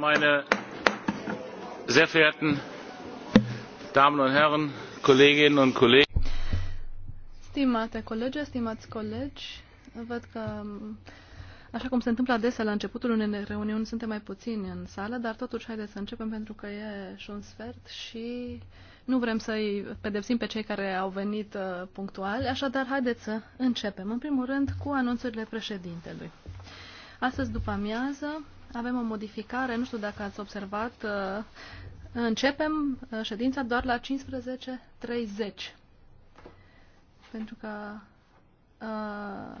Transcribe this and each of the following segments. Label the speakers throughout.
Speaker 1: meine sehr verehrten Damen und Herren, Kolleginnen und Kollegen.
Speaker 2: Stimate colegi, stimați colegi, văd că um, Așa cum se întâmplă adesea la începutul unei reuniuni, suntem mai puțini în sală, dar totuși haideți să începem pentru că e și un sfert și nu vrem să-i pedepsim pe cei care au venit uh, punctuali, așadar haideți să începem. În primul rând cu anunțurile președintelui. Astăzi după amiază avem o modificare, nu știu dacă ați observat. Uh, începem uh, ședința doar la 15.30. Pentru că uh,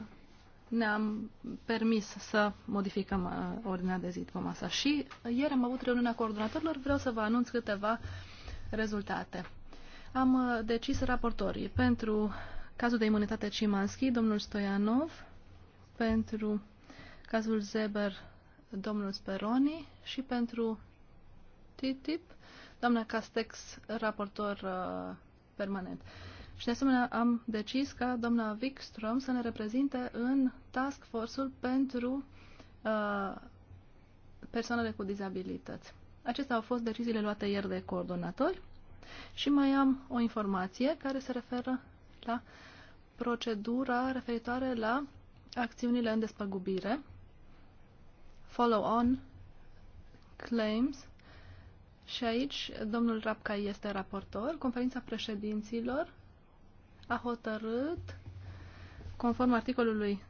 Speaker 2: ne-am permis să modificăm ordinea de zi după masa. Și ieri am avut reuniunea coordonatorilor, vreau să vă anunț câteva rezultate. Am decis raportorii pentru cazul de imunitate Cimanski, domnul Stoianov, pentru cazul Zeber, domnul Speroni și pentru TTIP, doamna Castex, raportor uh, permanent. Și de asemenea am decis ca doamna Wikström să ne reprezinte în task force-ul pentru uh, persoanele cu dizabilități. Acestea au fost deciziile luate ieri de coordonatori și mai am o informație care se referă la procedura referitoare la acțiunile în despăgubire follow-on claims și aici domnul Rapca este raportor. Conferința președinților a hotărât, conform articolului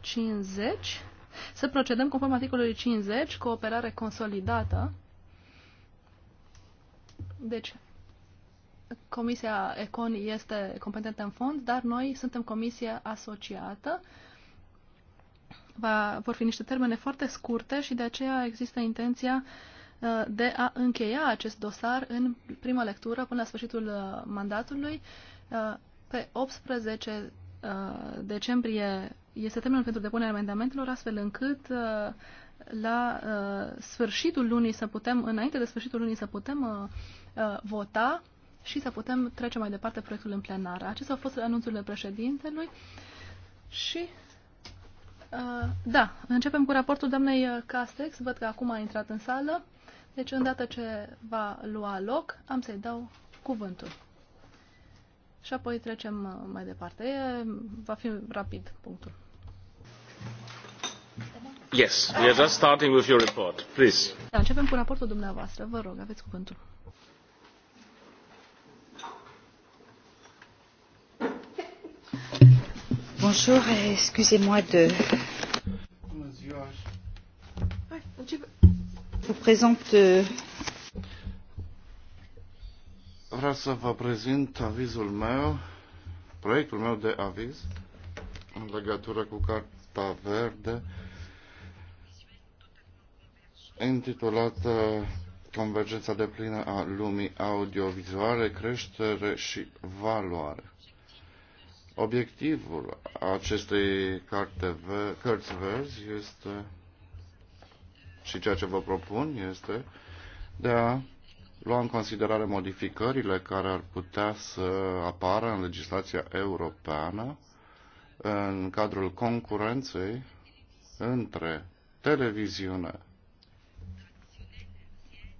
Speaker 2: 50, să procedăm conform articolului 50, cooperare consolidată. Deci, Comisia Econ este competentă în fond, dar noi suntem comisia asociată va, vor fi niște termene foarte scurte și de aceea există intenția uh, de a încheia acest dosar în prima lectură până la sfârșitul uh, mandatului. Uh, pe 18 decembrie este termenul pentru depunerea amendamentelor, astfel încât la sfârșitul lunii să putem, înainte de sfârșitul lunii să putem vota și să putem trece mai departe proiectul în plenară. Acestea au fost anunțurile președintelui și Uh, da, începem cu raportul doamnei uh, Castex. Văd că acum a intrat în sală. Deci, îndată ce va lua loc, am să-i dau cuvântul. Și apoi trecem uh, mai departe. Va fi rapid
Speaker 1: punctul. Yes, we are just starting with your report. Please.
Speaker 2: Da, începem cu raportul dumneavoastră. Vă rog, aveți cuvântul. Bonjour,
Speaker 3: excusez-moi de
Speaker 4: vous présente euh, Vreau să vă prezint avizul meu, proiectul meu de aviz în legătură cu Carta Verde intitulată Convergența de plină a lumii audiovizuale, creștere și valoare. Obiectivul acestei carte cărți verzi este și ceea ce vă propun este de a lua în considerare modificările care ar putea să apară în legislația europeană în cadrul concurenței între televiziune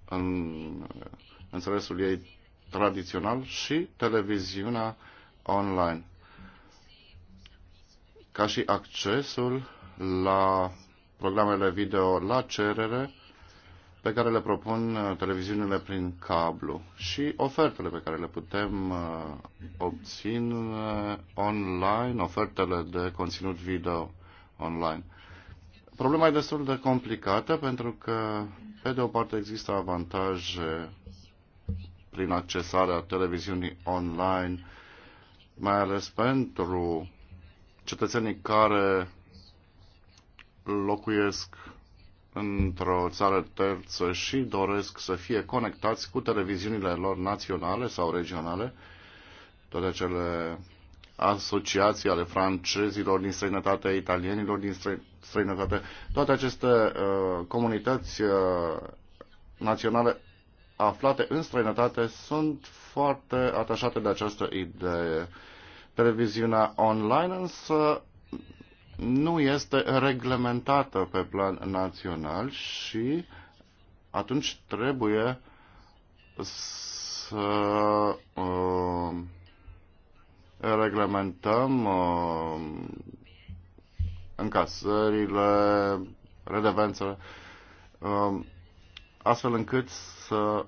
Speaker 4: în înțelesul ei tradițional și televiziunea online ca și accesul la programele video la cerere pe care le propun uh, televiziunile prin cablu și ofertele pe care le putem uh, obține online, ofertele de conținut video online. Problema e destul de complicată pentru că, pe de o parte, există avantaje prin accesarea televiziunii online, mai ales pentru cetățenii care locuiesc într-o țară terță și doresc să fie conectați cu televiziunile lor naționale sau regionale, toate cele asociații ale francezilor din străinătate, italienilor din străinătate, toate aceste uh, comunități uh, naționale aflate în străinătate sunt foarte atașate de această idee Televiziunea online însă nu este reglementată pe plan național și atunci trebuie să uh, reglementăm uh, încasările, redevențele, uh, astfel încât să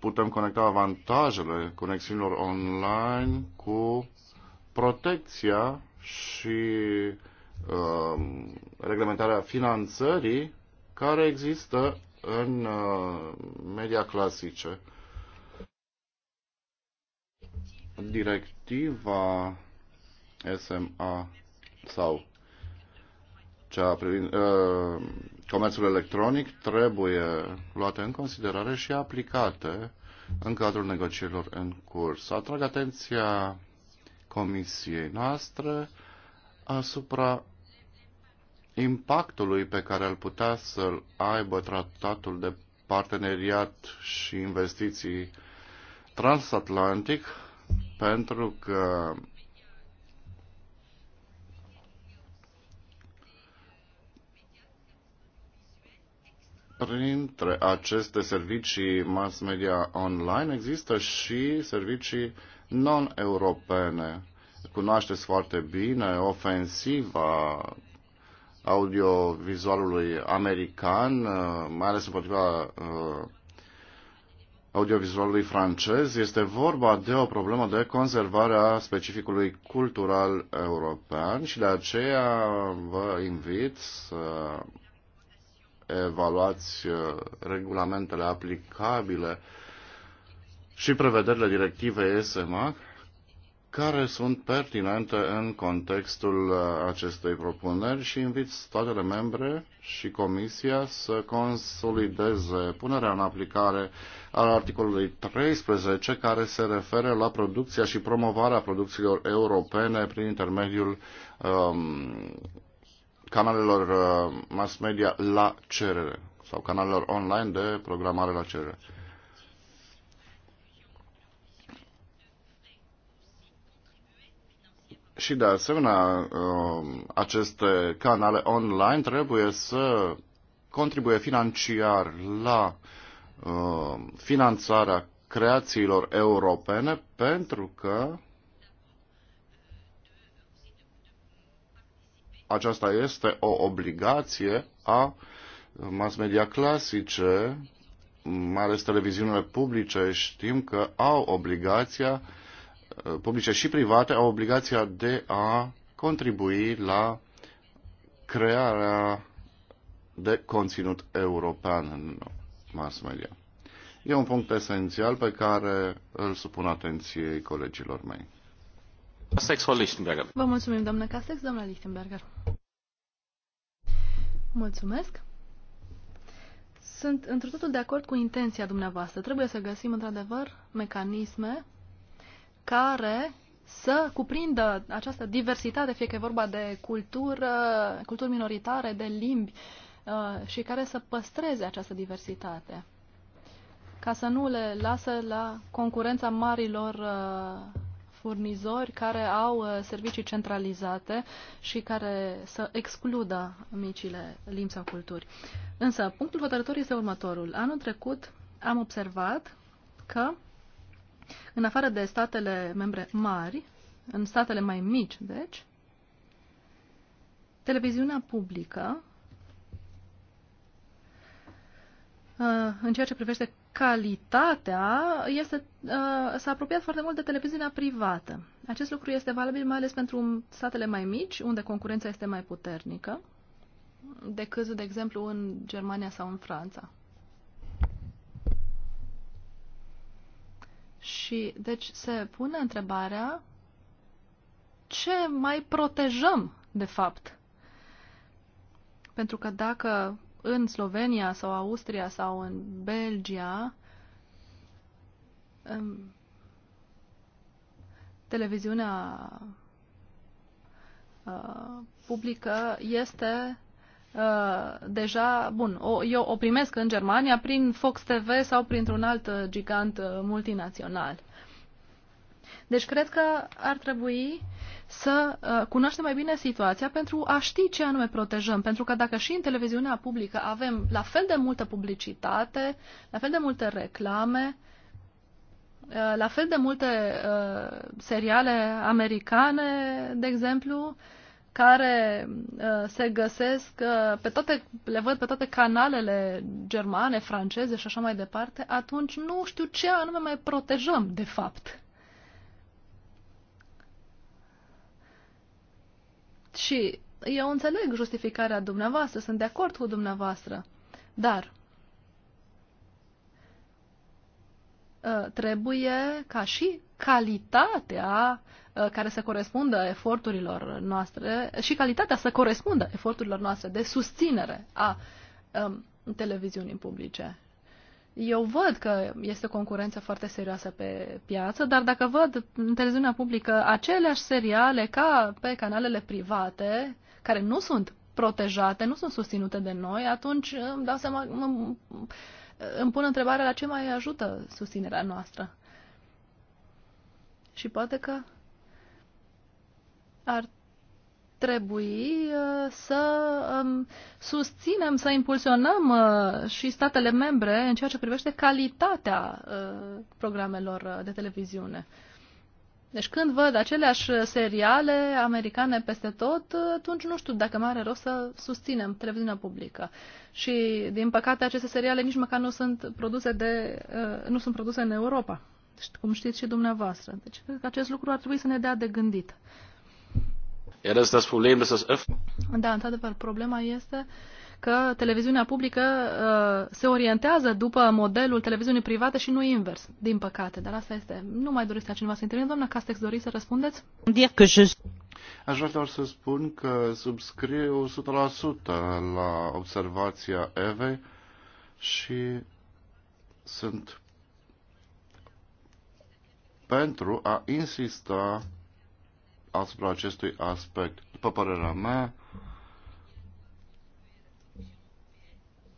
Speaker 4: putem conecta avantajele conexiunilor online cu protecția și uh, reglementarea finanțării care există în uh, media clasice. Directiva SMA sau cea privind uh, comerțul electronic trebuie luate în considerare și aplicate în cadrul negocierilor în curs. Atrag atenția comisiei noastre asupra impactului pe care ar putea să-l aibă tratatul de parteneriat și investiții transatlantic, pentru că printre aceste servicii mass media online există și servicii non-europene. Cunoașteți foarte bine ofensiva audiovizualului american, mai ales împotriva uh, audiovizualului francez. Este vorba de o problemă de conservare a specificului cultural european și de aceea vă invit să evaluați uh, regulamentele aplicabile și prevederile directivei SMA care sunt pertinente în contextul uh, acestei propuneri și invit statele membre și Comisia să consolideze punerea în aplicare al articolului 13 care se referă la producția și promovarea producțiilor europene prin intermediul um, canalelor uh, mass media la cerere sau canalelor online de programare la cerere. Și de asemenea, uh, aceste canale online trebuie să contribuie financiar la uh, finanțarea creațiilor europene pentru că aceasta este o obligație a mass media clasice, mai ales televiziunile publice, știm că au obligația, uh, publice și private, au obligația de a contribui la crearea de conținut european în mass media. E un punct esențial pe care îl supun atenției colegilor mei. Vă
Speaker 2: mulțumim, doamnă Castex, doamna Lichtenberger. Mulțumesc. Sunt într totul de acord cu intenția dumneavoastră. Trebuie să găsim, într-adevăr, mecanisme care să cuprindă această diversitate, fie că e vorba de cultură, culturi minoritare, de limbi, uh, și care să păstreze această diversitate, ca să nu le lasă la concurența marilor uh, furnizori care au uh, servicii centralizate și care să excludă micile limbi sau culturi. Însă, punctul hotărător este următorul. Anul trecut am observat că, în afară de statele membre mari, în statele mai mici, deci, televiziunea publică, uh, în ceea ce privește calitatea este, uh, s-a apropiat foarte mult de televiziunea privată. Acest lucru este valabil mai ales pentru statele mai mici, unde concurența este mai puternică, decât, de exemplu, în Germania sau în Franța. Și, deci, se pune întrebarea ce mai protejăm, de fapt. Pentru că dacă în Slovenia sau Austria sau în Belgia, televiziunea uh, publică este uh, deja, bun, o, eu o primesc în Germania prin Fox TV sau printr-un alt uh, gigant multinațional. Deci cred că ar trebui să uh, cunoaștem mai bine situația pentru a ști ce anume protejăm. Pentru că dacă și în televiziunea publică avem la fel de multă publicitate, la fel de multe reclame, uh, la fel de multe uh, seriale americane, de exemplu, care se găsesc pe toate, le văd pe toate canalele germane, franceze și așa mai departe, atunci nu știu ce anume mai protejăm, de fapt. Și eu înțeleg justificarea dumneavoastră, sunt de acord cu dumneavoastră, dar ă, trebuie ca și calitatea ă, care să corespundă eforturilor noastre și calitatea să corespundă eforturilor noastre de susținere a um, televiziunii publice. Eu văd că este o concurență foarte serioasă pe piață, dar dacă văd în televiziunea publică aceleași seriale ca pe canalele private, care nu sunt protejate, nu sunt susținute de noi, atunci îmi dau seama, mă, îmi pun întrebarea la ce mai ajută susținerea noastră. Și poate că ar trebui uh, să um, susținem, să impulsionăm uh, și statele membre în ceea ce privește calitatea uh, programelor de televiziune. Deci când văd aceleași seriale americane peste tot, atunci nu știu dacă mai are rost să susținem televiziunea publică. Și din păcate aceste seriale nici măcar nu sunt produse, de, nu sunt produse în Europa, cum știți și dumneavoastră. Deci cred că acest lucru ar trebui să ne dea de gândit.
Speaker 1: Ja, das ist das Problem, dass das
Speaker 2: da, într-adevăr, problema este că televiziunea publică uh, se orientează după modelul televiziunii private și nu invers, din păcate. Dar asta este. Nu mai doriți la cineva să intervine. Doamna Castex, doriți să răspundeți?
Speaker 4: Aș vrea doar să spun că subscriu 100% la observația Evei și sunt pentru a insista asupra acestui aspect. După părerea mea,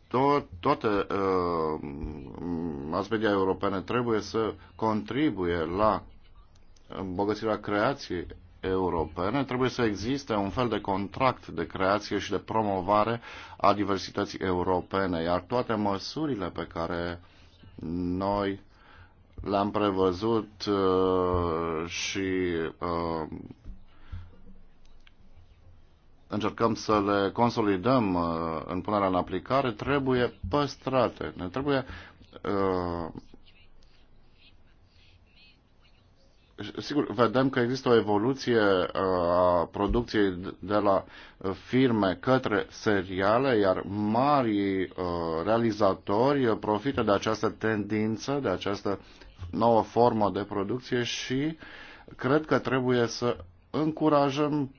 Speaker 4: to- toate uh, mass media europene trebuie să contribuie la îmbogățirea creației europene, trebuie să existe un fel de contract de creație și de promovare a diversității europene, iar toate măsurile pe care noi le-am prevăzut uh, și uh, încercăm să le consolidăm uh, în punerea în aplicare, trebuie păstrate. Ne trebuie uh, sigur, vedem că există o evoluție uh, a producției de la firme către seriale, iar mari realizatori profită de această tendință, de această nouă formă de producție și cred că trebuie să încurajăm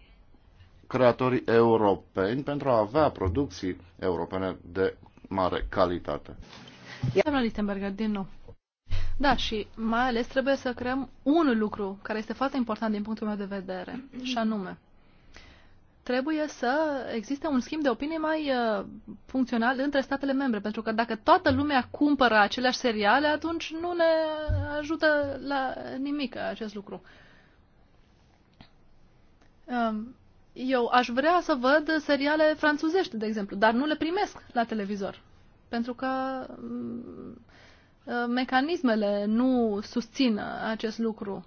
Speaker 4: creatorii europeni pentru a avea producții europene de mare calitate.
Speaker 2: Doamna Lichtenberger, din nou. Da, și mai ales trebuie să creăm un lucru care este foarte important din punctul meu de vedere, și anume, trebuie să existe un schimb de opinie mai uh, funcțional între statele membre, pentru că dacă toată lumea cumpără aceleași seriale, atunci nu ne ajută la nimic acest lucru. Um, eu aș vrea să văd seriale franțuzești, de exemplu, dar nu le primesc la televizor. Pentru că mm, mecanismele nu susțin acest lucru.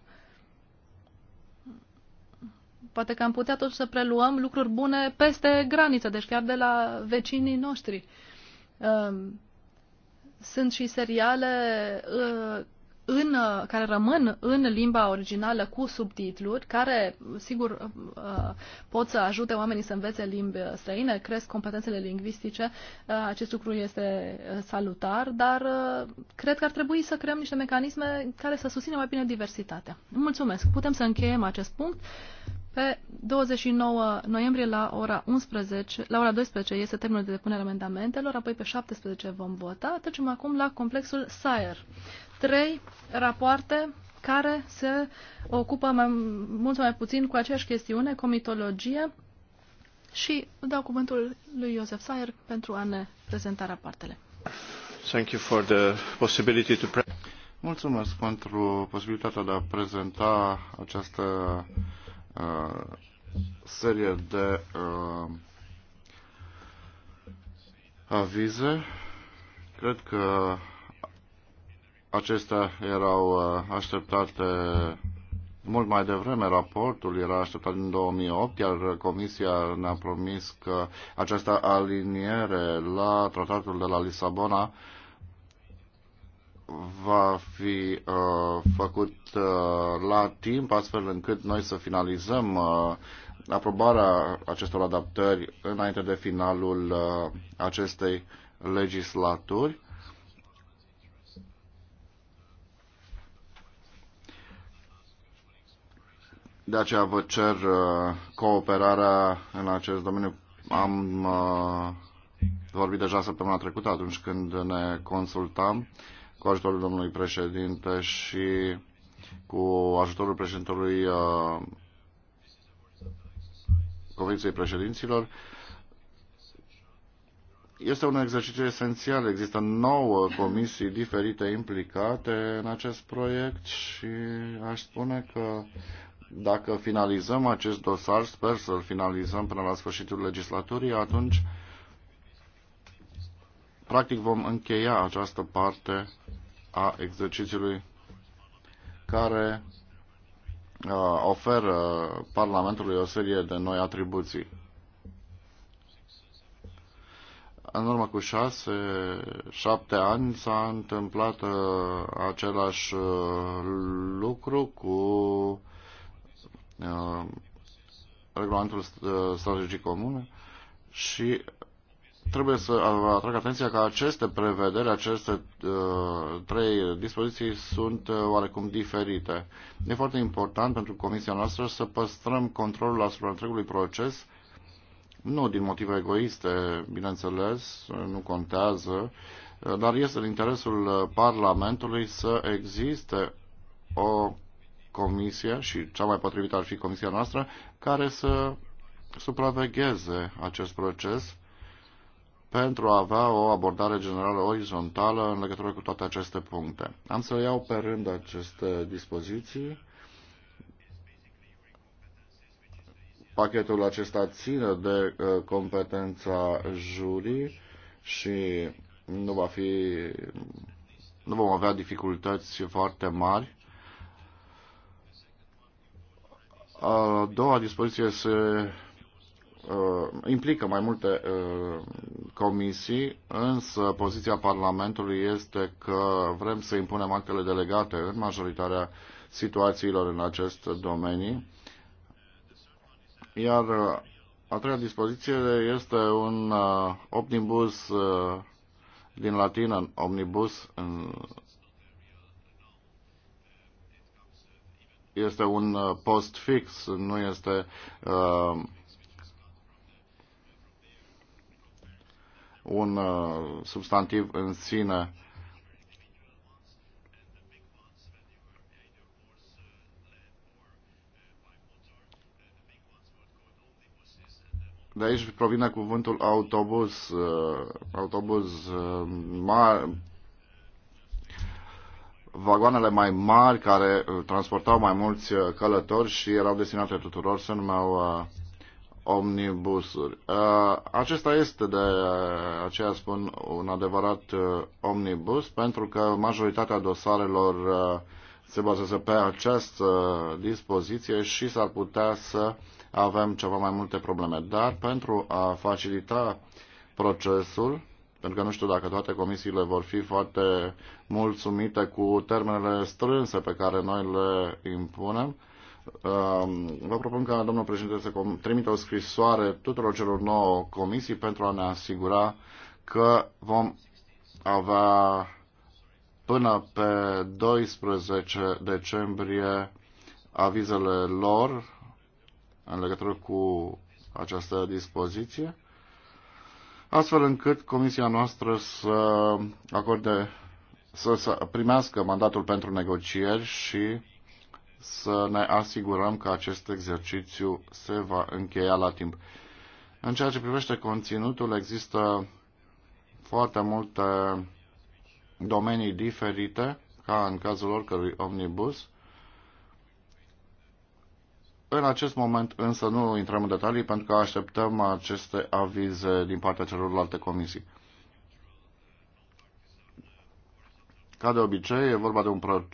Speaker 2: Poate că am putea tot să preluăm lucruri bune peste graniță, deci chiar de la vecinii noștri. Ehm, sunt și seriale ă, în, care rămân în limba originală cu subtitluri, care, sigur, uh, pot să ajute oamenii să învețe limbi străine, cresc competențele lingvistice, uh, acest lucru este uh, salutar, dar cred că ar trebui să creăm niște mecanisme care să susțină mai bine diversitatea. Mulțumesc! Putem să încheiem acest punct. Pe 29 noiembrie la ora 11, la ora 12 este termenul de depunere amendamentelor, apoi pe 17 vom vota. Trecem acum la complexul SAER trei rapoarte care se ocupă mai, mult sau mai puțin cu aceeași chestiune, comitologie, și dau cuvântul lui Iosef Sayer pentru a ne prezenta rapoartele.
Speaker 4: Thank you for the possibility to Mulțumesc pentru posibilitatea de a prezenta această uh, serie de uh, avize. Cred că Acestea erau uh, așteptate mult mai devreme. Raportul era așteptat în 2008, iar Comisia ne-a promis că această aliniere la tratatul de la Lisabona va fi uh, făcut uh, la timp, astfel încât noi să finalizăm uh, aprobarea acestor adaptări înainte de finalul uh, acestei legislaturi. De aceea vă cer uh, cooperarea în acest domeniu. Am uh, vorbit deja săptămâna trecută atunci când ne consultam cu ajutorul domnului președinte și cu ajutorul președintelui uh, Convenției Președinților. Este un exercițiu esențial. Există nouă comisii diferite implicate în acest proiect și aș spune că dacă finalizăm acest dosar, sper să-l finalizăm până la sfârșitul legislaturii, atunci practic vom încheia această parte a exercițiului care uh, oferă Parlamentului o serie de noi atribuții. În urmă cu șase, șapte ani s-a întâmplat uh, același uh, lucru cu Uh, regulamentul uh, strategic comune și trebuie să atrag atenția că aceste prevederi, aceste uh, trei dispoziții sunt oarecum diferite. E foarte important pentru comisia noastră să păstrăm controlul asupra întregului proces, nu din motive egoiste, bineînțeles, nu contează, dar este în interesul Parlamentului să existe o comisie și cea mai potrivită ar fi comisia noastră care să supravegheze acest proces pentru a avea o abordare generală orizontală în legătură cu toate aceste puncte. Am să iau pe rând aceste dispoziții. Pachetul acesta ține de uh, competența jurii și nu va fi nu vom avea dificultăți foarte mari A doua dispoziție se implică mai multe comisii, însă poziția Parlamentului este că vrem să impunem actele delegate în majoritatea situațiilor în acest domeniu. Iar a treia dispoziție este un omnibus din latină, omnibus în este un uh, post fix, nu este uh, un uh, substantiv în sine. De aici provine cuvântul autobuz, uh, autobuz uh, mare, vagoanele mai mari care uh, transportau mai mulți uh, călători și erau destinate tuturor se numeau uh, omnibusuri. Uh, acesta este de uh, aceea spun un adevărat uh, omnibus pentru că majoritatea dosarelor uh, se bazează pe această dispoziție și s-ar putea să avem ceva mai multe probleme. Dar pentru a facilita procesul, pentru că nu știu dacă toate comisiile vor fi foarte mulțumite cu termenele strânse pe care noi le impunem. Um, vă propun ca domnul președinte să trimite o scrisoare tuturor celor nouă comisii pentru a ne asigura că vom avea până pe 12 decembrie avizele lor în legătură cu această dispoziție astfel încât comisia noastră să acorde, să, să primească mandatul pentru negocieri și să ne asigurăm că acest exercițiu se va încheia la timp. În ceea ce privește conținutul, există foarte multe domenii diferite, ca în cazul oricărui omnibus, în acest moment însă nu intrăm în detalii pentru că așteptăm aceste avize din partea celorlalte comisii. Ca de obicei, e vorba de un pro-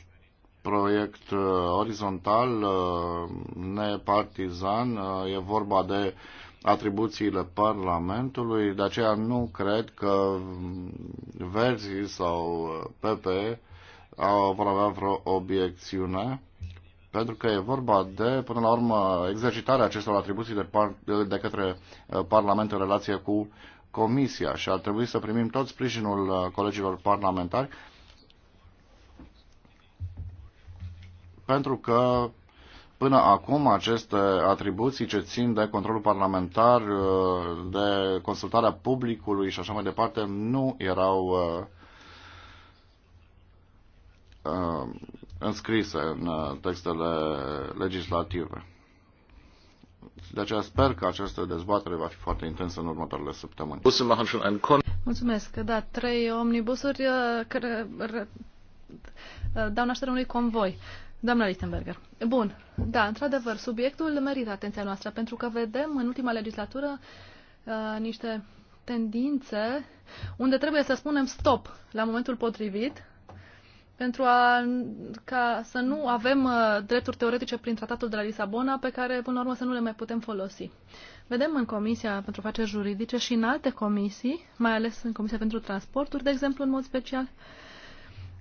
Speaker 4: proiect uh, orizontal, uh, nepartizan, uh, e vorba de atribuțiile Parlamentului, de aceea nu cred că Verzi sau PP vor avea vreo obiecțiune pentru că e vorba de, până la urmă, exercitarea acestor atribuții de, par, de către uh, Parlament în relație cu Comisia și ar trebui să primim tot sprijinul uh, colegilor parlamentari pentru că până acum aceste atribuții ce țin de controlul parlamentar, uh, de consultarea publicului și așa mai departe, nu erau înscrise în uh, textele legislative. De aceea sper că această dezbatere va fi foarte intensă în următoarele săptămâni.
Speaker 2: Mulțumesc. Da, trei omnibusuri uh, care uh, dau naștere unui convoi. Doamna Lichtenberger. Bun. Da, într-adevăr, subiectul merită atenția noastră pentru că vedem în ultima legislatură niște tendințe unde trebuie să spunem stop la momentul potrivit pentru a, ca să nu avem uh, drepturi teoretice prin tratatul de la Lisabona, pe care, până la urmă, să nu le mai putem folosi. Vedem în Comisia pentru Afaceri Juridice și în alte comisii, mai ales în Comisia pentru Transporturi, de exemplu, în mod special,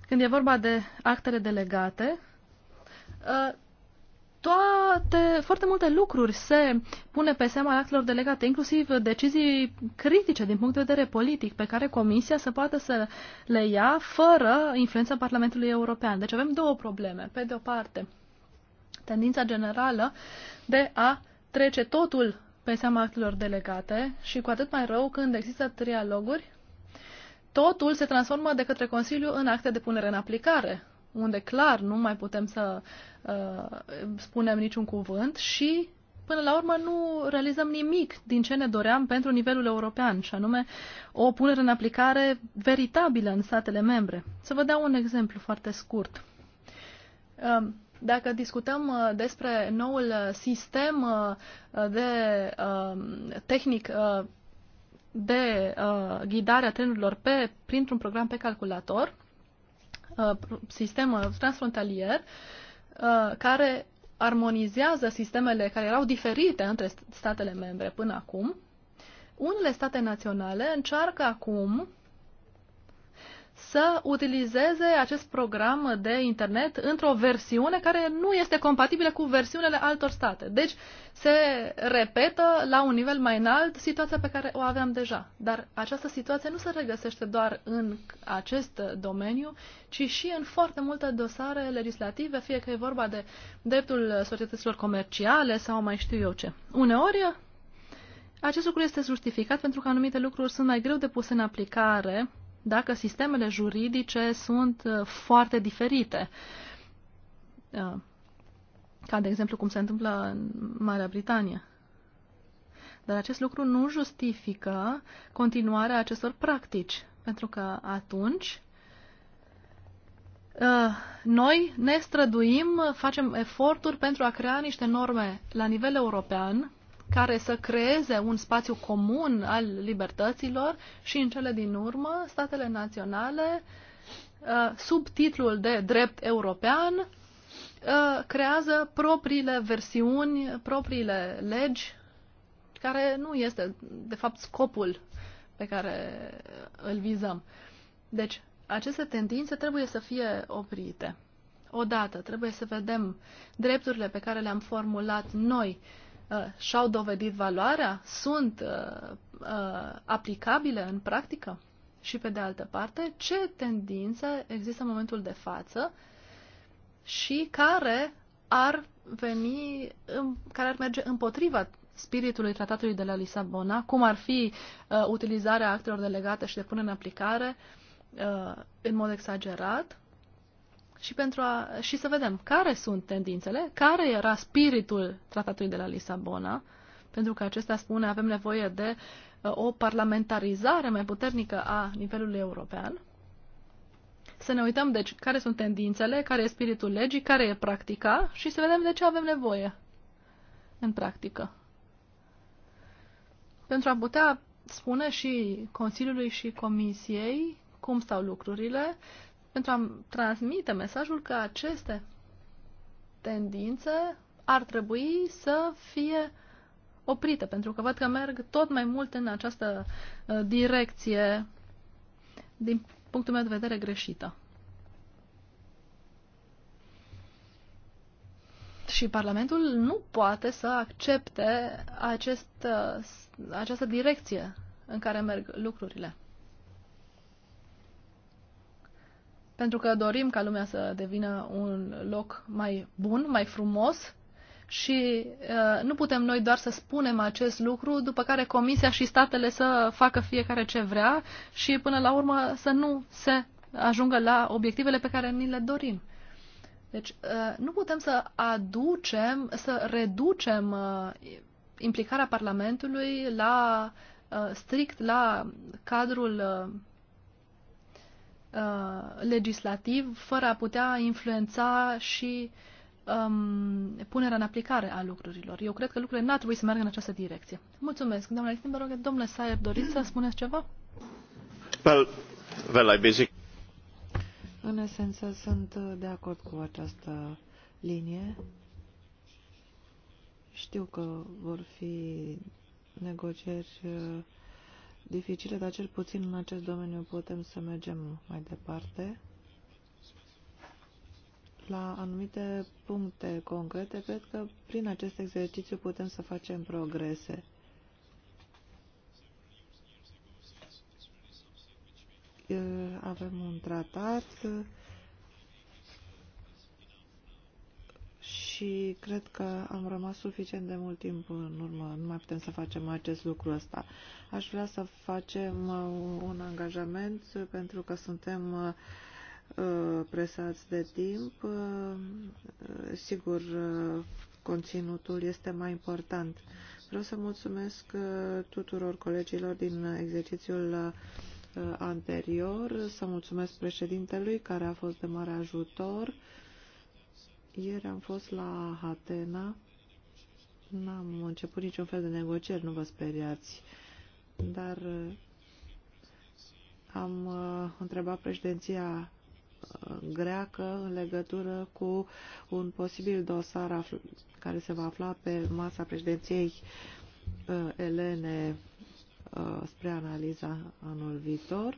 Speaker 2: când e vorba de actele delegate, uh, toate, foarte multe lucruri se pune pe seama actelor delegate, inclusiv decizii critice din punct de vedere politic, pe care Comisia să poată să le ia fără influența Parlamentului European. Deci avem două probleme. Pe de o parte, tendința generală de a trece totul pe seama actelor delegate și cu atât mai rău când există trialoguri, totul se transformă de către Consiliu în acte de punere în aplicare unde clar nu mai putem să uh, spunem niciun cuvânt și până la urmă nu realizăm nimic din ce ne doream pentru nivelul european, și anume o punere în aplicare veritabilă în statele membre. Să vă dau un exemplu foarte scurt. Um, dacă discutăm uh, despre noul uh, sistem uh, de um, tehnic de ghidare a trenurilor pe, printr-un program pe calculator, Uh, sistem transfrontalier uh, care armonizează sistemele care erau diferite între statele membre până acum. Unele state naționale încearcă acum să utilizeze acest program de internet într-o versiune care nu este compatibilă cu versiunile altor state. Deci se repetă la un nivel mai înalt situația pe care o aveam deja. Dar această situație nu se regăsește doar în acest domeniu, ci și în foarte multe dosare legislative, fie că e vorba de dreptul societăților comerciale sau mai știu eu ce. Uneori acest lucru este justificat pentru că anumite lucruri sunt mai greu de puse în aplicare dacă sistemele juridice sunt uh, foarte diferite. Uh, ca, de exemplu, cum se întâmplă în Marea Britanie. Dar acest lucru nu justifică continuarea acestor practici, pentru că atunci uh, noi ne străduim, facem eforturi pentru a crea niște norme la nivel european care să creeze un spațiu comun al libertăților și, în cele din urmă, statele naționale, uh, sub titlul de drept european, uh, creează propriile versiuni, propriile legi, care nu este, de fapt, scopul pe care îl vizăm. Deci, aceste tendințe trebuie să fie oprite. Odată, trebuie să vedem drepturile pe care le-am formulat noi, uh, Uh, și-au dovedit valoarea? Sunt uh, uh, aplicabile în practică? Și pe de altă parte, ce tendințe există în momentul de față și care ar veni, care ar merge împotriva spiritului tratatului de la Lisabona, cum ar fi uh, utilizarea actelor delegate și de pune în aplicare uh, în mod exagerat și, pentru a, și să vedem care sunt tendințele, care era spiritul tratatului de la Lisabona, pentru că acesta spune avem nevoie de uh, o parlamentarizare mai puternică a nivelului european. Să ne uităm, deci, care sunt tendințele, care e spiritul legii, care e practica și să vedem de ce avem nevoie în practică. Pentru a putea spune și Consiliului și Comisiei cum stau lucrurile, pentru a transmite mesajul că aceste tendințe ar trebui să fie oprite, pentru că văd că merg tot mai mult în această uh, direcție, din punctul meu de vedere, greșită. Și Parlamentul nu poate să accepte acest, uh, această direcție în care merg lucrurile. pentru că dorim ca lumea să devină un loc mai bun, mai frumos și uh, nu putem noi doar să spunem acest lucru, după care Comisia și statele să facă fiecare ce vrea și până la urmă să nu se ajungă la obiectivele pe care ni le dorim. Deci uh, nu putem să aducem, să reducem uh, implicarea Parlamentului la uh, strict la cadrul uh, Uh, legislativ fără a putea influența și um, punerea în aplicare a lucrurilor. Eu cred că lucrurile n-ar trebui să meargă în această direcție. Mulțumesc. Doamna rog, domnule Saier, doriți să spuneți ceva?
Speaker 4: Well, well, I basic.
Speaker 3: În esență, sunt de acord cu această linie. Știu că vor fi negocieri uh, dificile, dar cel puțin în acest domeniu putem să mergem mai departe la anumite puncte concrete, cred că prin acest exercițiu putem să facem progrese. Avem un tratat și cred că am rămas suficient de mult timp în urmă. Nu mai putem să facem acest lucru ăsta. Aș vrea să facem uh, un angajament pentru că suntem uh, uh, presați de timp. Sigur, conținutul este mai important. Vreau să mulțumesc tuturor colegilor din exercițiul anterior, să mulțumesc președintelui care a fost de mare ajutor ieri am fost la Atena. N-am început niciun fel de negocieri, nu vă speriați. Dar uh, am uh, întrebat președinția uh, greacă în legătură cu un posibil dosar care se va afla pe masa președinției elene spre analiza anul viitor.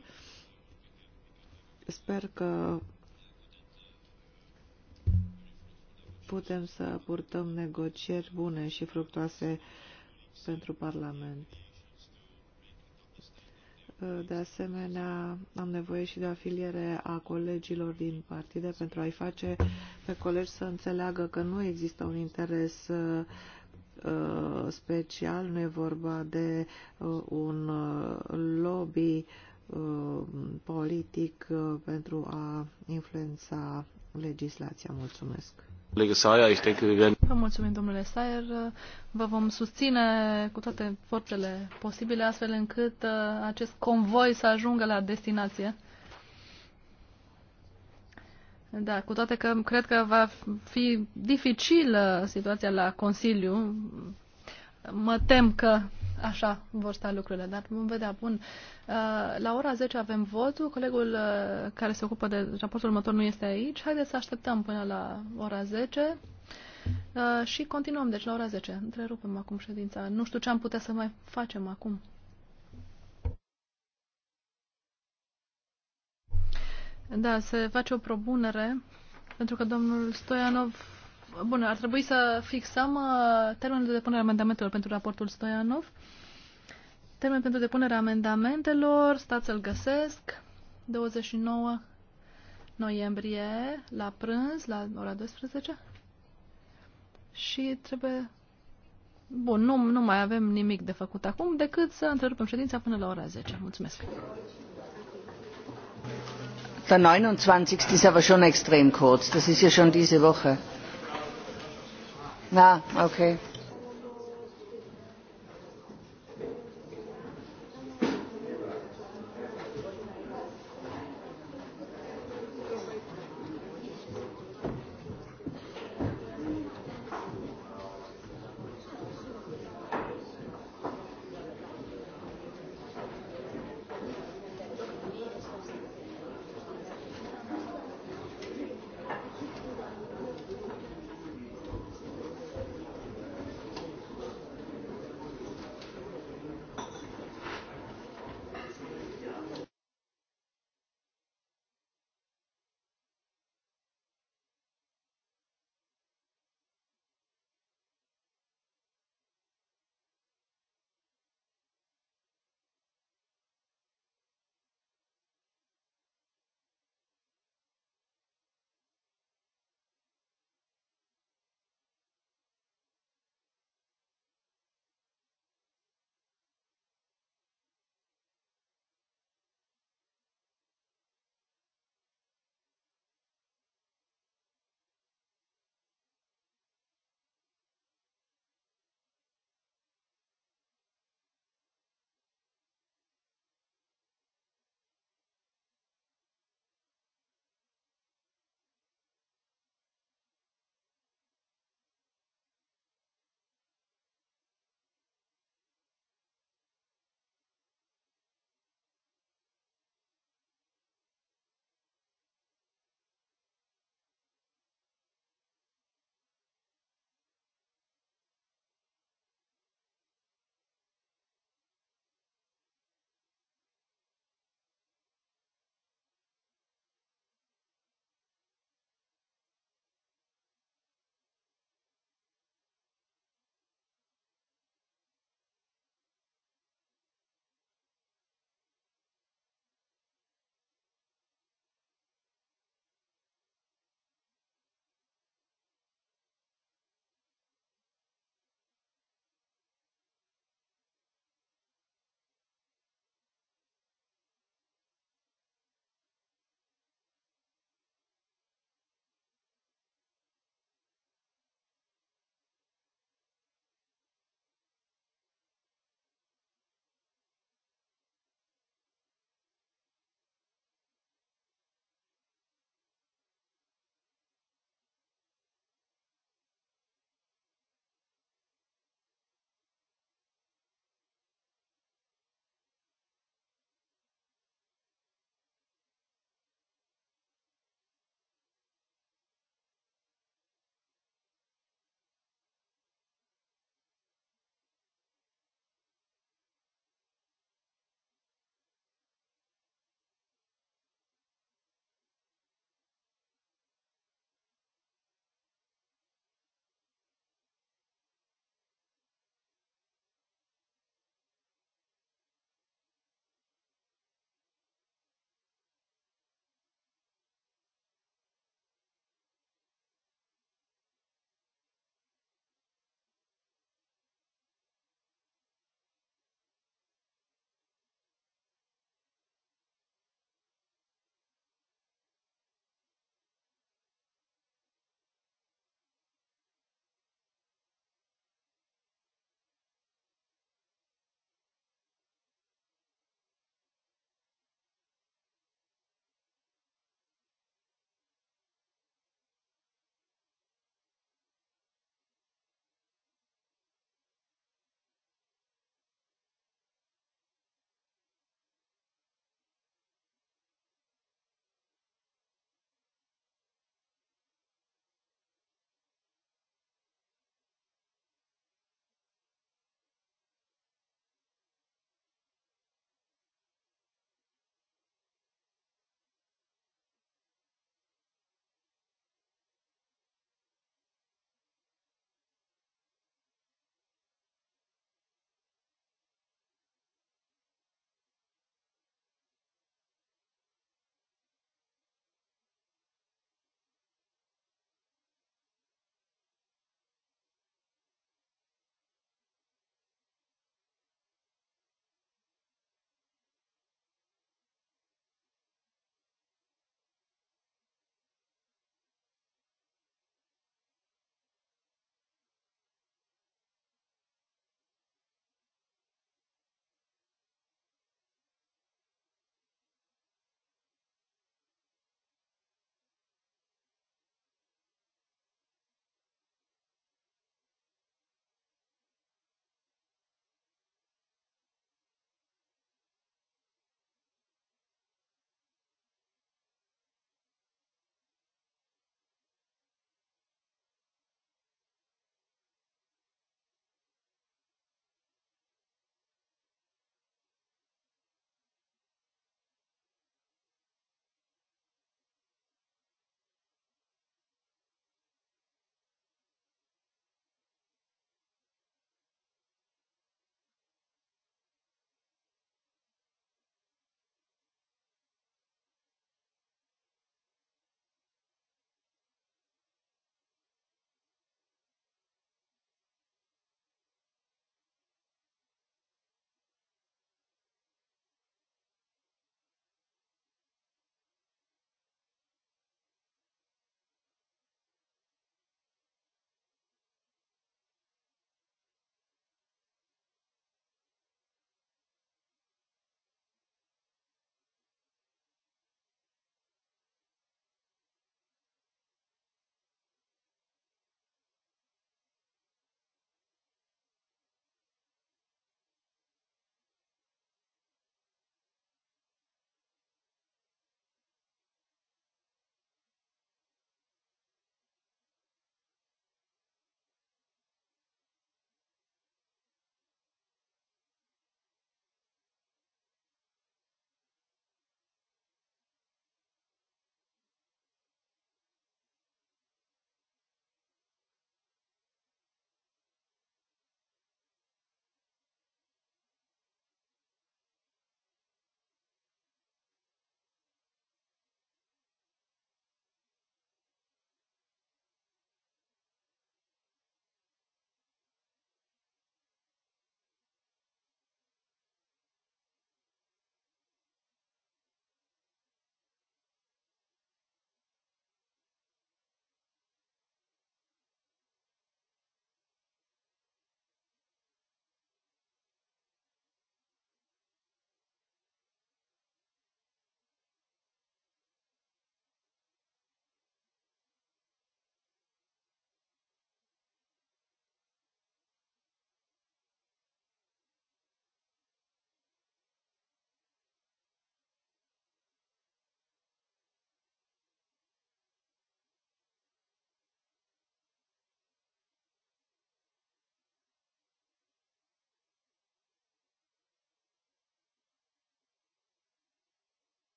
Speaker 3: Sper că putem să purtăm negocieri bune și fructoase pentru Parlament. De asemenea, am nevoie și de afiliere a colegilor din partide pentru a-i face pe colegi să înțeleagă că nu există un interes uh, special, nu e vorba de uh, un uh, lobby politic pentru a influența legislația. Mulțumesc!
Speaker 1: Vă
Speaker 2: mulțumim, domnule Sayer. Vă vom susține cu toate forțele posibile, astfel încât uh, acest convoi să ajungă la destinație. Da, cu toate că cred că va fi dificilă situația la Consiliu. Mă tem că așa vor sta lucrurile, dar vom vedea. Bun, uh, la ora 10 avem votul, colegul uh, care se ocupă de raportul următor nu este aici, haideți să așteptăm până la ora 10 uh, și continuăm, deci la ora 10. Întrerupem acum ședința. Nu știu ce am putea să mai facem acum. Da, se face o propunere, pentru că domnul Stoianov Bun, ar trebui să fixăm uh, termenul de depunere a amendamentelor pentru raportul Stoianov. Termen pentru depunerea amendamentelor, stați să-l găsesc, 29 noiembrie, la prânz, la ora 12. Și trebuie... Bun, nu, nu mai avem nimic de făcut acum decât să întrerupem ședința până la ora 10. Mulțumesc!
Speaker 3: Der 29. ist aber schon extrem kurz. Das ist ja schon diese Woche. Na, okay.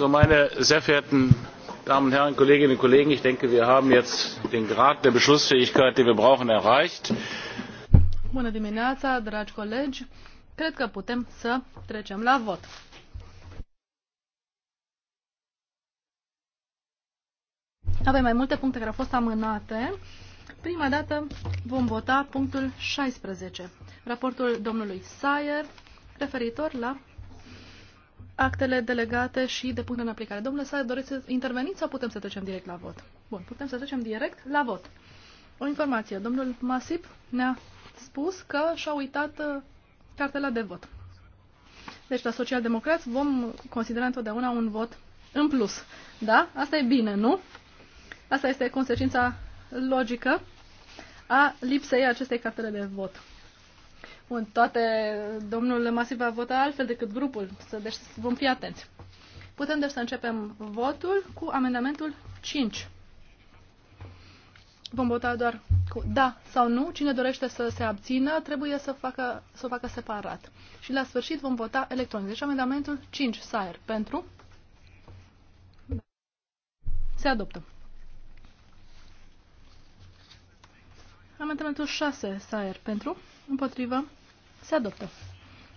Speaker 1: meine sehr verehrten damen und herren kolleginnen und kollegen! ich denke wir haben jetzt den grad der beschlussfähigkeit den wir brauchen erreicht.
Speaker 2: bună dimineața dragi colegi cred că putem să trecem la vot. avem mai multe puncte care au fost amânate. prima dată vom vota punctul 16 raportul domnului Sayer referitor la actele delegate și de punere în aplicare. Domnule Sare, doriți să interveniți sau putem să trecem direct la vot? Bun, putem să trecem direct la vot. O informație. Domnul Masip ne-a spus că și-a uitat uh, cartela de vot. Deci la socialdemocrați vom considera întotdeauna un vot în plus. Da? Asta e bine, nu? Asta este consecința logică a lipsei acestei cartele de vot în toate, domnul Masiv va vota altfel decât grupul, să, deci vom fi atenți. Putem deci să începem votul cu amendamentul 5. Vom vota doar cu da sau nu. Cine dorește să se abțină, trebuie să, facă, să o facă separat. Și la sfârșit vom vota electronic. Deci amendamentul 5, SAER, pentru. Se adoptă. Amendamentul 6, SAER, pentru. Împotrivă. Se adoptă.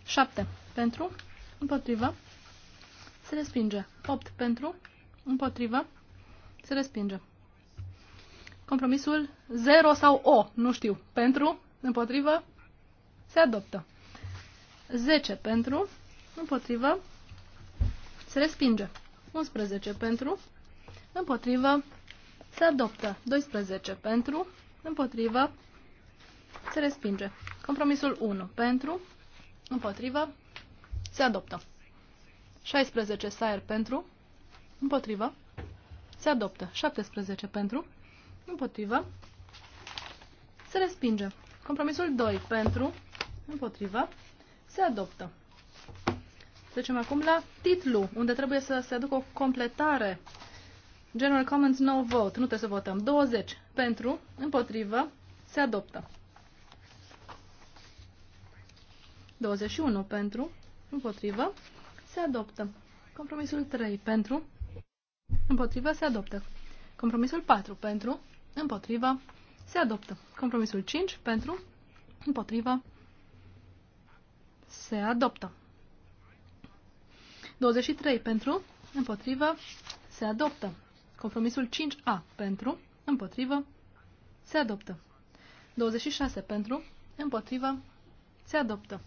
Speaker 2: 7 pentru, împotrivă, se respinge. 8 pentru, împotrivă, se respinge. Compromisul 0 sau O, nu știu, pentru, împotrivă, se adoptă. 10 pentru, împotrivă, se respinge. 11 pentru, împotrivă, se adoptă. 12 pentru, împotrivă, se respinge. Compromisul 1. Pentru, împotrivă, se adoptă. 16 Sire pentru, împotrivă, se adoptă. 17 pentru, împotrivă, se respinge. Compromisul 2 pentru, împotrivă, se adoptă. Trecem acum la titlu, unde trebuie să se aducă o completare. General Comments, no vote. Nu trebuie să votăm. 20 pentru, împotrivă, se adoptă. 21 pentru, împotrivă, se adoptă. Compromisul 3 pentru, împotrivă, se adoptă. Compromisul 4 pentru, împotrivă, se adoptă. Compromisul 5 pentru, împotrivă, se adoptă. 23 pentru, împotrivă, se adoptă. Compromisul 5A pentru, împotrivă, se adoptă. 26 pentru, împotrivă, se adoptă.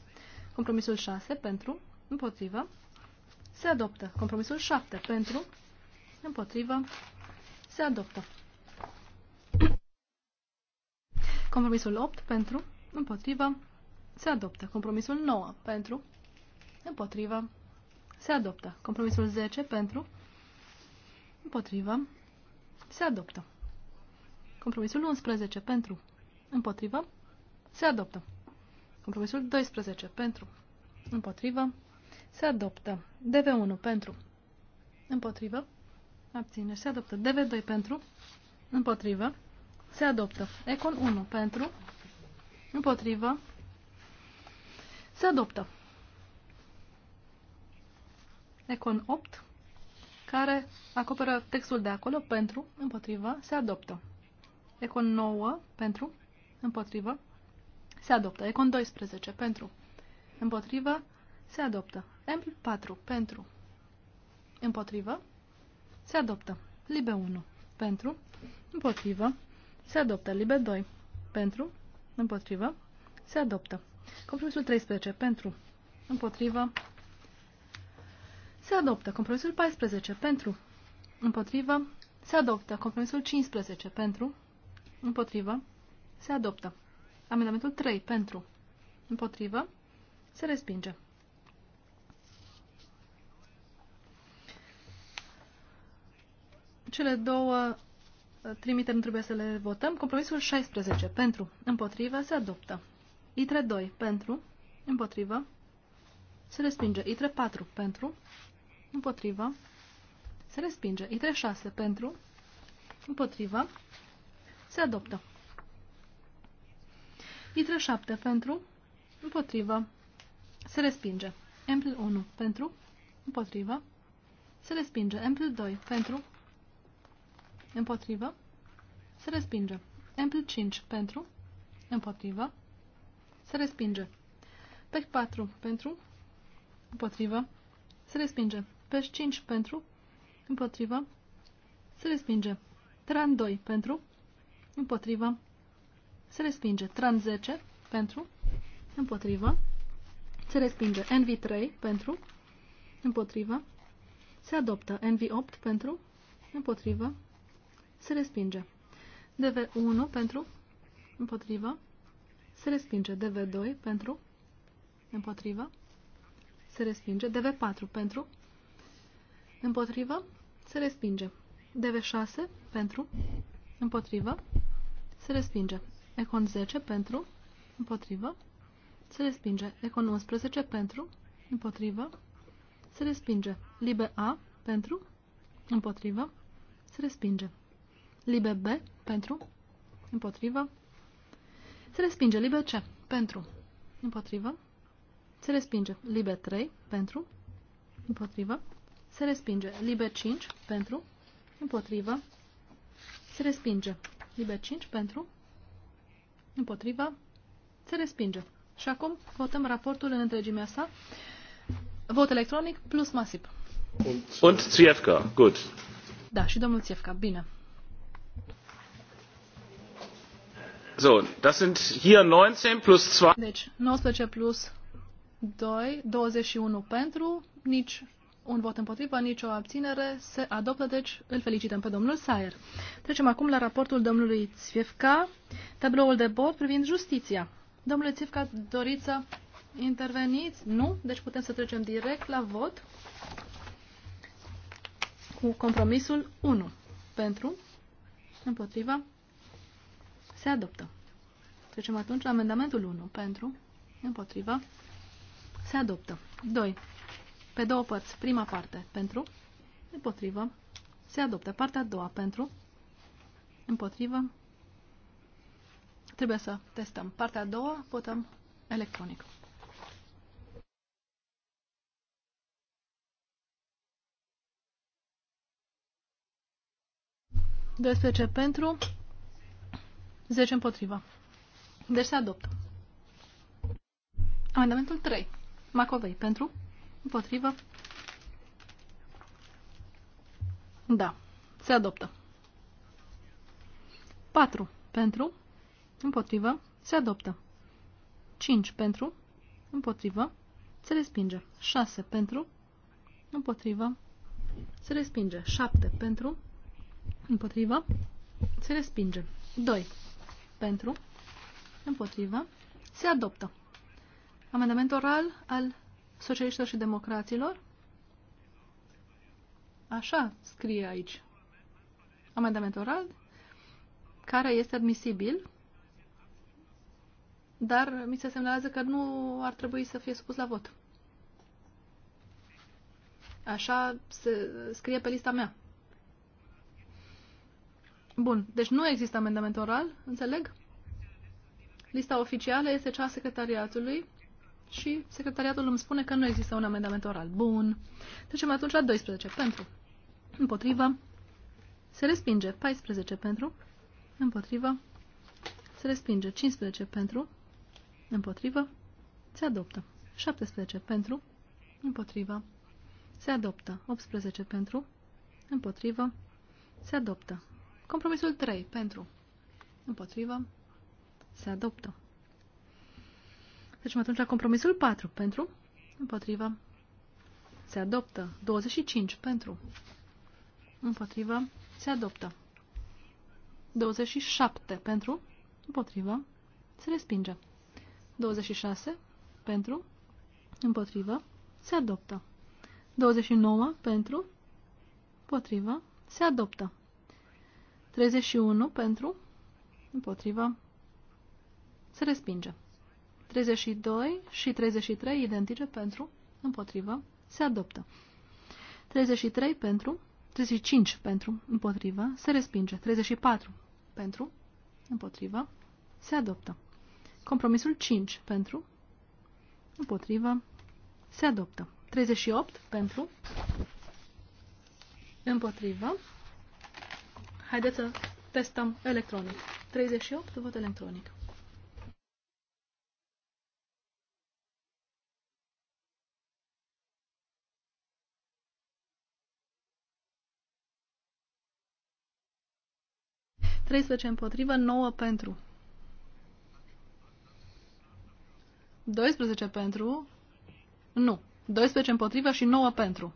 Speaker 2: Compromisul 6 pentru, împotrivă, se adoptă. Compromisul 7 pentru, împotrivă, se adoptă. Compromisul 8 pentru, împotrivă, se adoptă. Compromisul 9 pentru, împotrivă, se adoptă. Compromisul 10 pentru, împotrivă, se adoptă. Compromisul 11 pentru, împotrivă, se adoptă. Compromisul 12 pentru. Împotrivă. Se adoptă. DV1 pentru. Împotrivă. Abține. Se adoptă. DV2 pentru. Împotrivă. Se adoptă. Econ 1 pentru. Împotrivă. Se adoptă. Econ 8 care acoperă textul de acolo pentru, împotrivă, se adoptă. Econ 9 pentru, împotrivă, se adoptă. Econ 12 pentru. Împotrivă. Se adoptă. m 4 pentru. Împotrivă. Se adoptă. Libe 1 pentru. Împotrivă. Se adoptă. Libe 2 pentru. Împotrivă. Se adoptă. Compromisul 13 pentru. Împotrivă. Se adoptă. Compromisul 14 pentru. Împotrivă. Se adoptă. Compromisul 15 pentru. Împotrivă. Se adoptă. Amendamentul 3 pentru. Împotrivă. Se respinge. Cele două uh, trimite nu trebuie să le votăm. Compromisul 16 pentru. Împotrivă. Se adoptă. ITRE 2 pentru. Împotrivă. Se respinge. ITRE 4 pentru. Împotrivă. Se respinge. ITRE 6 pentru. Împotrivă. Se adoptă. Itra 7 pentru, împotrivă, se respinge. Ampl 1 pentru, împotrivă, se respinge. Ampl 2 pentru, împotrivă, se respinge. Ampl 5 pentru, împotrivă, se respinge. Pech 4 pentru, împotrivă, se respinge. Pech 5 pentru, împotrivă, se respinge. Tran 2 pentru, împotrivă, se respinge. Tran 10 pentru, împotrivă, se respinge. NV3 pentru, împotrivă, se adoptă. NV8 pentru, împotrivă, se respinge. DV1 pentru, împotrivă, se respinge. DV2 pentru, împotrivă, se respinge. DV4 pentru, împotrivă, se respinge. DV6 pentru, împotrivă, se respinge. Econ 10 pentru, împotrivă, se respinge. Econ 11 pentru, împotrivă, se respinge. Libe A pentru, împotrivă, se respinge. Libe B pentru, împotrivă, se respinge. Libe C pentru, împotrivă, se respinge. Libe 3 pentru, împotrivă, se respinge. Libe 5 pentru, împotrivă, se respinge. Libe 5 pentru, Împotriva. Se respinge. Și acum votăm raportul în întregimea sa. Vot electronic plus masiv.
Speaker 1: Und Țiefca. Good.
Speaker 2: Da, și domnul Țiefca. Bine.
Speaker 1: So, das sind hier 19 plus 2. Deci,
Speaker 2: 19 plus 2, 21 pentru, nici un vot împotrivă, nicio abținere, se adoptă, deci îl felicităm pe domnul Sayer. Trecem acum la raportul domnului Țviefca, tabloul de bord privind justiția. Domnule Țviefca, doriți să interveniți? Nu? Deci putem să trecem direct la vot cu compromisul 1. Pentru, împotriva, se adoptă. Trecem atunci la amendamentul 1. Pentru, împotriva, se adoptă. 2. Pe două părți. Prima parte pentru, împotrivă, se adoptă. Partea a doua pentru, împotrivă, trebuie să testăm. Partea a doua votăm electronic. Despre pentru, 10 împotriva. Deci se adoptă. Amendamentul 3. Macovei pentru? Împotrivă? Da. Se adoptă. 4. Pentru. Împotrivă. Se adoptă. 5. Pentru. Împotrivă. Se respinge. 6. Pentru. Împotrivă. Se respinge. 7. Pentru. Împotrivă. Se respinge. 2. Pentru. Împotrivă. Se adoptă. Amendament oral al socialiștilor și democraților? Așa scrie aici. Amendament oral care este admisibil, dar mi se semnalează că nu ar trebui să fie supus la vot. Așa se scrie pe lista mea. Bun, deci nu există amendament oral, înțeleg? Lista oficială este cea a secretariatului și secretariatul îmi spune că nu există un amendament oral. Bun. Trecem atunci la 12 pentru. Împotrivă. Se respinge. 14 pentru. Împotrivă. Se respinge. 15 pentru. Împotrivă. Se adoptă. 17 pentru. Împotrivă. Se adoptă. 18 pentru. Împotrivă. Se adoptă. Compromisul 3 pentru. Împotrivă. Se adoptă. Trecem deci atunci la compromisul 4. Pentru? Împotrivă. Se adoptă. 25. Pentru? Împotrivă. Se adoptă. 27. Pentru? Împotrivă. Se respinge. 26. Pentru? Împotrivă. Se adoptă. 29. Pentru? Împotrivă. Se adoptă. 31. Pentru? Împotrivă. Se respinge. 32 și 33 identice pentru, împotrivă, se adoptă. 33 pentru, 35 pentru, împotrivă, se respinge. 34 pentru, împotrivă, se adoptă. Compromisul 5 pentru, împotrivă, se adoptă. 38 pentru, împotrivă. Haideți să testăm electronic. 38, vot electronic. 13 împotrivă, 9 pentru. 12 pentru. Nu. 12 împotrivă și 9 pentru.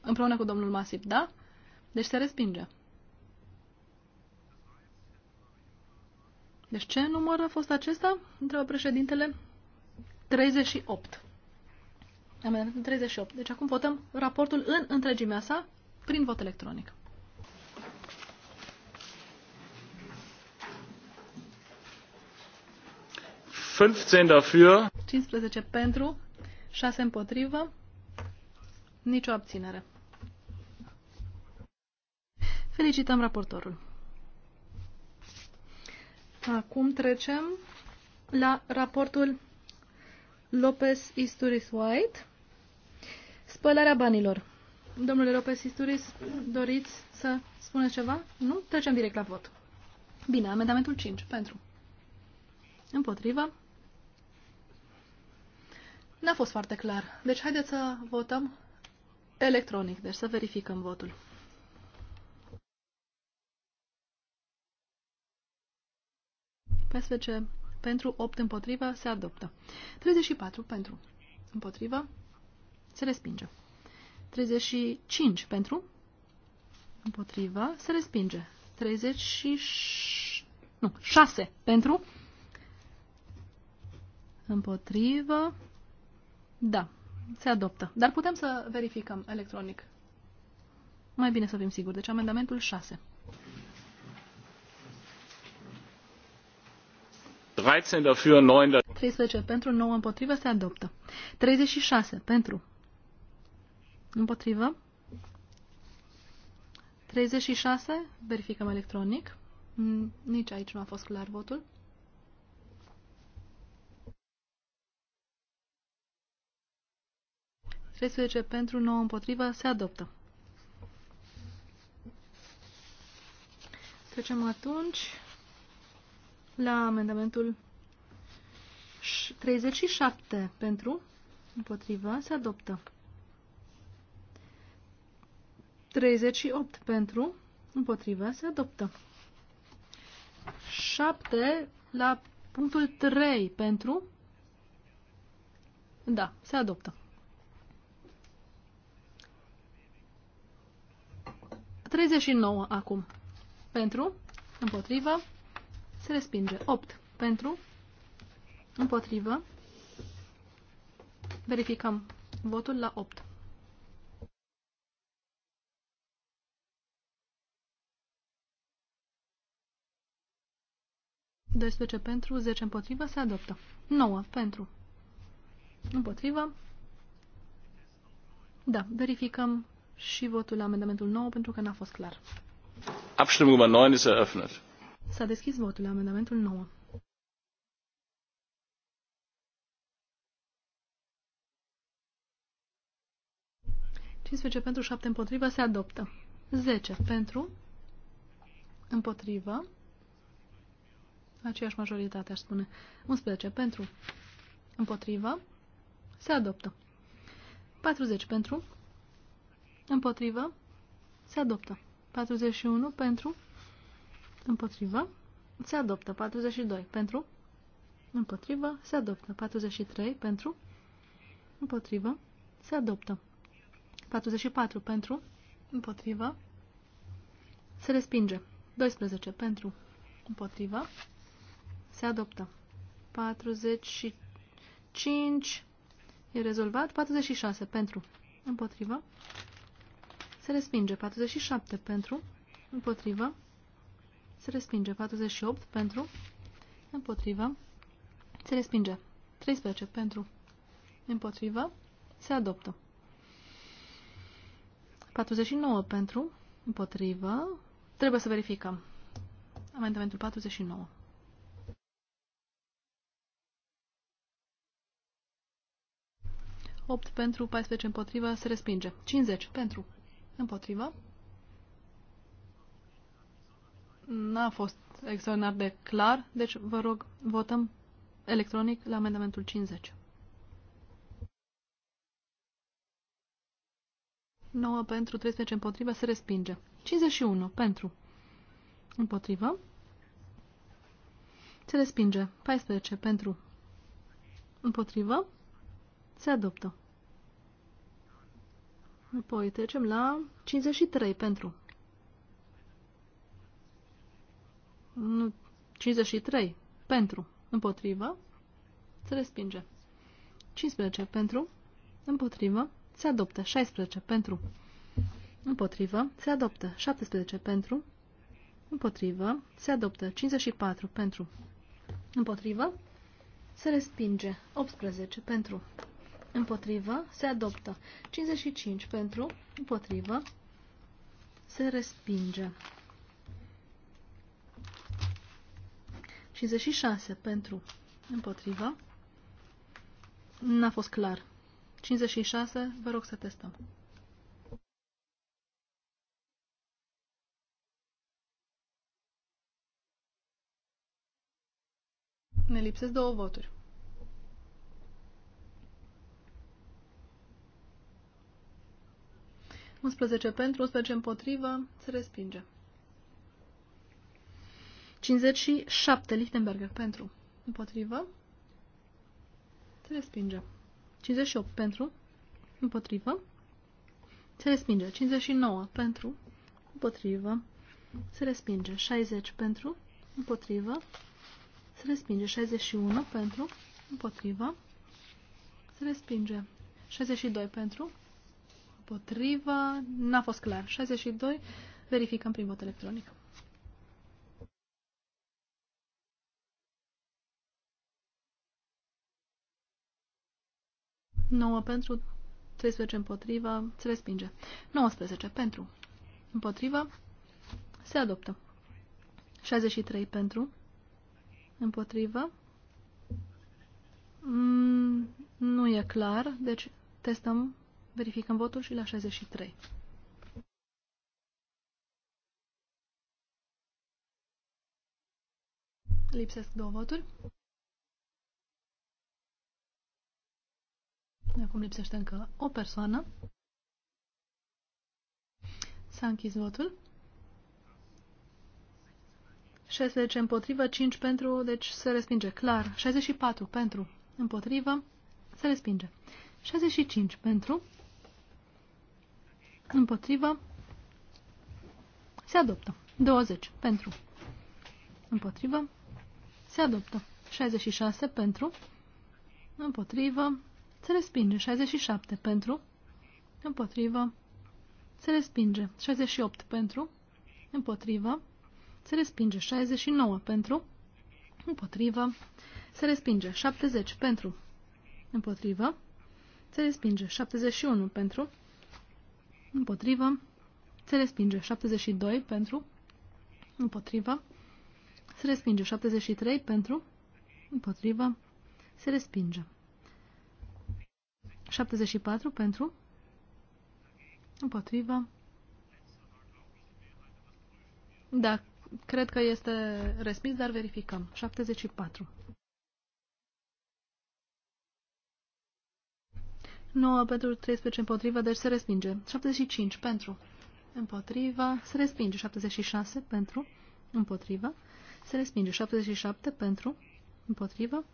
Speaker 2: Împreună cu domnul Masip, da? Deci se respinge. Deci ce număr a fost acesta? Întreabă președintele. 38. Amendamentul 38. Deci acum votăm raportul în întregimea sa prin vot electronic.
Speaker 1: 15 dafür.
Speaker 2: 15 pentru, 6 împotrivă, nicio abținere. Felicităm raportorul. Acum trecem la raportul Lopez Isturis White. Spălarea banilor. Domnule Lopez Isturis, doriți să spuneți ceva? Nu? Trecem direct la vot. Bine, amendamentul 5. Pentru. Împotrivă. N-a fost foarte clar. Deci haideți să votăm electronic, deci să verificăm votul. PSC pentru 8 împotriva se adoptă. 34 pentru împotriva se respinge. 35 pentru împotriva se respinge. 36 nu, 6 pentru împotrivă da, se adoptă. Dar putem să verificăm electronic. Mai bine să fim siguri. Deci amendamentul 6. 13 pentru, 9 împotrivă, se adoptă. 36 pentru, împotrivă. 36, verificăm electronic. Nici aici nu a fost clar votul. 13 pentru, 9 împotriva, se adoptă. Trecem atunci la amendamentul 37 pentru, împotriva, se adoptă. 38 pentru, împotriva, se adoptă. 7 la punctul 3 pentru, da, se adoptă. 39 acum. Pentru, împotrivă, se respinge. 8 pentru, împotrivă. Verificăm votul la 8. Doisprezece pentru, 10 împotrivă, se adoptă. 9 pentru, împotrivă. Da, verificăm și votul la amendamentul 9 pentru că n-a fost clar.
Speaker 1: Abstimmung über 9 ist eröffnet.
Speaker 2: S-a deschis votul la amendamentul 9. pentru 7 împotrivă se adoptă. 10 pentru împotrivă aceeași majoritate aș spune. 11 pentru împotrivă se adoptă. 40 pentru Împotrivă. Se adoptă. 41 pentru. Împotrivă. Se adoptă. 42 pentru. Împotrivă. Se adoptă. 43 pentru. Împotrivă. Se adoptă. 44 pentru. Împotrivă. Se respinge. 12 pentru. Împotrivă. Se adoptă. 45 e rezolvat. 46 pentru. Împotrivă. Se respinge 47 pentru, împotrivă. Se respinge 48 pentru, împotrivă. Se respinge 13 pentru, împotrivă. Se adoptă. 49 pentru, împotrivă. Trebuie să verificăm. Amendamentul 49. Opt pentru, 14 împotrivă, se respinge. 50 pentru, Împotrivă. N-a fost extraordinar de clar, deci vă rog, votăm electronic la amendamentul 50. 9 pentru, 13 împotrivă, se respinge. 51 pentru, împotrivă, se respinge. 14 pentru, împotrivă, se adoptă. Apoi trecem la 53 pentru. Nu, 53 pentru. Împotrivă. Se respinge. 15 pentru. Împotrivă. Se adoptă. 16 pentru. Împotrivă. Se adoptă. 17 pentru. Împotrivă. Se adoptă. 54 pentru. Împotrivă. Se respinge. 18 pentru împotrivă, se adoptă. 55 pentru, împotrivă, se respinge. 56 pentru, împotrivă, n-a fost clar. 56, vă rog să testăm. Ne lipsesc două voturi. 11 pentru, 11 împotrivă, se respinge. 57 Lichtenberger pentru, împotrivă, se respinge. 58 pentru, împotrivă, se respinge. 59 pentru, împotrivă, se respinge. 60 pentru, împotrivă, se respinge. 61 pentru, împotrivă, se respinge. 62 pentru, împotrivă, n-a fost clar. 62, verificăm prin vot electronic. Nouă pentru, 13 împotrivă, se respinge. 19 pentru, împotrivă, se adoptă. 63 pentru, împotrivă, mm, nu e clar, deci testăm Verificăm votul și la 63. Lipsesc două voturi. Acum lipsește încă o persoană. S-a închis votul. 16 împotrivă, 5 pentru, deci se respinge. Clar. 64 pentru, împotrivă, se respinge. 65 pentru, Împotrivă. Se adoptă. 20 pentru. Împotrivă. Se adoptă. 66 pentru. Împotrivă. Se respinge. 67 pentru. Împotrivă. Se respinge. 68 pentru. Împotrivă. Se respinge. 69 pentru. Împotrivă. Se respinge. 70 pentru. Împotrivă. Se respinge. 71 pentru împotrivă, se respinge 72 pentru, împotrivă, se respinge 73 pentru, împotrivă, se respinge 74 pentru, împotrivă, da, cred că este respins, dar verificăm. 74. 9 pentru 13 împotrivă, deci se respinge. 75 pentru împotrivă, se respinge. 76 pentru împotrivă, se respinge. 77 pentru împotrivă,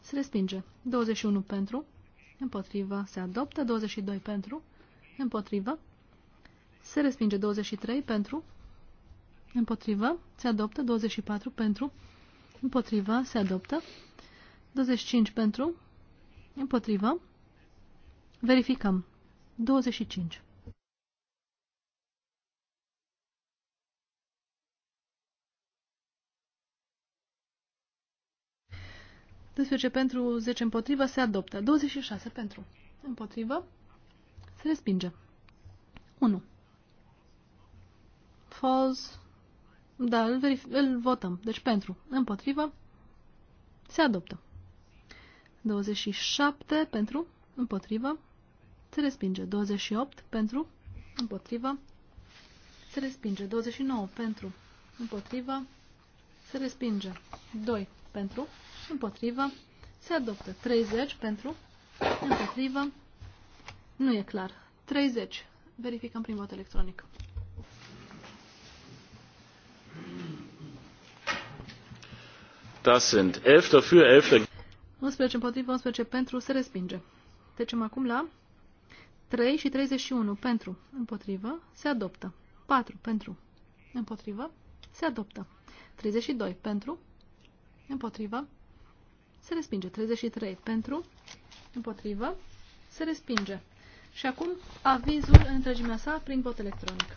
Speaker 2: se respinge. 21 pentru împotrivă, se adoptă. 22 pentru împotrivă, se respinge. 23 pentru împotrivă, se adoptă. 24 pentru împotrivă, se adoptă. 25 pentru împotrivă, Verificăm. 25. Deci pentru 10 împotrivă se adoptă. 26 pentru împotrivă se respinge. 1. Falls. Da, îl, îl votăm. Deci pentru împotrivă se adoptă. 27 pentru împotrivă se respinge. 28 pentru, împotrivă, se respinge. 29 pentru, împotrivă, se respinge. 2 pentru, împotrivă, se adoptă. 30 pentru, împotrivă, nu e clar. 30. Verificăm prin vot electronic.
Speaker 1: Das sind 11 dafür, 11
Speaker 2: 11 împotrivă, 11 pentru, se respinge. Trecem acum la 3 și 31 pentru, împotrivă, se adoptă. 4 pentru, împotrivă, se adoptă. 32 pentru, împotrivă, se respinge. 33 pentru, împotrivă, se respinge. Și acum avizul în întregimea sa prin vot electronic.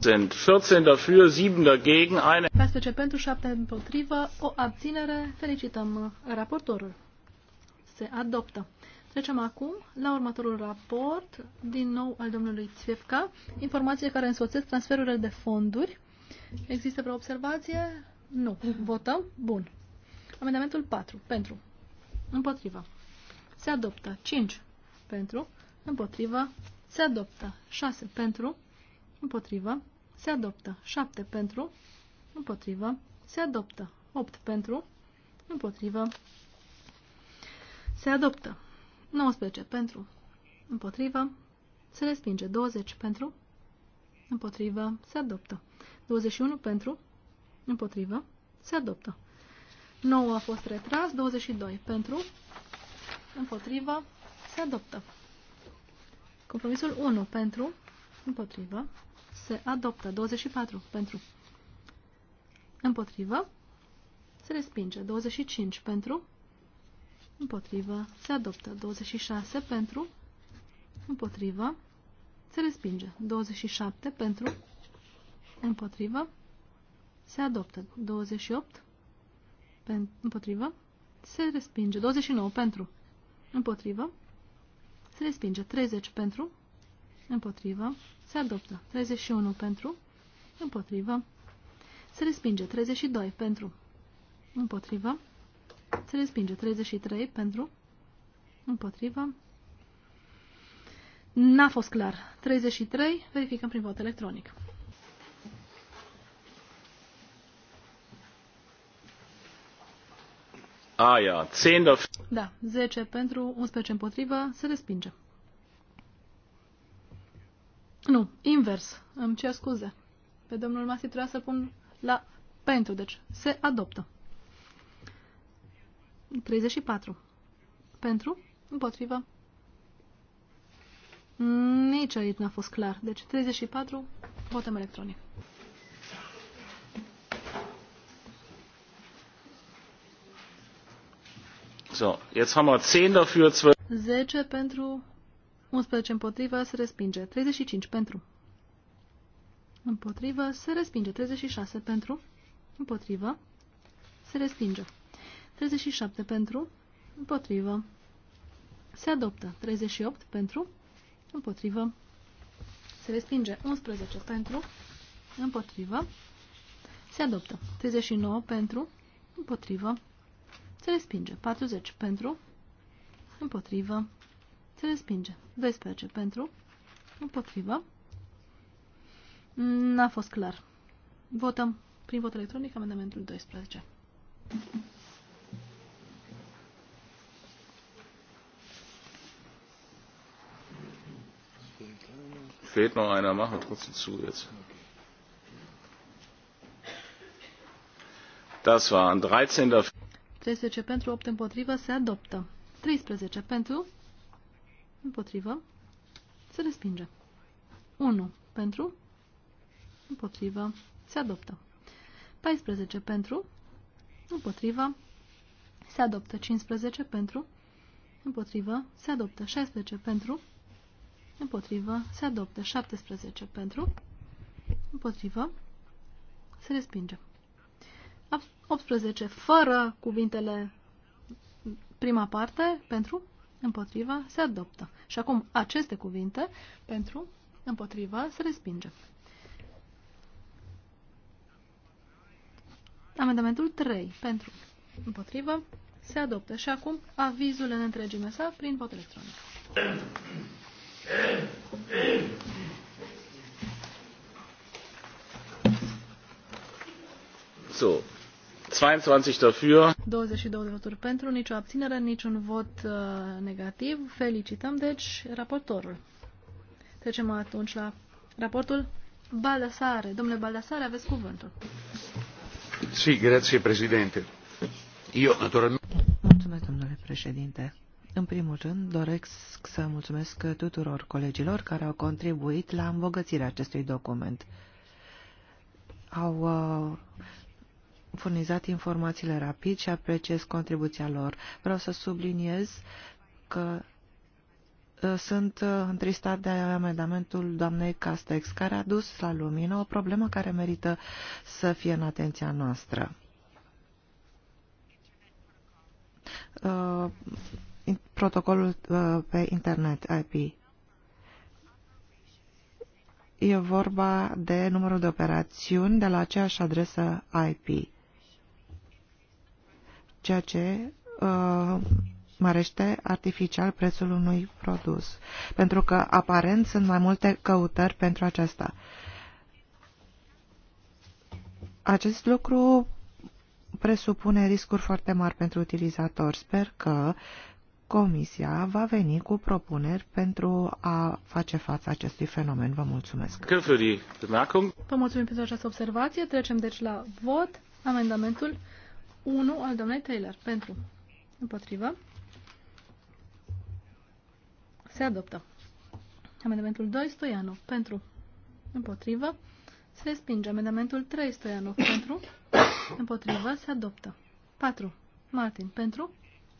Speaker 1: 14
Speaker 2: 7 pentru, șapte împotrivă, o abținere. Felicităm raportorul. Se adoptă. Trecem acum la următorul raport, din nou al domnului Țvefca, informații care însoțesc transferurile de fonduri. Există vreo observație? Nu. Votăm? Bun. Amendamentul 4. Pentru. Împotriva. Se adoptă. 5. Pentru. Împotriva. Se adoptă. 6. Pentru împotrivă, se adoptă. 7 pentru, împotrivă, se adoptă. 8 pentru, împotrivă, se adoptă. 19 pentru, împotrivă, se respinge. 20 pentru, împotrivă, se adoptă. 21 pentru, împotrivă, se adoptă. 9 a fost retras, 22 pentru, împotrivă, se adoptă. Compromisul 1 pentru, împotrivă, se adoptă. 24 pentru. Împotrivă. Se respinge. 25 pentru. Împotrivă. Se adoptă. 26 pentru. Împotrivă. Se respinge. 27 pentru. Împotrivă. Se adoptă. 28 pen, împotrivă. Se respinge. 29 pentru. Împotrivă. Se respinge. 30 pentru împotrivă, se adoptă. 31 pentru, împotrivă, se respinge. 32 pentru, împotrivă, se respinge. 33 pentru, împotrivă. N-a fost clar. 33, verificăm prin vot electronic.
Speaker 1: Aia, ah, 10
Speaker 2: Da, 10 pentru, 11 împotrivă, se respinge. Nu, invers. Îmi cer scuze. Pe domnul Masi trebuia să pun la pentru, deci se adoptă. 34. Pentru, împotrivă. Nici aici n-a fost clar. Deci 34, votăm electronic.
Speaker 1: So, jetzt haben wir 10 dafür, 12.
Speaker 2: 10 pentru, 11 împotrivă, se respinge. 35 pentru. Împotrivă, se respinge. 36 pentru. Împotrivă, se respinge. 37 pentru. Împotrivă, se adoptă. 38 pentru. Împotrivă, se respinge. 11 pentru. Împotrivă, se adoptă. 39 pentru. Împotrivă, se respinge. 40 pentru. Împotrivă, se respinge. 12 pentru. Împotrivă. N-a fost clar. Votăm prin vot electronic amendamentul 12.
Speaker 1: Fehlt noch einer, machen wir trotzdem zu jetzt. Das war an 13.
Speaker 2: 13 pentru, 8 împotrivă, se adoptă. 13 pentru, împotrivă, se respinge. 1 pentru, împotrivă, se adoptă. 14 pentru, împotrivă, se adoptă. 15 pentru, împotrivă, se adoptă. 16 pentru, împotrivă, se adoptă. 17 pentru, împotrivă, se respinge. 18 fără cuvintele prima parte, pentru, împotriva, se adoptă. Și acum aceste cuvinte, pentru, împotriva, se respinge. Amendamentul 3, pentru, împotriva, se adoptă. Și acum avizul în întregime sa prin vot electronic.
Speaker 1: So, 22 dafür.
Speaker 2: 22 de voturi pentru, nicio abținere, niciun vot uh, negativ. Felicităm, deci, raportorul. Trecem atunci la raportul Baldassare. Domnule Baldassare, aveți cuvântul.
Speaker 4: Si, grazie, președinte. Eu, naturalmente...
Speaker 3: Mulțumesc, domnule președinte. În primul rând, doresc să mulțumesc tuturor colegilor care au contribuit la îmbogățirea acestui document. Au uh, furnizat informațiile rapid și apreciez contribuția lor. Vreau să subliniez că uh, sunt uh, întristat de amendamentul doamnei Castex, care a dus la lumină o problemă care merită să fie în atenția noastră. Uh, protocolul pe internet IP. E vorba de numărul de operațiuni de la aceeași adresă IP ceea ce uh, mărește artificial prețul unui produs, pentru că aparent sunt mai multe căutări pentru acesta. Acest lucru presupune riscuri foarte mari pentru utilizator. Sper că Comisia va veni cu propuneri pentru a face față acestui fenomen. Vă mulțumesc.
Speaker 1: Vă
Speaker 2: mulțumim pentru această observație. Trecem deci la vot. Amendamentul 1 al domnului Taylor. Pentru. Împotrivă. Se adoptă. Amendamentul 2, Stoianu. Pentru. Împotrivă. Se respinge. Amendamentul 3, Stoianu. Pentru. Împotrivă. Se adoptă. 4. Martin. Pentru.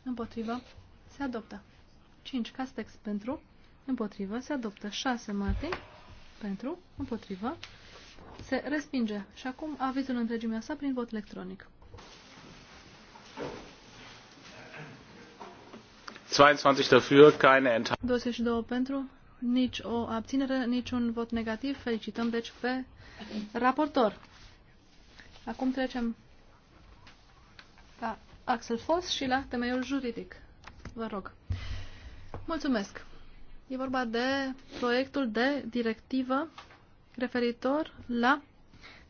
Speaker 2: Împotrivă. Se adoptă. 5. Castex. Pentru. Împotrivă. Se adoptă. 6. Martin. Pentru. Împotrivă. Se respinge. Și acum avizul întregimea sa prin vot electronic.
Speaker 1: 22 dafür, keine Enthaltung.
Speaker 2: 22 pentru, nici o abținere, nici un vot negativ. Felicităm deci pe raportor. Acum trecem la Axel Foss și la temeiul juridic. Vă rog. Mulțumesc. E vorba de proiectul de directivă referitor la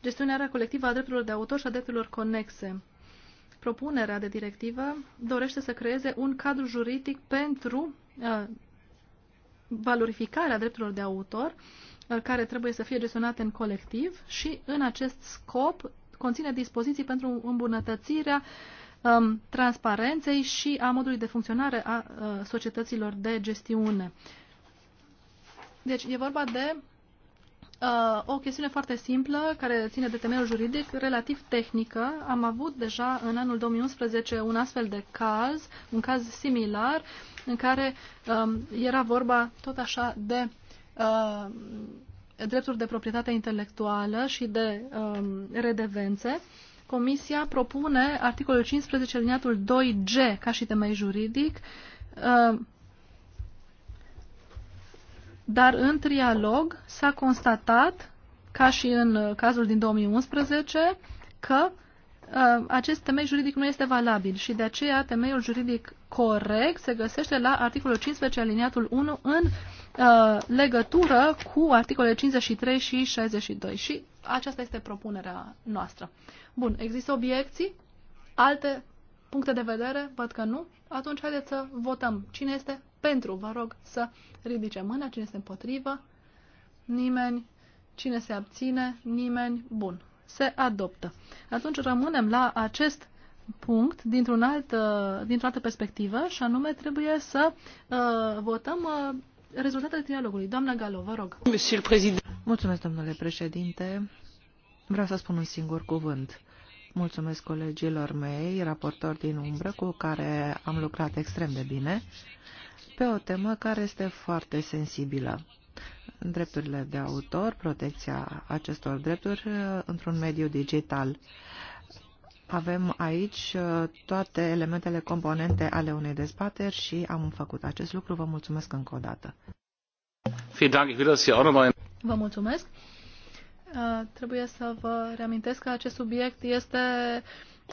Speaker 2: gestionarea colectivă a drepturilor de autor și a drepturilor conexe. Propunerea de directivă dorește să creeze un cadru juridic pentru uh, valorificarea drepturilor de autor uh, care trebuie să fie gestionate în colectiv și în acest scop conține dispoziții pentru îmbunătățirea um, transparenței și a modului de funcționare a uh, societăților de gestiune. Deci e vorba de uh, o chestiune foarte simplă care ține de temeiul juridic, relativ tehnică. Am avut deja în anul 2011 un astfel de caz, un caz similar, în care um, era vorba tot așa de uh, drepturi de proprietate intelectuală și de um, redevențe. Comisia propune articolul 15, liniatul 2G, ca și temei juridic, uh, dar în trialog s-a constatat, ca și în uh, cazul din 2011, că uh, acest temei juridic nu este valabil și de aceea temeiul juridic corect se găsește la articolul 15 aliniatul 1 în uh, legătură cu articolele 53 și 62 și aceasta este propunerea noastră. Bun, există obiecții? Alte Puncte de vedere? Văd că nu. Atunci haideți să votăm. Cine este pentru? Vă rog să ridice mâna. Cine este împotrivă? Nimeni. Cine se abține? Nimeni. Bun. Se adoptă. Atunci rămânem la acest punct dintr o alt, uh, dintr-o altă perspectivă și anume trebuie să uh, votăm uh, rezultatele dialogului. Doamna Galo, vă rog.
Speaker 3: Mulțumesc, domnule președinte. Vreau să spun un singur cuvânt. Mulțumesc colegilor mei, raportori din umbră, cu care am lucrat extrem de bine, pe o temă care este foarte sensibilă. Drepturile de autor, protecția acestor drepturi uh, într-un mediu digital. Avem aici uh, toate elementele componente ale unei dezbateri și am făcut acest lucru. Vă mulțumesc încă o dată.
Speaker 2: Vă mulțumesc. Uh, trebuie să vă reamintesc că acest subiect este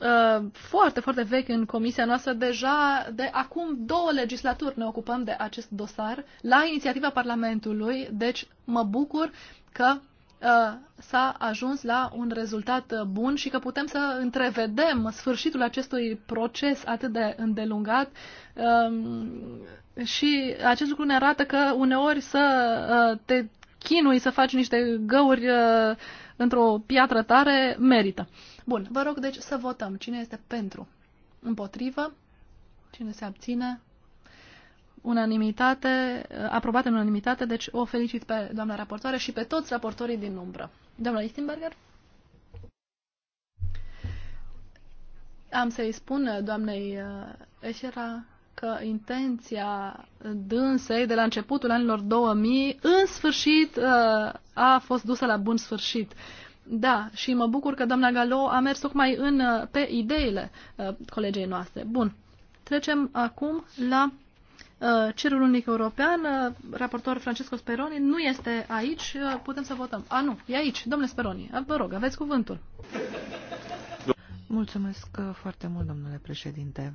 Speaker 2: uh, foarte, foarte vechi în comisia noastră. Deja de acum două legislaturi ne ocupăm de acest dosar la inițiativa Parlamentului, deci mă bucur că uh, s-a ajuns la un rezultat bun și că putem să întrevedem sfârșitul acestui proces atât de îndelungat um, și acest lucru ne arată că uneori să te chinui să faci niște găuri uh, într-o piatră tare, merită. Bun, vă rog deci să votăm. Cine este pentru? Împotrivă? Cine se abține? Unanimitate, uh, aprobat în unanimitate, deci o felicit pe doamna raportoare și pe toți raportorii din umbră. Doamna Lichtenberger? Am să-i spun doamnei uh, Eșera că intenția dânsei de la începutul anilor 2000 în sfârșit uh, a fost dusă la bun sfârșit. Da, și mă bucur că doamna Galo a mers tocmai în, uh, pe ideile uh, colegei noastre. Bun, trecem acum la Cerul Unic European. Raportor Francesco Speroni nu este aici, putem să votăm. A, nu, e aici, domnule Speroni, vă rog, aveți cuvântul.
Speaker 3: Mulțumesc foarte mult, domnule președinte.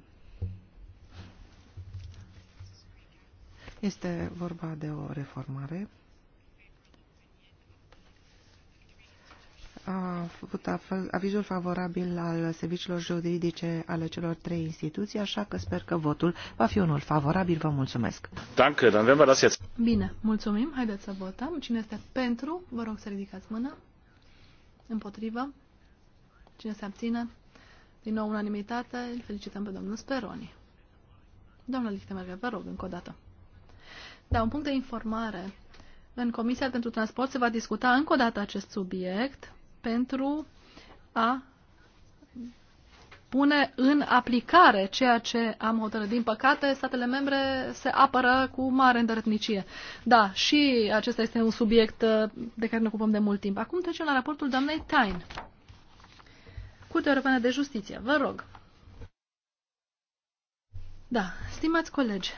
Speaker 3: Este vorba de o reformare a avut avizul favorabil al serviciilor juridice ale celor trei instituții, așa că sper că votul va fi unul favorabil. Vă mulțumesc.
Speaker 1: Danke, werden wir das jetzt.
Speaker 2: Bine, mulțumim. Haideți să votăm. Cine este pentru, vă rog să ridicați mâna. Împotrivă. Cine se abține? Din nou unanimitate. Îl felicităm pe domnul Speroni. Doamna Lichtenberger, vă rog încă o dată. Da, un punct de informare. În Comisia pentru Transport se va discuta încă o dată acest subiect pentru a pune în aplicare ceea ce am hotărât. Din păcate, statele membre se apără cu mare îndărătnicie. Da, și acesta este un subiect uh, de care ne ocupăm de mult timp. Acum trecem la raportul doamnei Tain. Curtea Europeană de Justiție, vă rog. Da, stimați colegi,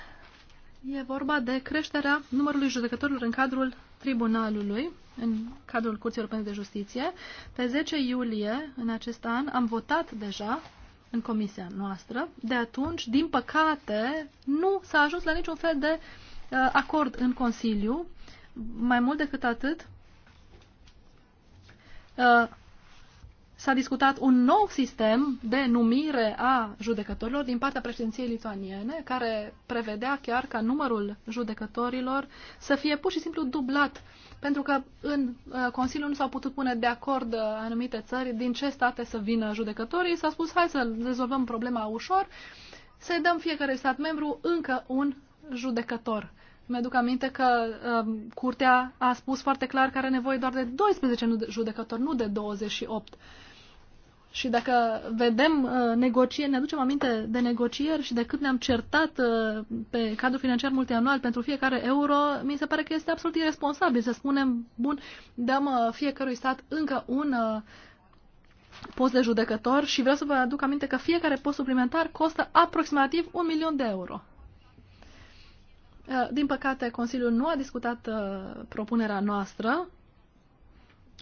Speaker 2: E vorba de creșterea numărului judecătorilor în cadrul tribunalului, în cadrul Curții Europene de Justiție. Pe 10 iulie în acest an am votat deja în comisia noastră. De atunci, din păcate, nu s-a ajuns la niciun fel de uh, acord în Consiliu. Mai mult decât atât, uh, s-a discutat un nou sistem de numire a judecătorilor din partea președinției lituaniene, care prevedea chiar ca numărul judecătorilor să fie pur și simplu dublat, pentru că în uh, Consiliu nu s-au putut pune de acord uh, anumite țări din ce state să vină judecătorii. S-a spus, hai să rezolvăm problema ușor, să-i dăm fiecare stat membru încă un judecător. Mi-aduc aminte că um, curtea a spus foarte clar că are nevoie doar de 12 judecători, nu de 28. Și dacă vedem uh, negocieri, ne aducem aminte de negocieri și de cât ne-am certat uh, pe cadrul financiar multianual pentru fiecare euro, mi se pare că este absolut irresponsabil să spunem, bun, dăm uh, fiecărui stat încă un uh, post de judecător și vreau să vă aduc aminte că fiecare post suplimentar costă aproximativ un milion de euro. Uh, din păcate, Consiliul nu a discutat uh, propunerea noastră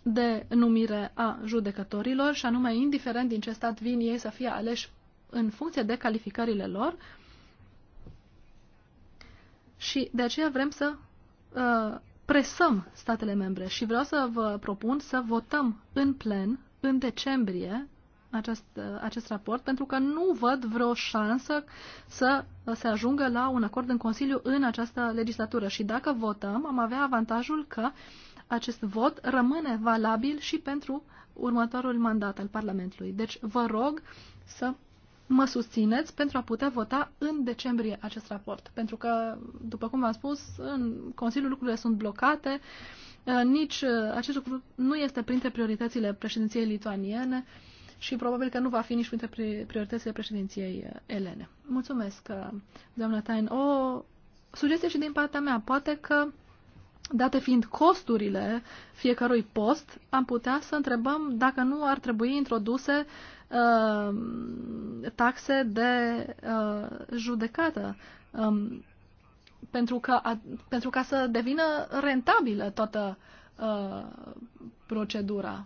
Speaker 2: de numire a judecătorilor și anume, indiferent din ce stat vin ei să fie aleși în funcție de calificările lor și de aceea vrem să uh, presăm statele membre și vreau să vă propun să votăm în plen în decembrie acest, uh, acest raport, pentru că nu văd vreo șansă să se ajungă la un acord în Consiliu în această legislatură. Și dacă votăm, am avea avantajul că acest vot rămâne valabil și pentru următorul mandat al Parlamentului. Deci vă rog să mă susțineți pentru a putea vota în decembrie acest raport. Pentru că, după cum v-am spus, în Consiliul lucrurile sunt blocate, uh, nici uh, acest lucru nu este printre prioritățile președinției lituaniene și probabil că nu va fi nici printre prioritățile președinției uh, elene. Mulțumesc, doamna Tain. O sugestie și din partea mea. Poate că date fiind costurile fiecărui post, am putea să întrebăm dacă nu ar trebui introduse uh, taxe de uh, judecată um, pentru, că, a, pentru ca să devină rentabilă toată uh, procedura.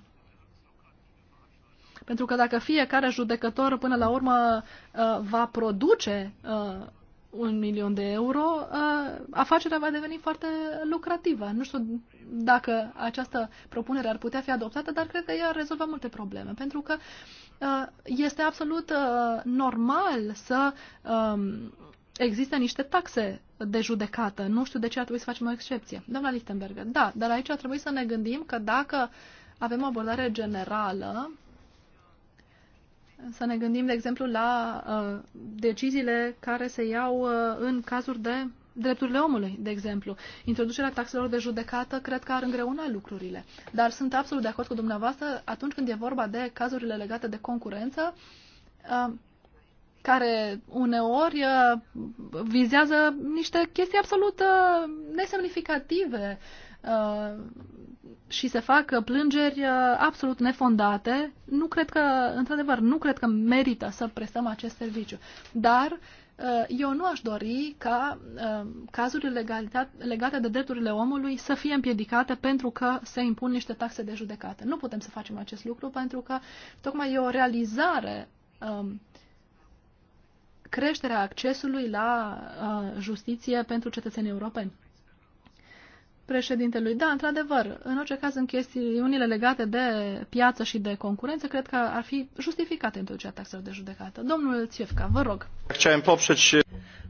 Speaker 2: Pentru că dacă fiecare judecător până la urmă uh, va produce uh, un milion de euro, ă, afacerea va deveni foarte lucrativă. Nu știu dacă această propunere ar putea fi adoptată, dar cred că ea rezolvă multe probleme, pentru că ă, este absolut ă, normal să există niște taxe de judecată. Nu știu de ce ar trebui să facem o excepție. Doamna Lichtenberger, da, dar aici ar trebui să ne gândim că dacă avem o abordare generală, să ne gândim, de exemplu, la uh, deciziile care se iau uh, în cazuri de drepturile omului, de exemplu. Introducerea taxelor de judecată cred că ar îngreuna lucrurile. Dar sunt absolut de acord cu dumneavoastră atunci când e vorba de cazurile legate de concurență, uh, care uneori uh, vizează niște chestii absolut uh, nesemnificative. Uh, și se fac uh, plângeri uh, absolut nefondate. Nu cred că, într-adevăr, nu cred că merită să prestăm acest serviciu. Dar uh, eu nu aș dori ca cazurile legate de drepturile omului să fie împiedicate pentru că se impun niște taxe de judecată. Nu putem să facem acest lucru pentru că tocmai e o realizare um, creșterea accesului la justiție pentru cetățenii europeni președintelui. Da, într-adevăr, în orice caz, în chestiunile legate de piață și de concurență, cred că ar fi justificată introducerea taxelor de judecată. Domnul Țiefca, vă rog.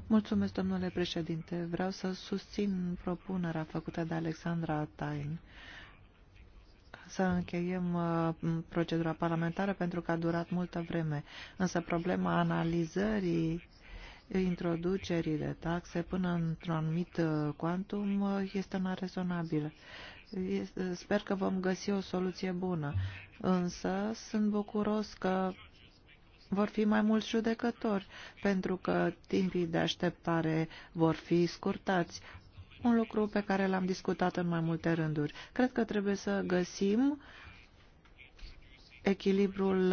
Speaker 3: Mulțumesc, domnule președinte. Vreau să susțin propunerea făcută de Alexandra Tain să încheiem uh, procedura parlamentară pentru că a durat multă vreme. Însă problema analizării introducerii de taxe până într-un anumit quantum uh, uh, este nerezonabilă. Sper că vom găsi o soluție bună, însă sunt bucuros că vor fi mai mulți judecători, pentru că timpii de așteptare vor fi scurtați. Un lucru pe care l-am discutat în mai multe rânduri. Cred că trebuie să găsim echilibrul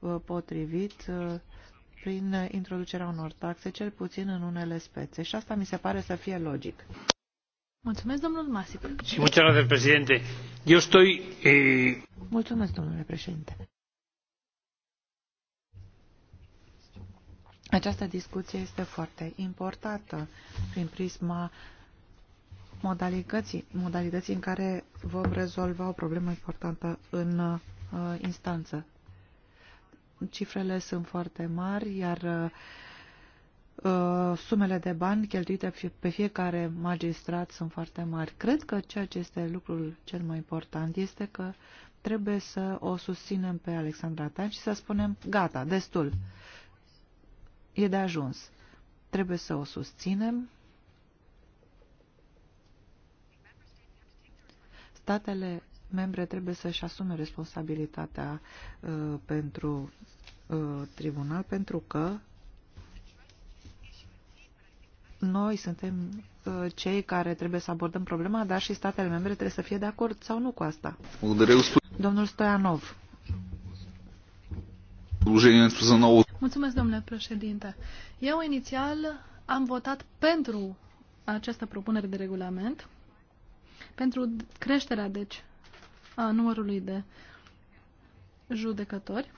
Speaker 3: uh, potrivit prin introducerea unor taxe, cel puțin în unele spețe. Și asta mi se pare să fie logic.
Speaker 2: Mulțumesc, domnul Masip. Și
Speaker 4: mulțumesc, președinte. Eu stoi... E... Eh,
Speaker 3: mulțumesc, domnule președinte. Această discuție este foarte importantă prin prisma modalității, modalității în care vom rezolva o problemă importantă în uh, instanță cifrele sunt foarte mari, iar uh, sumele de bani cheltuite pe fiecare magistrat sunt foarte mari. Cred că ceea ce este lucrul cel mai important este că trebuie să o susținem pe Alexandra Tan și să spunem, gata, destul, e de ajuns. Trebuie să o susținem. Statele membre trebuie să-și asume responsabilitatea uh, pentru uh, tribunal, pentru că noi suntem uh, cei care trebuie să abordăm problema, dar și statele membre trebuie să fie de acord sau nu cu asta. Domnul Stoianov.
Speaker 2: Mulțumesc, domnule președinte. Eu inițial am votat pentru această propunere de regulament, pentru creșterea, deci, a numărului de judecători.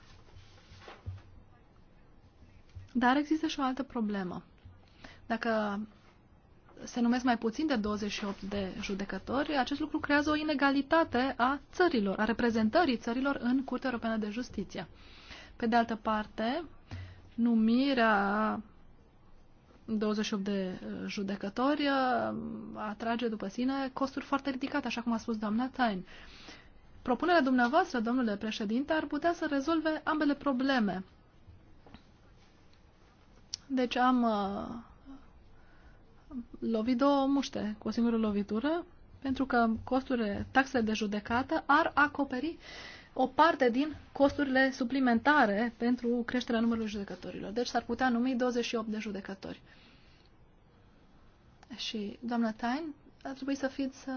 Speaker 2: Dar există și o altă problemă. Dacă se numesc mai puțin de 28 de judecători, acest lucru creează o inegalitate a țărilor, a reprezentării țărilor în Curtea Europeană de Justiție. Pe de altă parte, numirea 28 de uh, judecători uh, atrage după sine costuri foarte ridicate, așa cum a spus doamna Tain. Uh, propunerea dumneavoastră, domnule președinte, ar putea să rezolve ambele probleme. Deci am uh, lovit două muște cu o singură lovitură, pentru că costurile, taxele de judecată ar acoperi o parte din costurile suplimentare pentru creșterea numărului judecătorilor. Deci s-ar putea numi 28 de judecători. Și, doamna Tain, ar trebui să fiți uh,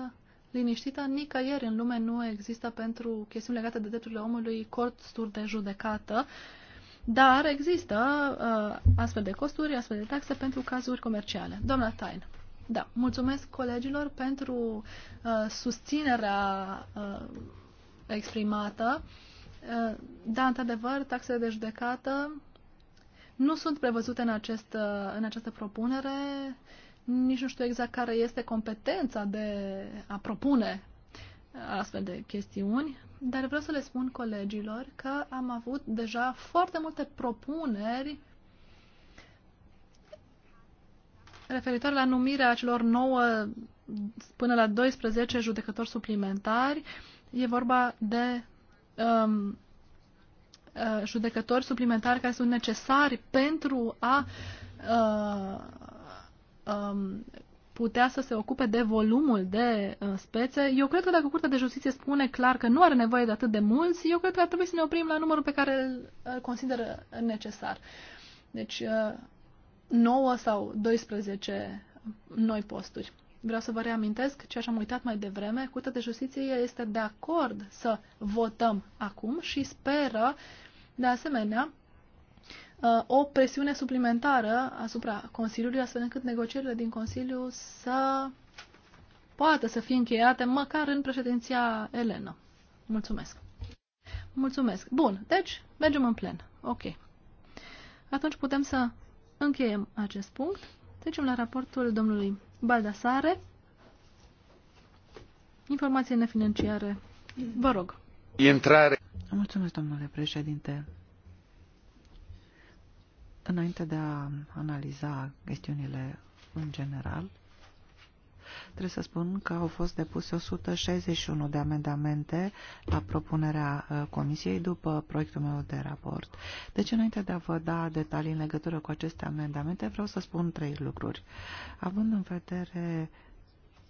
Speaker 2: liniștită, nicăieri în lume nu există pentru chestiuni legate de drepturile omului costuri de judecată, dar există uh, astfel de costuri, astfel de taxe pentru cazuri comerciale. Doamna Tain. Da, mulțumesc colegilor pentru uh, susținerea uh, exprimată. Uh, da, într-adevăr, taxele de judecată nu sunt prevăzute în, acest, uh, în această propunere. Uh, nici nu știu exact care este competența de a propune astfel de chestiuni, dar vreau să le spun colegilor că am avut deja foarte multe propuneri referitoare la numirea acelor 9 până la 12 judecători suplimentari. E vorba de um, uh, judecători suplimentari care sunt necesari pentru a uh, um, putea să se ocupe de volumul de uh, spețe. Eu cred că dacă Curtea de Justiție spune clar că nu are nevoie de atât de mulți, eu cred că ar trebui să ne oprim la numărul pe care îl, îl consideră necesar. Deci, uh, 9 sau 12 noi posturi. Vreau să vă reamintesc ceea ce am uitat mai devreme. Curtea de Justiție este de acord să votăm acum și speră, de asemenea, o presiune suplimentară asupra Consiliului, astfel încât negocierile din Consiliu să poată să fie încheiate măcar în președinția Elenă. Mulțumesc. Mulțumesc. Bun, deci mergem în plen. Ok. Atunci putem să încheiem acest punct. Trecem la raportul domnului Baldasare. Informații nefinanciare. Vă rog.
Speaker 3: Intrare. Mulțumesc, domnule președinte. Înainte de a analiza chestiunile în general, trebuie să spun că au fost depuse 161 de amendamente la propunerea uh, Comisiei după proiectul meu de raport. Deci, înainte de a vă da detalii în legătură cu aceste amendamente, vreau să spun trei lucruri. Având în vedere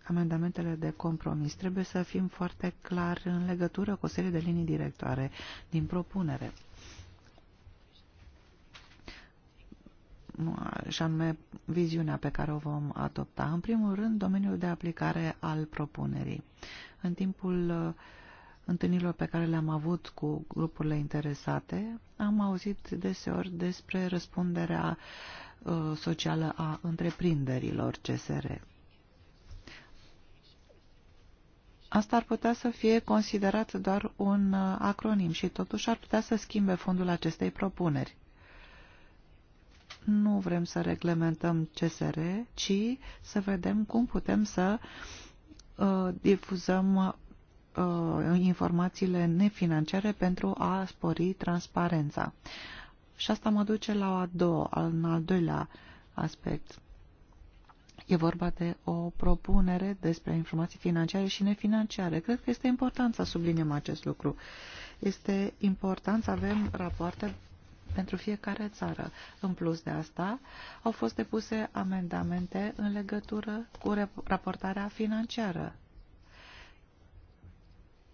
Speaker 3: amendamentele de compromis, trebuie să fim foarte clar în legătură cu o serie de linii directoare din propunere. și anume viziunea pe care o vom adopta. În primul rând, domeniul de aplicare al propunerii. În timpul uh, întâlnirilor pe care le-am avut cu grupurile interesate, am auzit deseori despre răspunderea uh, socială a întreprinderilor CSR. Asta ar putea să fie considerat doar un uh, acronim și totuși ar putea să schimbe fondul acestei propuneri. Nu vrem să reglementăm CSR, ci să vedem cum putem să uh, difuzăm uh, informațiile nefinanciare pentru a spori transparența. Și asta mă duce la a doua, în al doilea aspect. E vorba de o propunere despre informații financiare și nefinanciare. Cred că este important să subliniem acest lucru. Este important să avem rapoarte pentru fiecare țară. În plus de asta, au fost depuse amendamente în legătură cu raportarea financiară.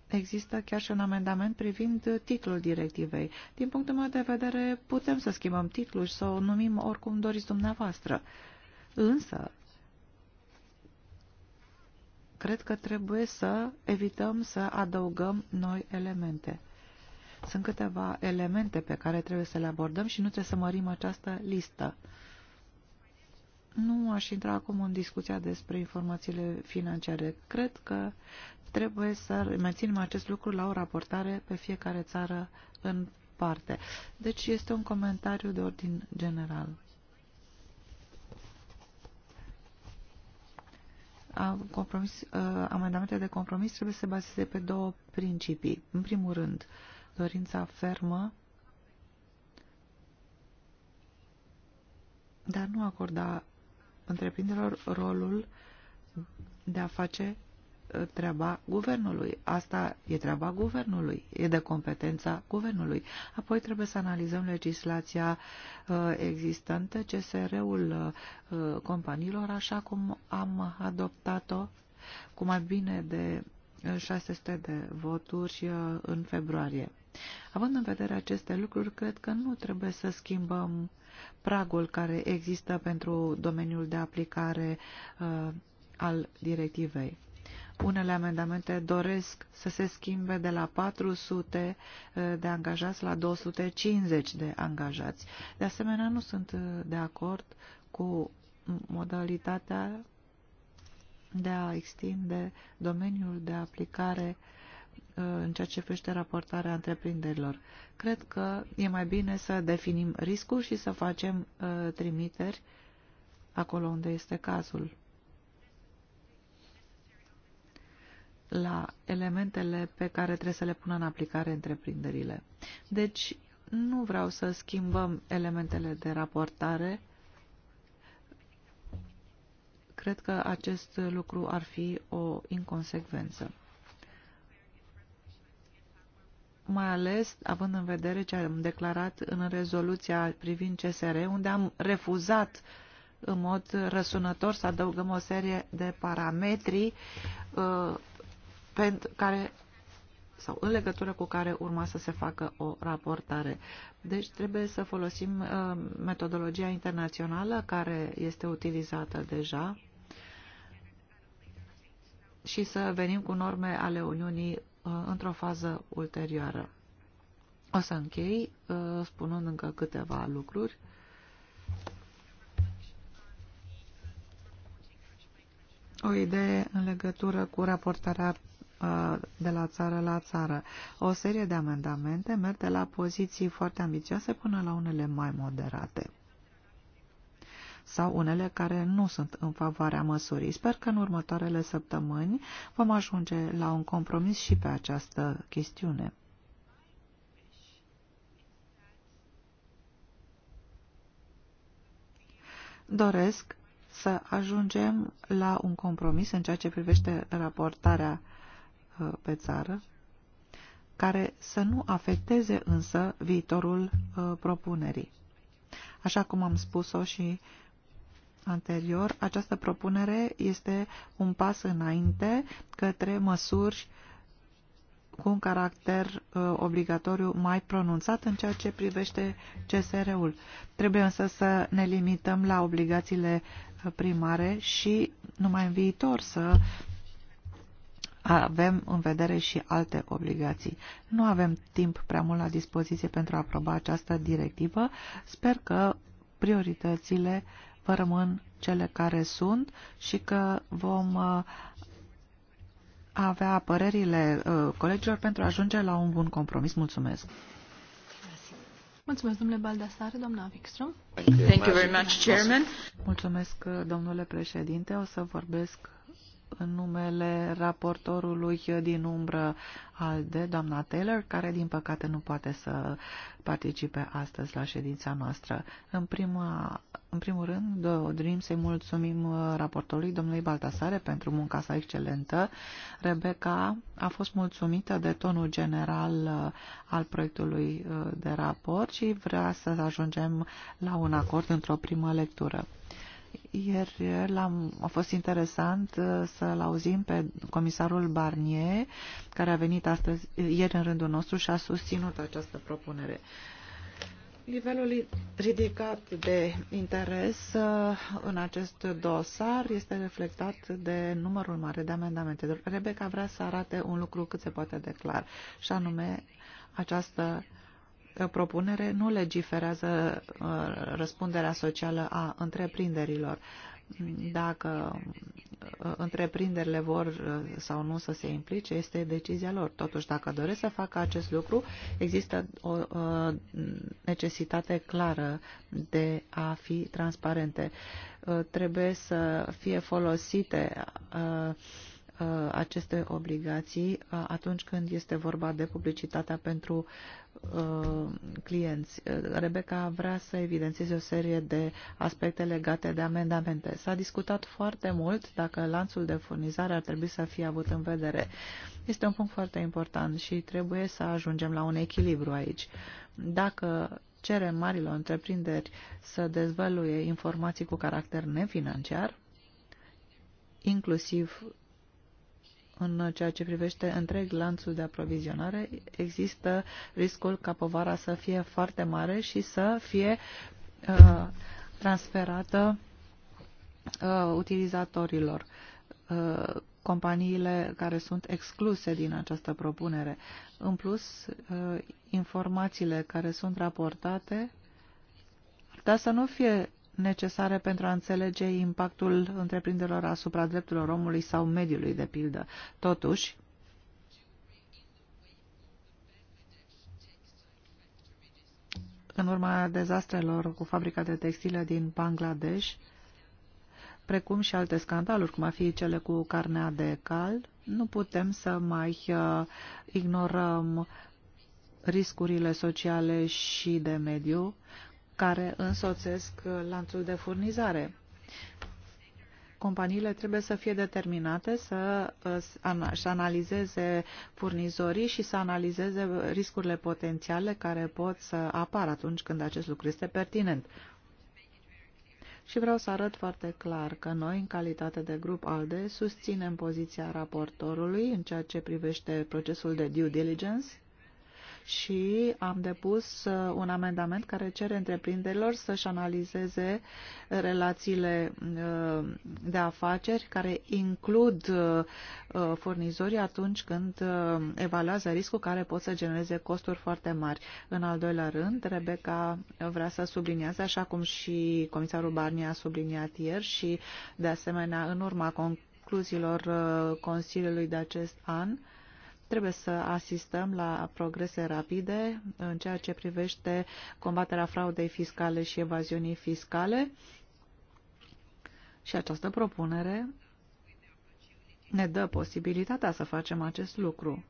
Speaker 3: Există chiar și un amendament privind titlul directivei. Din punctul meu de vedere, putem să schimbăm titlul și să o numim oricum doriți dumneavoastră. Însă, cred că trebuie să evităm să adăugăm noi elemente. Sunt câteva elemente pe care trebuie să le abordăm și nu trebuie să mărim această listă. Nu aș intra acum în discuția despre informațiile financiare. Cred că trebuie să menținem acest lucru la o raportare pe fiecare țară în parte. Deci este un comentariu de ordin general. compromis, amendamente de compromis trebuie să se bazeze pe două principii. În primul rând, uh, dorința fermă dar nu acorda întreprinderilor rolul de a face uh, treaba guvernului. Asta e treaba guvernului, e de competența guvernului. Apoi trebuie să analizăm legislația uh, existentă, CSR-ul uh, companiilor, așa cum am adoptat-o cu mai bine de 600 uh, de voturi uh, în februarie. Având în vedere aceste lucruri, cred că nu trebuie să schimbăm pragul care există pentru domeniul de aplicare uh, al directivei. Unele amendamente doresc să se schimbe de la 400 uh, de angajați la 250 de angajați. De asemenea, nu sunt uh, de acord cu modalitatea de a extinde domeniul de aplicare uh, Uh, în ceea ce privește raportarea întreprinderilor. Cred că e mai bine să definim riscul și să facem uh, trimiteri acolo unde este cazul. la elementele pe care trebuie să le pună în aplicare întreprinderile. Deci, nu vreau să schimbăm elementele de raportare. Cred că acest lucru ar fi o inconsecvență. mai ales având în vedere ce am declarat în rezoluția privind CSR, unde am refuzat în mod răsunător să adăugăm o serie de parametri uh, pentru care sau în legătură cu care urma să se facă o raportare. Deci trebuie să folosim uh, metodologia internațională care este utilizată deja și să venim cu norme ale Uniunii Uh, într-o fază ulterioară. O să închei uh, spunând încă câteva lucruri. O idee în legătură cu raportarea uh, de la țară la țară. O serie de amendamente merg de la poziții foarte ambițioase până la unele mai moderate sau unele care nu sunt în favoarea măsurii. Sper că în următoarele săptămâni vom ajunge la un compromis și pe această chestiune. Doresc să ajungem la un compromis în ceea ce privește raportarea uh, pe țară, care să nu afecteze însă viitorul uh, propunerii. Așa cum am spus-o și anterior, această propunere este un pas înainte către măsuri cu un caracter uh, obligatoriu mai pronunțat în ceea ce privește CSR-ul. Trebuie însă să ne limităm la obligațiile uh, primare și numai în viitor să avem în vedere și alte obligații. Nu avem timp prea mult la dispoziție pentru a aproba această directivă. Sper că prioritățile uh, rămân cele care sunt și că vom uh, avea părerile uh, colegilor pentru a ajunge la un bun compromis. Mulțumesc!
Speaker 2: Mulțumesc, domnule Baldassare, doamna Wikström. Thank you very much, Chairman.
Speaker 3: Mulțumesc, domnule președinte. O să vorbesc în numele raportorului din umbră al de doamna Taylor, care din păcate nu poate să participe astăzi la ședința noastră. În, prima, în primul rând, dorim să-i mulțumim uh, raportorului domnului Baltasare pentru munca sa excelentă. Rebecca a fost mulțumită de tonul general uh, al proiectului uh, de raport și vrea să ajungem la un acord într-o primă lectură. Ieri am a fost interesant uh, să-l auzim pe comisarul Barnier, care a venit astăzi, ieri în rândul nostru și a susținut această propunere. Nivelul ridicat de interes uh, în acest dosar este reflectat de numărul mare de amendamente. Rebecca vrea să arate un lucru cât se poate de clar, și anume această Uh, propunere nu legiferează uh, răspunderea socială a întreprinderilor. Dacă uh, întreprinderile vor sau nu să se implice, este decizia lor. Totuși, dacă doresc să facă acest lucru, există o necesitate clară de a fi transparente. Trebuie să fie folosite Uh, aceste obligații uh, atunci când este vorba de publicitatea pentru uh, clienți. Rebecca vrea să evidențieze o serie de aspecte legate de amendamente. S-a discutat foarte mult dacă lanțul de furnizare ar trebui să fie avut în vedere. Este un punct foarte important și trebuie să ajungem la un echilibru aici. Dacă cerem marilor întreprinderi să dezvăluie informații cu caracter nefinanciar, inclusiv în ceea ce privește întreg lanțul de aprovizionare, există riscul ca povara să fie foarte mare și să fie uh, transferată uh, utilizatorilor. Uh, companiile care sunt excluse din această propunere. În plus, uh, informațiile care sunt raportate ar să nu fie necesare pentru a înțelege impactul întreprinderilor asupra drepturilor omului sau mediului, de pildă. Totuși, în urma dezastrelor cu fabrica de textile din Bangladesh, precum și alte scandaluri, cum ar fi cele cu carnea de cal, nu putem să mai uh, ignorăm riscurile sociale și de mediu care însoțesc lanțul de furnizare. Companiile trebuie să fie determinate să, uh, să analizeze furnizorii și să analizeze riscurile potențiale care pot să apară atunci când acest lucru este pertinent. Și vreau să arăt foarte clar că noi, în calitate de grup ALDE, susținem poziția raportorului în ceea ce privește procesul de due diligence și am depus uh, un amendament care cere întreprinderilor să-și analizeze relațiile uh, de afaceri care includ uh, furnizorii atunci când evaluează riscul care pot să genereze costuri foarte mari. În al doilea rând, Rebecca vrea să sublinieze, așa cum și comisarul Barnier a subliniat ieri și, de asemenea, în urma concluziilor Consiliului de acest an, Trebuie să asistăm la progrese rapide în ceea ce privește combaterea fraudei fiscale și evaziunii fiscale. Și această propunere ne dă posibilitatea să facem acest lucru.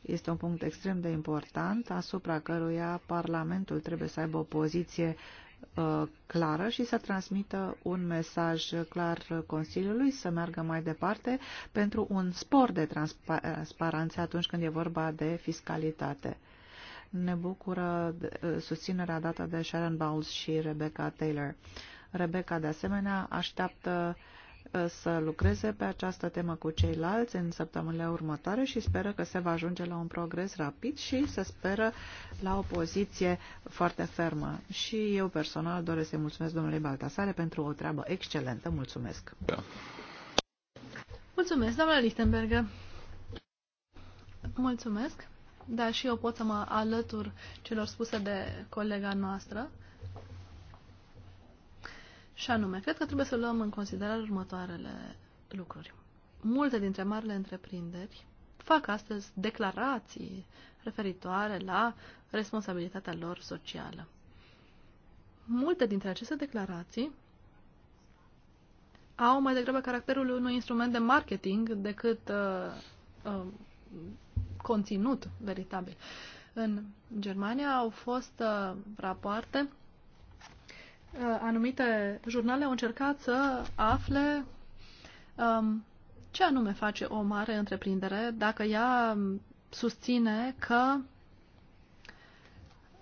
Speaker 3: Este un punct extrem de important asupra căruia Parlamentul trebuie să aibă o poziție Uh, clară și să transmită un mesaj clar Consiliului să meargă mai departe pentru un spor de transparență atunci când e vorba de fiscalitate. Ne bucură uh, susținerea dată de Sharon Bowles și Rebecca Taylor. Rebecca, de asemenea, așteaptă uh, Eh, să lucreze pe această temă cu ceilalți în săptămânile următoare și speră că se va ajunge la un progres rapid și se speră la o poziție foarte fermă. Și eu personal doresc să mulțumesc domnului Baltasare pentru o treabă excelentă. Mulțumesc! Da.
Speaker 2: Mulțumesc, doamna Lichtenberger! Mulțumesc! Da, și eu pot să mă alătur celor spuse de colega noastră. Și anume, cred că trebuie să luăm în considerare următoarele lucruri. Multe dintre marile întreprinderi fac astăzi declarații referitoare la responsabilitatea lor socială. Multe dintre aceste declarații au mai degrabă caracterul unui instrument de marketing decât uh, uh, conținut veritabil. În Germania au fost uh, rapoarte Uh, anumite jurnale au încercat să afle um, ce anume face o mare întreprindere dacă ea um, susține că,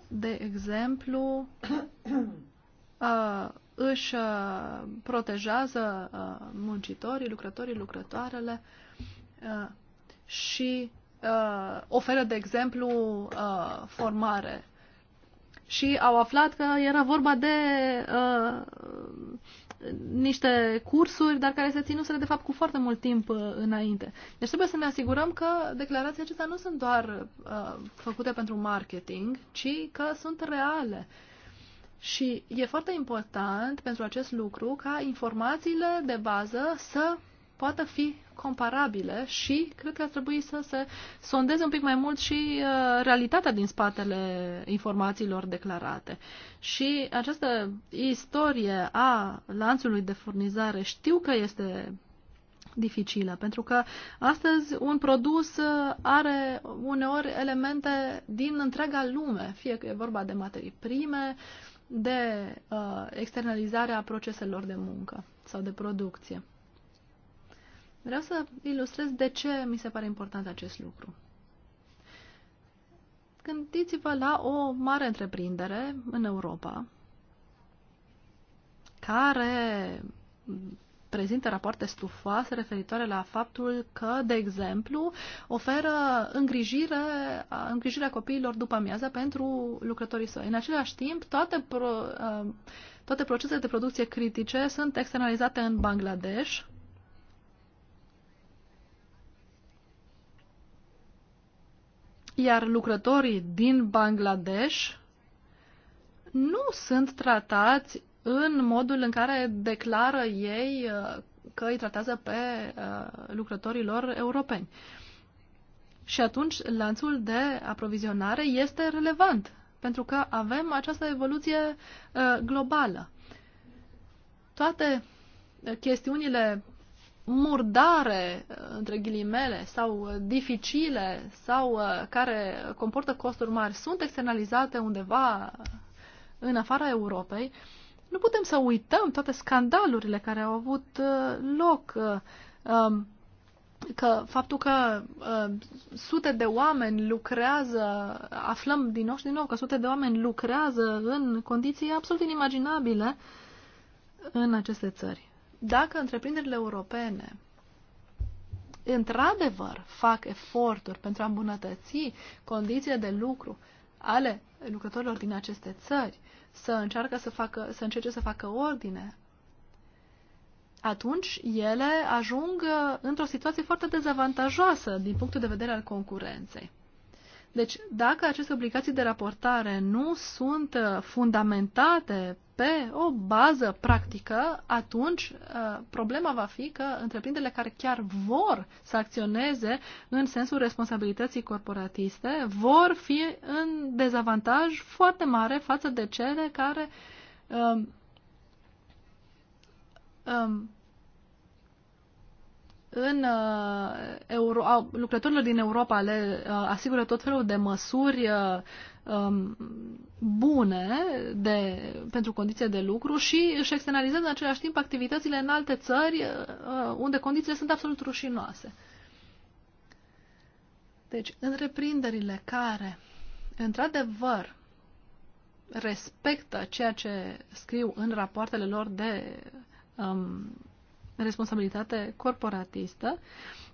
Speaker 2: de exemplu, uh, își uh, protejează uh, muncitorii, lucrătorii, lucrătoarele uh, și uh, oferă, de exemplu, uh, formare și au aflat că era vorba de uh, niște cursuri, dar care se ținuseră de fapt cu foarte mult timp uh, înainte. Deci trebuie să ne asigurăm că declarațiile acestea nu sunt doar uh, făcute pentru marketing, ci că sunt reale. Și e foarte important pentru acest lucru ca informațiile de bază să poată fi comparabile și cred că ar trebui să se sondeze un pic mai mult și uh, realitatea din spatele informațiilor declarate. Și această istorie a lanțului de furnizare știu că este dificilă, pentru că astăzi un produs uh, are uneori elemente din întreaga lume, fie că e vorba de materii prime, de uh, externalizarea proceselor de muncă sau de producție. Vreau să ilustrez de ce mi se pare important acest lucru. Gândiți-vă la o mare întreprindere în Europa care prezintă rapoarte stufoase referitoare la faptul că, de exemplu, oferă îngrijire, îngrijirea copiilor după amiază pentru lucrătorii săi. În același timp, toate, pro, toate procesele de producție critice sunt externalizate în Bangladesh iar lucrătorii din Bangladesh nu sunt tratați în modul în care declară ei uh, că îi tratează pe uh, lucrătorii lor europeni. Și atunci lanțul de aprovizionare este relevant, pentru că avem această evoluție uh, globală. Toate chestiunile murdare, uh, între ghilimele, sau uh, dificile, sau uh, care comportă costuri mari, sunt externalizate undeva în afara Europei, nu putem să uităm toate scandalurile care au avut loc, um, că faptul că sute de oameni lucrează, aflăm din nou și din nou că sute de oameni lucrează în condiții absolut inimaginabile în aceste țări dacă întreprinderile europene într-adevăr fac eforturi pentru a îmbunătăți condițiile de lucru ale lucrătorilor din aceste țări, să, încearcă să, facă, să încerce să facă ordine, atunci ele ajung uh, într-o situație foarte dezavantajoasă din punctul de vedere al concurenței. Deci, dacă aceste obligații de raportare nu sunt uh, fundamentate pe o bază practică, atunci uh, problema va fi că întreprinderile care chiar vor să acționeze în sensul responsabilității corporatiste vor fi în dezavantaj foarte mare față de cele care um, um, în uh, Euro, lucrătorilor din Europa le uh, asigură tot felul de măsuri uh, um, bune de, pentru condiții de lucru și își externalizează în același timp activitățile în alte țări uh, unde condițiile sunt absolut rușinoase. Deci, întreprinderile care, într-adevăr, respectă ceea ce scriu în rapoartele lor de um, responsabilitate corporatistă,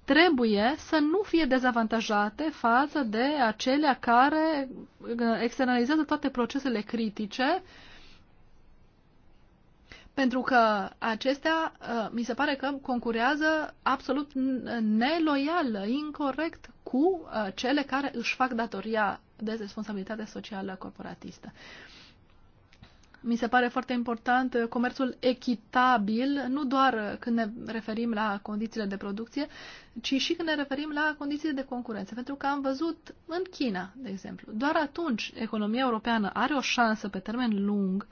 Speaker 2: trebuie să nu fie dezavantajate față de acelea care uh, externalizează toate procesele critice, pentru că acestea uh, mi se pare că concurează absolut neloial, incorrect cu uh, cele care își fac datoria de responsabilitate socială corporatistă. Uh, mi se pare foarte important uh, comerțul echitabil, nu doar uh, când ne referim la condițiile de producție, ci și când ne referim la condițiile de concurență. Pentru că am văzut în China, de exemplu, doar atunci economia europeană are o șansă pe termen lung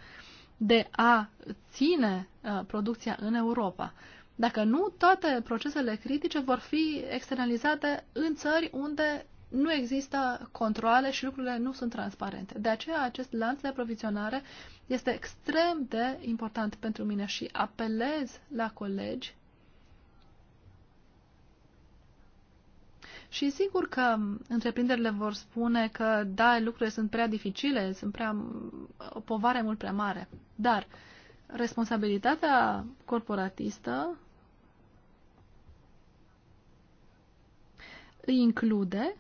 Speaker 2: de a ține uh, producția în Europa. Dacă nu, toate procesele critice vor fi externalizate în țări unde nu există controle și lucrurile nu sunt transparente. De aceea acest lanț de aprovizionare este extrem de important pentru mine și apelez la colegi Și sigur că întreprinderile vor spune că, da, lucrurile sunt prea dificile, sunt prea, o povară mult prea mare. Dar responsabilitatea corporatistă include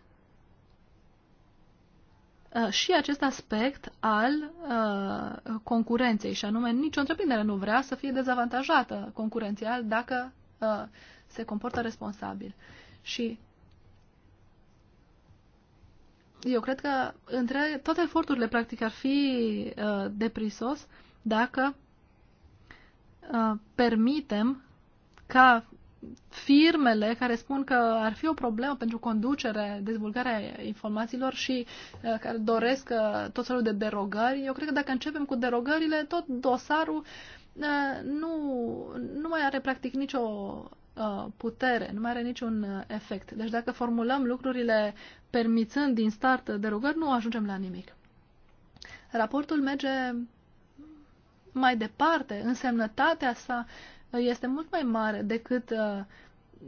Speaker 2: Uh, și acest aspect al uh, concurenței, și anume nicio întreprindere nu vrea să fie dezavantajată concurențial dacă uh, se comportă responsabil. Și eu cred că între toate eforturile, practic, ar fi uh, deprisos dacă uh, permitem ca firmele care spun că ar fi o problemă pentru conducere, dezvoltarea informațiilor și uh, care doresc uh, tot felul de derogări. Eu cred că dacă începem cu derogările, tot dosarul uh, nu, nu mai are practic nicio uh, putere, nu mai are niciun uh, efect. Deci dacă formulăm lucrurile permițând din start derogări, nu ajungem la nimic. Raportul merge mai departe, însemnătatea sa uh, este mult mai mare decât uh,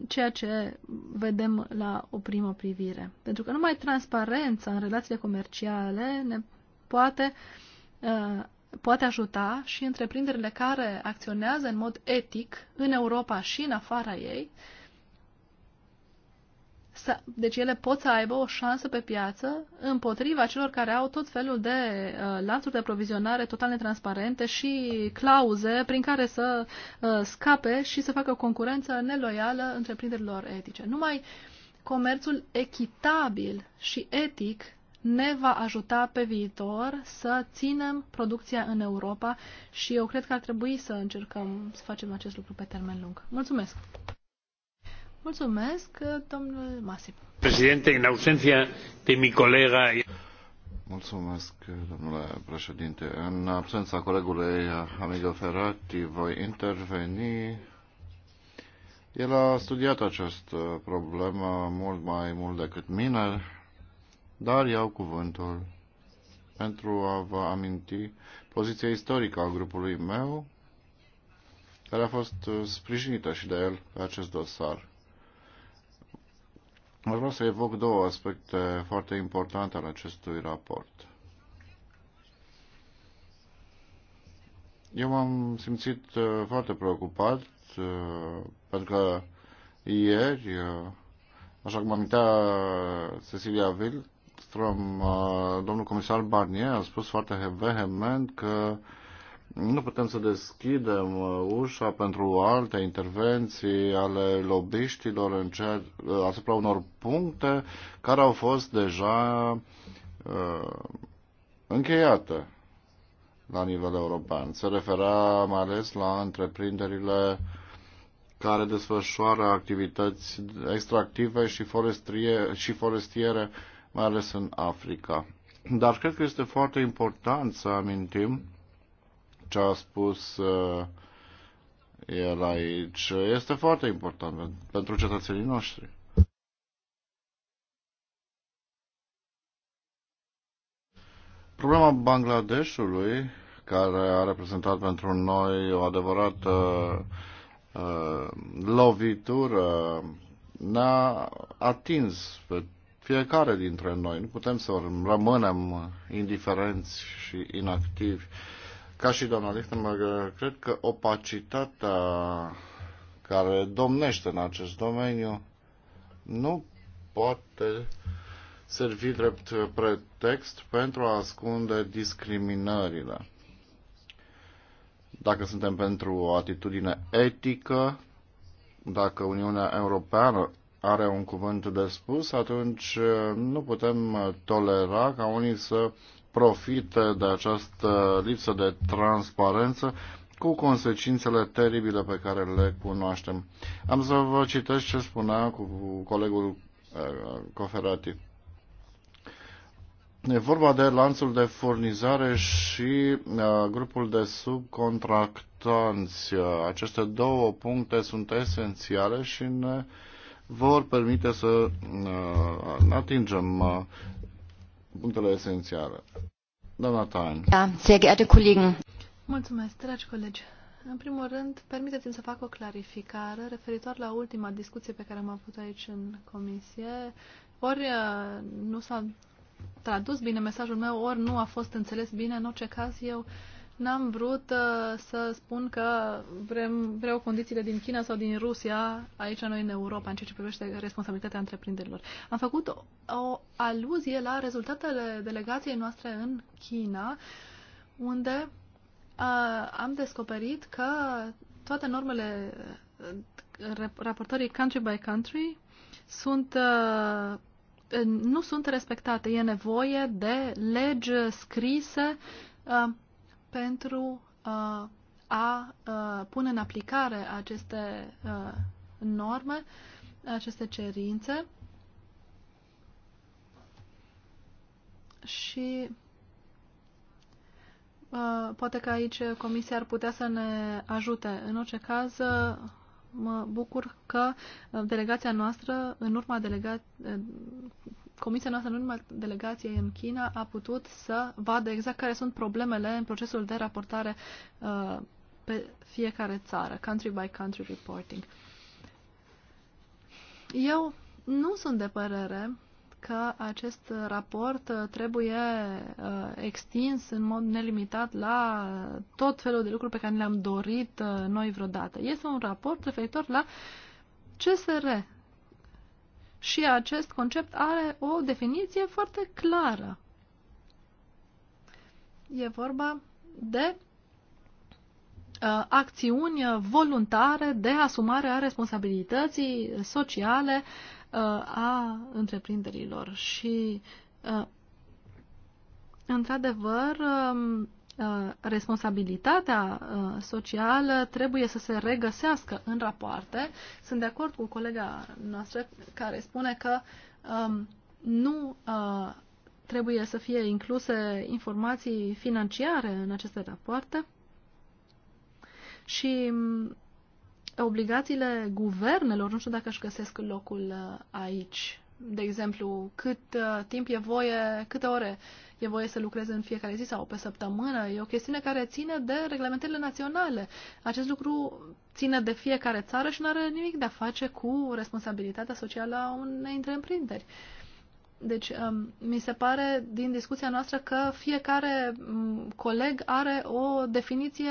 Speaker 2: ceea ce vedem la o primă privire. Pentru că numai transparența în relațiile comerciale ne poate, uh, poate ajuta și întreprinderile care acționează în mod etic în Europa și în afara ei să, deci ele pot să aibă o șansă pe piață împotriva celor care au tot felul de uh, lanțuri de provizionare total netransparente și clauze prin care să uh, scape și să facă o concurență neloială întreprinderilor etice. Numai comerțul echitabil și etic ne va ajuta pe viitor să ținem producția în Europa și eu cred că ar trebui să încercăm să facem acest lucru pe termen lung. Mulțumesc!
Speaker 4: Președinte, în ausencia de mi colega... domnule președinte. În absența colegului Amigo Ferrati, voi interveni. El a studiat această problemă mult mai mult decât mine, dar iau cuvântul pentru a vă aminti poziția istorică a grupului meu, care a fost sprijinită și de el pe acest dosar. Aș vrea să evoc două aspecte foarte importante ale acestui raport. Eu m-am simțit uh, foarte preocupat uh, pentru că ieri, uh, așa cum amintea Cecilia Wildström, domnul comisar Barnier a spus foarte vehement că nu putem să deschidem uh, ușa pentru alte intervenții ale lobiștilor în cer, uh, asupra unor puncte care au fost deja uh, încheiate la nivel european. Se refera mai ales la întreprinderile care desfășoară activități extractive și, forestrie, și forestiere, mai ales în Africa. Dar cred că este foarte important să amintim ce a spus uh, el aici este foarte important pentru cetățenii noștri. Problema Bangladeshului, care a reprezentat pentru noi o adevărată uh, lovitură, ne-a atins pe fiecare dintre noi. Nu putem să rămânem indiferenți și inactivi. Uh, ca și doamna Lichtenberg, cred că opacitatea care domnește în acest domeniu nu poate servi drept pretext pentru a ascunde discriminările. Dacă suntem pentru o atitudine etică, dacă Uniunea Europeană are un cuvânt de spus, atunci nu putem tolera ca unii să profite de această lipsă de transparență cu consecințele teribile pe care le cunoaștem. Am să vă citesc ce spunea cu colegul uh, Coferati. E vorba de lanțul de furnizare și uh, grupul de subcontractanți. Aceste două puncte sunt esențiale și ne vor permite să uh, atingem punctele esențiale. Doamna Tain. Da, sehr geehrte
Speaker 1: Kollegen.
Speaker 2: Mulțumesc, dragi colegi. În primul rând, permiteți-mi să fac o clarificare referitor la ultima discuție pe care am avut aici în comisie. Ori uh, nu s-a tradus bine mesajul meu, ori nu a fost înțeles bine. În orice caz, eu uh, N-am vrut uh, să spun că vrem, vreau condițiile din China sau din Rusia aici noi în Europa, în ceea ce privește responsabilitatea întreprinderilor. Am făcut o, o aluzie la rezultatele delegației noastre în China, unde uh, am descoperit că toate normele uh, raportării country by country sunt uh, nu sunt respectate. E nevoie de legi scrise uh, pentru uh, a uh, pune în aplicare aceste uh, norme, aceste cerințe. Și uh, poate că aici Comisia ar putea să ne ajute. În orice caz, uh, mă bucur că uh, delegația noastră, în urma uh, comisia noastră, nu numai delegație în China, a putut să vadă exact care sunt problemele în procesul de raportare uh, pe fiecare țară, country by country reporting. Eu nu sunt de părere că acest raport uh, trebuie uh, extins în mod nelimitat la tot felul de lucruri pe care le-am dorit uh, noi vreodată. Este un raport referitor la CSR, și acest concept are o definiție foarte clară. E vorba de uh, acțiuni voluntare de asumare a responsabilității sociale uh, a întreprinderilor. Și, uh, într-adevăr, uh, Uh, responsabilitatea uh, socială trebuie să se regăsească în rapoarte. Sunt de acord cu colega noastră care spune că um, nu uh, trebuie să fie incluse informații financiare în aceste rapoarte și um, obligațiile guvernelor, nu știu dacă își găsesc locul aici. De exemplu, cât timp e voie, câte ore uh, e voie să lucreze în fiecare zi sau pe săptămână. E o chestiune care ține de reglementările naționale. Acest lucru ține de fiecare țară și nu are nimic de a face cu responsabilitatea socială a unei întreprinderi. Deci, um, mi se pare din discuția noastră că fiecare um, coleg are o definiție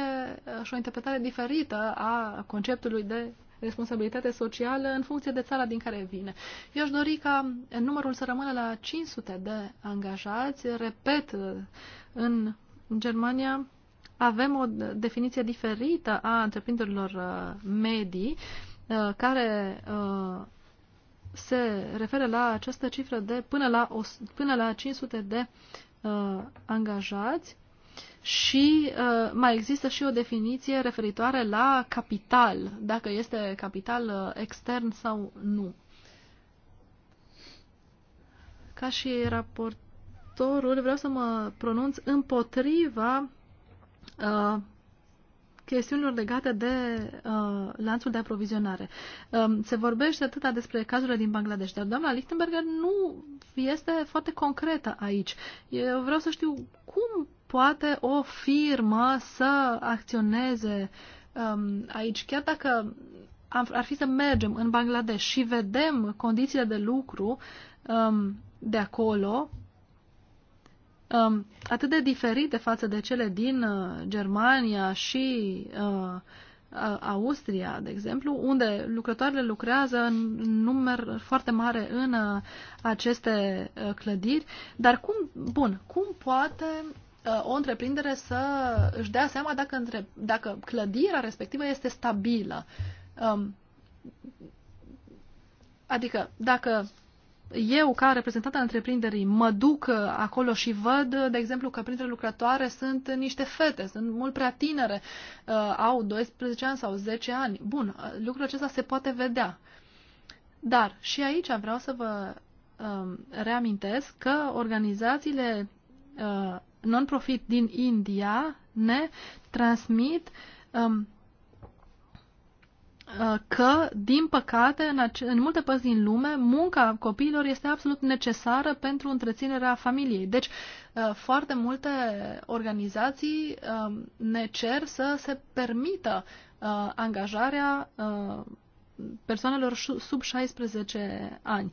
Speaker 2: și o interpretare diferită a conceptului de responsabilitate socială în funcție de țara din care vine. Eu aș dori ca numărul să rămână la 500 de angajați. Repet, în Germania avem o definiție diferită a întreprinderilor uh, medii uh, care uh, se referă la această cifră de până la, până la 500 de angajați și uh, mai există și o definiție referitoare la capital, dacă este capital uh, extern sau nu. Ca și raportorul, vreau să mă pronunț împotriva uh, chestiunilor legate de uh, lanțul de aprovizionare. Um, se vorbește atâta despre cazurile din Bangladesh, dar doamna Lichtenberger nu este foarte concretă aici. Eu vreau să știu cum poate o firmă să acționeze um, aici. Chiar dacă ar fi să mergem în Bangladesh și vedem condițiile de lucru um, de acolo, um, atât de diferite față de cele din uh, Germania și uh, Austria, de exemplu, unde lucrătoarele lucrează în număr foarte mare în uh, aceste uh, clădiri. Dar cum, bun, cum poate o întreprindere să își dea seama dacă, între, dacă clădirea respectivă este stabilă. Um, adică, dacă eu, ca reprezentant al întreprinderii, mă duc acolo și văd, de exemplu, că printre lucrătoare sunt niște fete, sunt mult prea tinere, uh, au 12 ani sau 10 ani. Bun, lucrul acesta se poate vedea. Dar și aici vreau să vă um, reamintesc că organizațiile uh, non-profit din India ne transmit um, uh, că, din păcate, în, în multe părți din lume, munca copiilor este absolut necesară pentru întreținerea familiei. Deci, uh, foarte multe organizații um, ne cer să se permită uh, angajarea persoanelor sub 16 ani.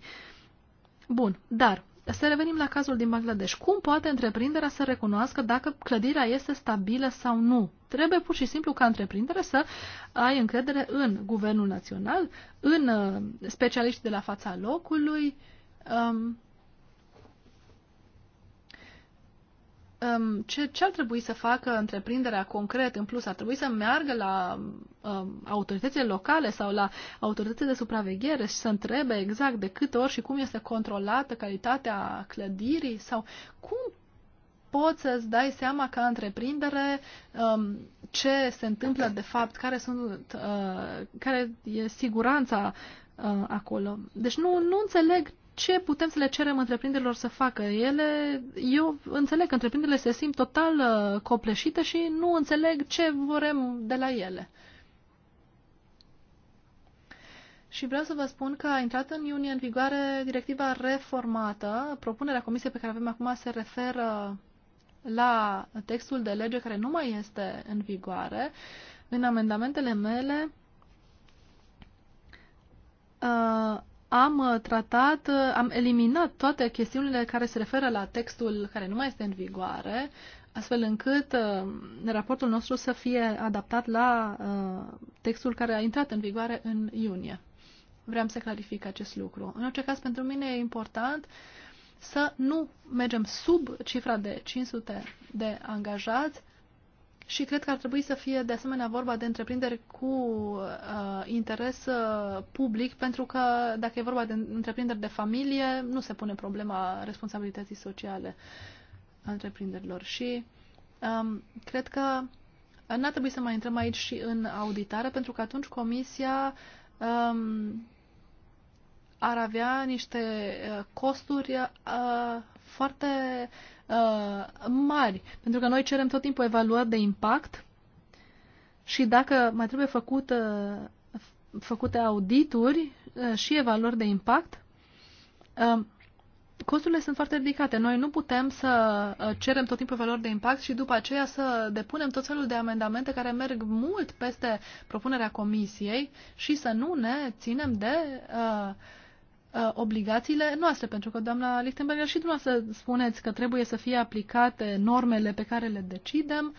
Speaker 2: Bun, dar să revenim la cazul din Bangladesh. Cum poate întreprinderea să recunoască dacă clădirea este stabilă sau nu? Trebuie pur și simplu ca întreprindere să ai încredere în guvernul național, în uh, specialiști de la fața locului, um, ce, ce ar trebui să facă întreprinderea concret în plus? Ar trebui să meargă la um, autoritățile locale sau la autoritățile de supraveghere și să întrebe exact de câte ori și cum este controlată calitatea clădirii sau cum poți să-ți dai seama ca întreprindere um, ce se întâmplă de fapt, care, sunt, uh, care e siguranța uh, acolo. Deci nu, nu înțeleg ce putem să le cerem întreprinderilor să facă? Ele, eu înțeleg că întreprinderile se simt total uh, copleșite și nu înțeleg ce vrem de la ele. Și vreau să vă spun că a intrat în iunie în vigoare directiva reformată. Propunerea comisiei pe care avem acum se referă la textul de lege care nu mai este în vigoare. În amendamentele mele uh, am uh, tratat, uh, am eliminat toate chestiunile care se referă la textul care nu mai este în vigoare, astfel încât uh, raportul nostru să fie adaptat la textul care a intrat în vigoare în iunie. Vreau să clarific acest lucru. În orice caz, pentru mine e important să nu mergem sub cifra de 500 de angajați și cred că ar trebui să fie de asemenea vorba de întreprinderi cu uh, interes uh, public, pentru că dacă e vorba de întreprinderi de familie, nu se pune problema responsabilității sociale a întreprinderilor. Și um, cred că n-ar trebui să mai intrăm aici și în auditare, pentru că atunci comisia um, ar avea niște uh, costuri uh, foarte Uh, mari, pentru că noi cerem tot timpul evaluări de impact și dacă mai trebuie făcută uh, făcute audituri uh, și evaluări de impact, costurile sunt foarte ridicate. Noi nu putem să cerem tot timpul evaluări de impact și după aceea să depunem tot felul de amendamente care merg mult peste propunerea comisiei și să nu ne ținem de uh, Uh, obligațiile noastre, pentru că, doamna Lichtenberger, și dumneavoastră spuneți că trebuie să fie aplicate normele pe care le decidem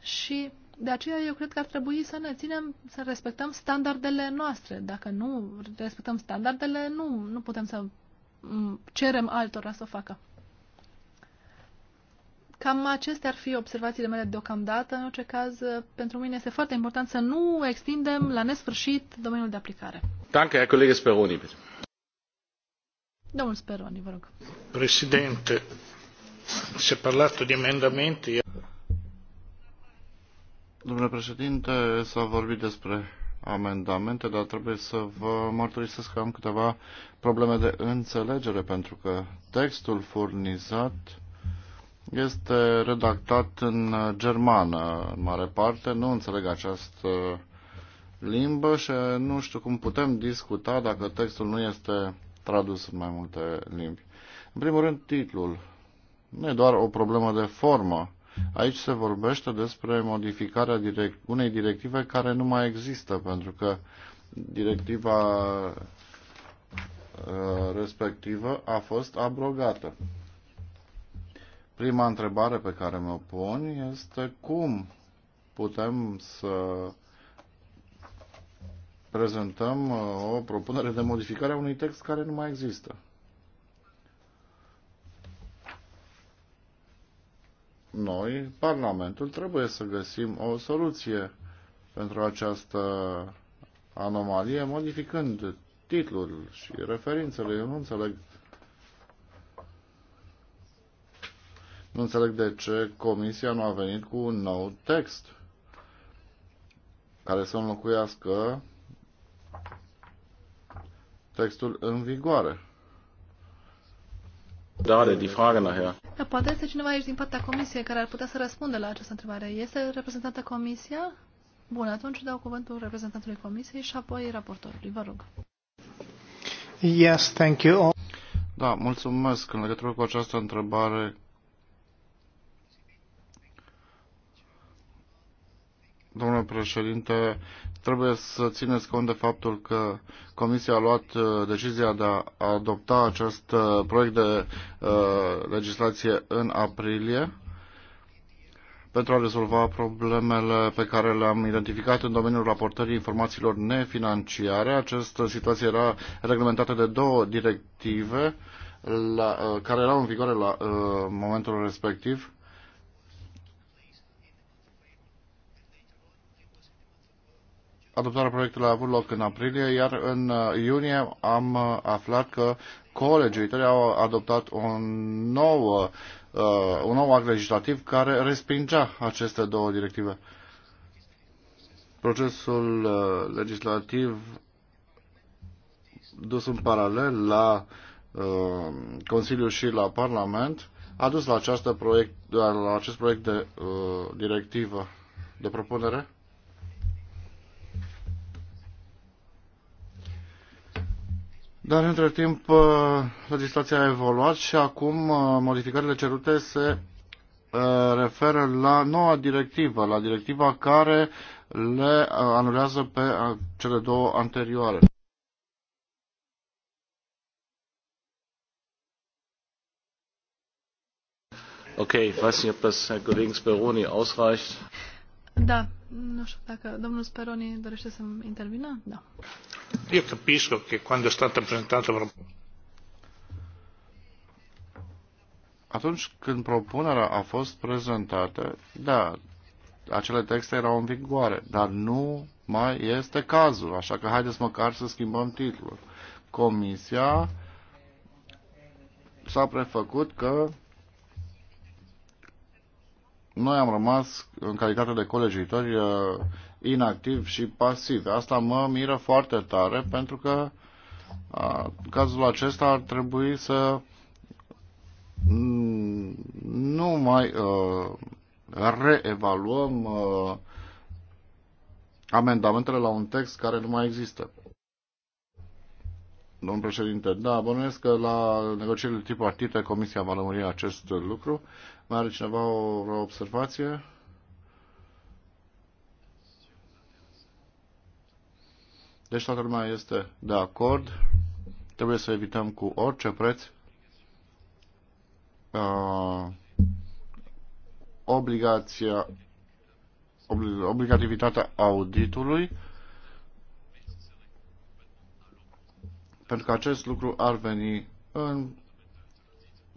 Speaker 2: și de aceea eu cred că ar trebui să ne ținem, să respectăm standardele noastre. Dacă nu respectăm standardele, nu, nu putem să mm, cerem altora să o facă. Cam acestea ar fi observațiile mele deocamdată. În orice caz, pentru mine este foarte important să nu extindem la nesfârșit domeniul de aplicare.
Speaker 1: Danke, Herr Kollege Speroni, bitte.
Speaker 2: Domnul da, Speroni,
Speaker 4: vă rog. Președinte, se parlato di emendamenti. Domnule președinte, s-a vorbit despre amendamente, dar trebuie să vă mărturisesc că am câteva probleme de înțelegere, pentru că textul furnizat este redactat în germană, în mare parte. Nu înțeleg această limbă și nu știu cum putem discuta dacă textul nu este tradus în mai multe limbi. În primul rând, titlul. Nu e doar o problemă de formă. Aici se vorbește despre modificarea direct, unei directive care nu mai există, pentru că directiva uh, respectivă a fost abrogată. Prima întrebare pe care mă pun este cum putem să prezentăm uh, o propunere de modificare a unui text care nu mai există. Noi, Parlamentul, trebuie să găsim o soluție pentru această anomalie, modificând titlul și referințele. Eu nu înțeleg Nu înțeleg de ce Comisia nu a venit cu un nou text care să înlocuiască textul în vigoare. Da, die Frage nachher.
Speaker 2: Da, poate este cineva aici din partea comisiei care ar putea să răspundă la această întrebare. Este reprezentată comisia? Bun, atunci dau cuvântul reprezentantului comisiei și apoi raportorului. Vă rog.
Speaker 4: Yes, thank you. Da, mulțumesc. În legătură cu această întrebare, Domnule președinte, trebuie să țineți cont de faptul că Comisia a luat uh, decizia de a adopta acest uh, proiect de uh, legislație în aprilie pentru a rezolva problemele pe care le-am identificat în domeniul raportării informațiilor nefinanciare. Această situație era reglementată de două directive la, uh, care erau în vigoare la uh, momentul respectiv adoptarea proiectului a avut loc în aprilie, iar în uh, iunie am uh, aflat că colegii tăi au adoptat o nouă, uh, un nou act legislativ care respingea aceste două directive. Procesul uh, legislativ dus în paralel la uh, Consiliu și la Parlament a dus la, această proiect, la acest proiect de uh, directivă de propunere Dar între timp uh, legislația a evoluat și acum uh, modificările cerute se uh, referă la noua directivă, la directiva care le anulează pe cele două anterioare. Okay, ich weiß nicht, ob das Herr Kollegen Speroni
Speaker 1: ausreicht.
Speaker 2: Da, nu știu dacă domnul Speroni dorește să intervină?
Speaker 4: Da. Eu capisc că când a stat prezentată Atunci când propunerea a fost prezentată, da, acele texte erau în vigoare, dar nu mai este cazul, așa că haideți măcar să schimbăm titlul. Comisia s-a prefăcut că noi am rămas, în calitate de colegiuitori, uh, inactivi și pasiv. Asta mă miră foarte tare, pentru că uh, cazul acesta ar trebui să nu mai uh, reevaluăm amendamentele la un text care nu mai există. Domnul președinte, da, bănuiesc că la negocierile tripartite Comisia va lămuri acest lucru mai are cineva o, o observație? Deci toată lumea este de acord. Trebuie să evităm cu orice preț uh, obligația, obligativitatea auditului pentru că acest lucru ar veni în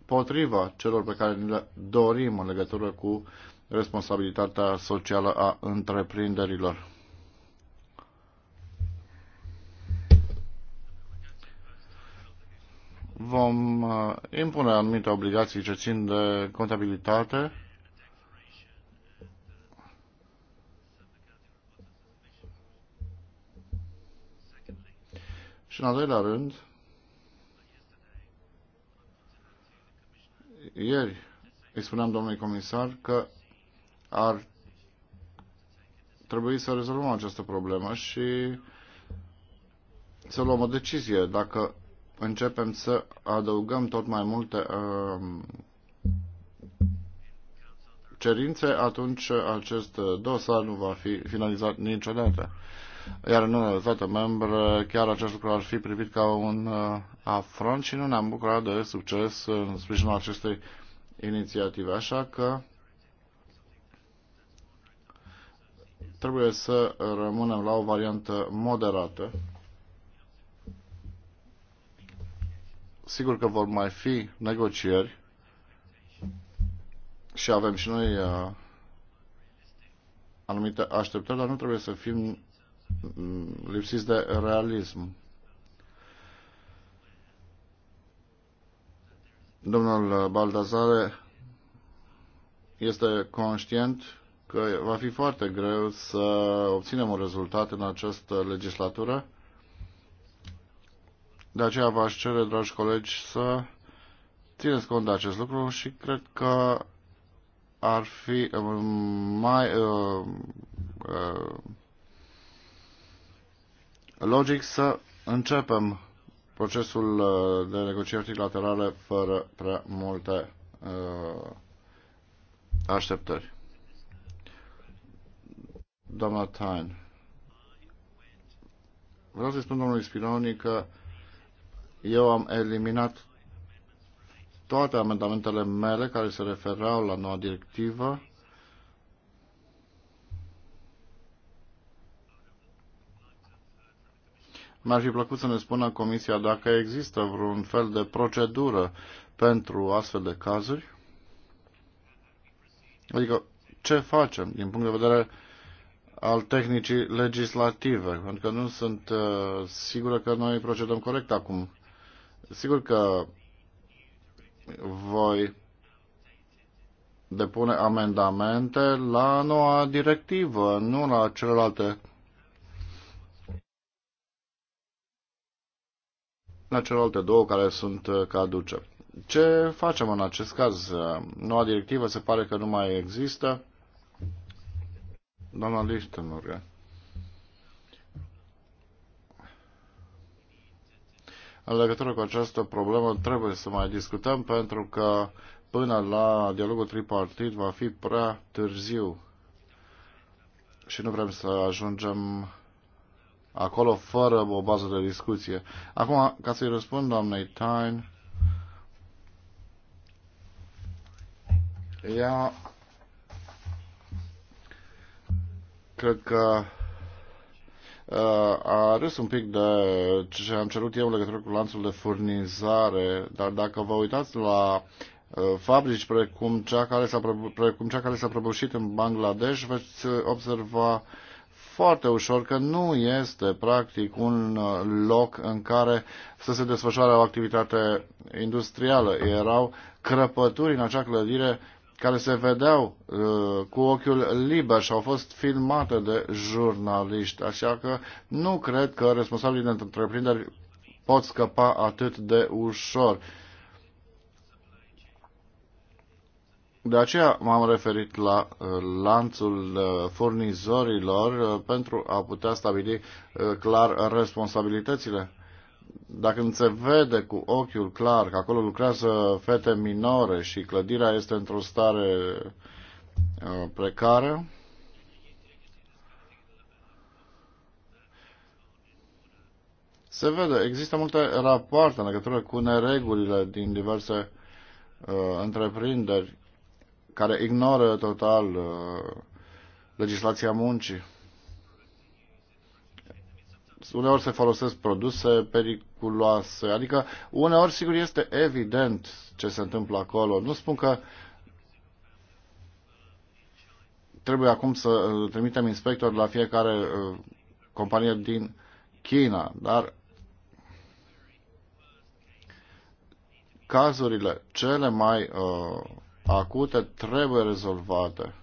Speaker 4: împotriva celor pe care le dorim în legătură cu responsabilitatea socială a întreprinderilor. Vom uh, impune anumite obligații ce țin de contabilitate Și în al doilea rând, Ieri îi spuneam domnului comisar că ar trebui să rezolvăm această problemă și să luăm o decizie dacă începem să adăugăm tot mai multe uh, cerințe, atunci acest dosar nu va fi finalizat niciodată iar în unele state membre chiar acest lucru ar fi privit ca un uh, afront și nu ne-am bucurat de succes în sprijinul acestei inițiative. Așa că trebuie să rămânem la o variantă moderată. Sigur că vor mai fi negocieri și avem și noi uh, anumite așteptări, dar nu trebuie să fim Mm, lipsiți de realism. Domnul Baldazare este conștient că va fi foarte greu să obținem un rezultat în această legislatură. De aceea v-aș cere, dragi colegi, să țineți cont de acest lucru și cred că ar fi uh, mai uh, uh, logic să începem procesul uh, de negocieri trilaterale fără prea multe uh, așteptări. Doamna Tain, vreau să-i spun domnului Spironi că eu am eliminat toate amendamentele mele care se referau la noua directivă Mi-ar fi plăcut să ne spună Comisia dacă există vreun fel de procedură pentru astfel de cazuri. Adică ce facem din punct de vedere al tehnicii legislative, pentru că nu sunt uh, sigură că noi procedăm corect acum. Sigur că voi depune amendamente la noua directivă, nu la celelalte la celelalte două care sunt uh, caduce. Ce facem în acest caz? Uh, noua directivă se pare că nu mai există. Doamna Lichtenberger. În legătură cu această problemă trebuie să mai discutăm pentru că până la dialogul tripartit va fi prea târziu și nu vrem să ajungem acolo fără o bază de discuție. Acum, ca să-i răspund doamnei Tain, ea cred că uh, a râs un pic de ce am cerut eu în legătură cu lanțul de furnizare, dar dacă vă uitați la uh, fabrici precum cea care s-a, precum cea care s-a prăbușit în Bangladesh, veți observa uh, foarte ușor că nu este practic un uh, loc în care să se desfășoare o activitate industrială. Erau crăpături în acea clădire care se vedeau uh, cu ochiul liber și au fost filmate de jurnaliști. Așa că nu cred că responsabilii de întreprinderi pot scăpa atât de ușor. Uh, De aceea m-am referit la uh, lanțul uh, furnizorilor uh, pentru a putea stabili clar responsabilitățile. Dacă nu se vede cu ochiul clar că acolo lucrează fete minore și clădirea este într-o stare precară, se vede, există multe rapoarte în legătură cu neregulile din diverse uh, întreprinderi care ignoră total uh, legislația muncii. Uneori se folosesc produse periculoase, adică uneori sigur este evident ce se întâmplă acolo. Nu spun că trebuie acum să uh, trimitem inspectori la fiecare uh, companie din China, dar cazurile cele mai uh, acute trebuie rezolvate.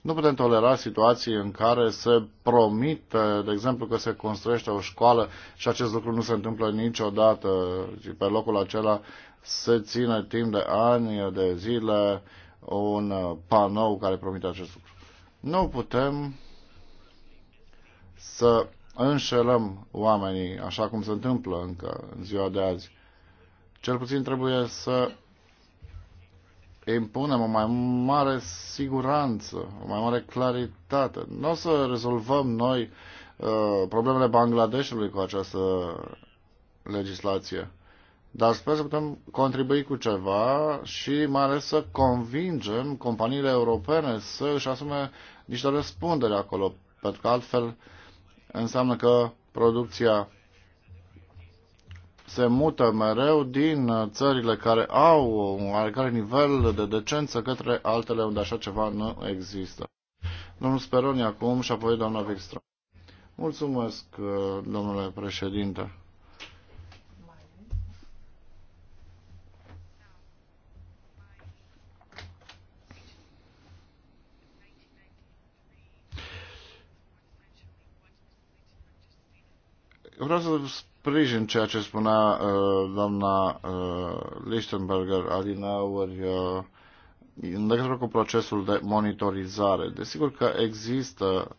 Speaker 4: Nu putem tolera situații în care se promite, de exemplu, că se construiește o școală și acest lucru nu se întâmplă niciodată, și pe locul acela se ține timp de ani, de zile, un panou care promite acest lucru. Nu putem să înșelăm oamenii, așa cum se întâmplă încă în ziua de azi. Cel puțin trebuie să impunem o mai mare siguranță, o mai mare claritate. Nu o să rezolvăm noi uh, problemele Bangladeshului cu această legislație, dar sper să putem contribui cu ceva și mai ales să convingem companiile europene să își asume niște răspundere acolo, pentru că altfel înseamnă că producția se mută mereu din țările care au un oarecare nivel de decență către altele unde așa ceva nu există. Domnul Speroni acum și apoi doamna Wikström. Mulțumesc, domnule președinte. Vreau să sprijin ceea ce spunea uh, doamna uh, Lichtenberger adinauri uh, în legătură cu procesul de monitorizare. Desigur că există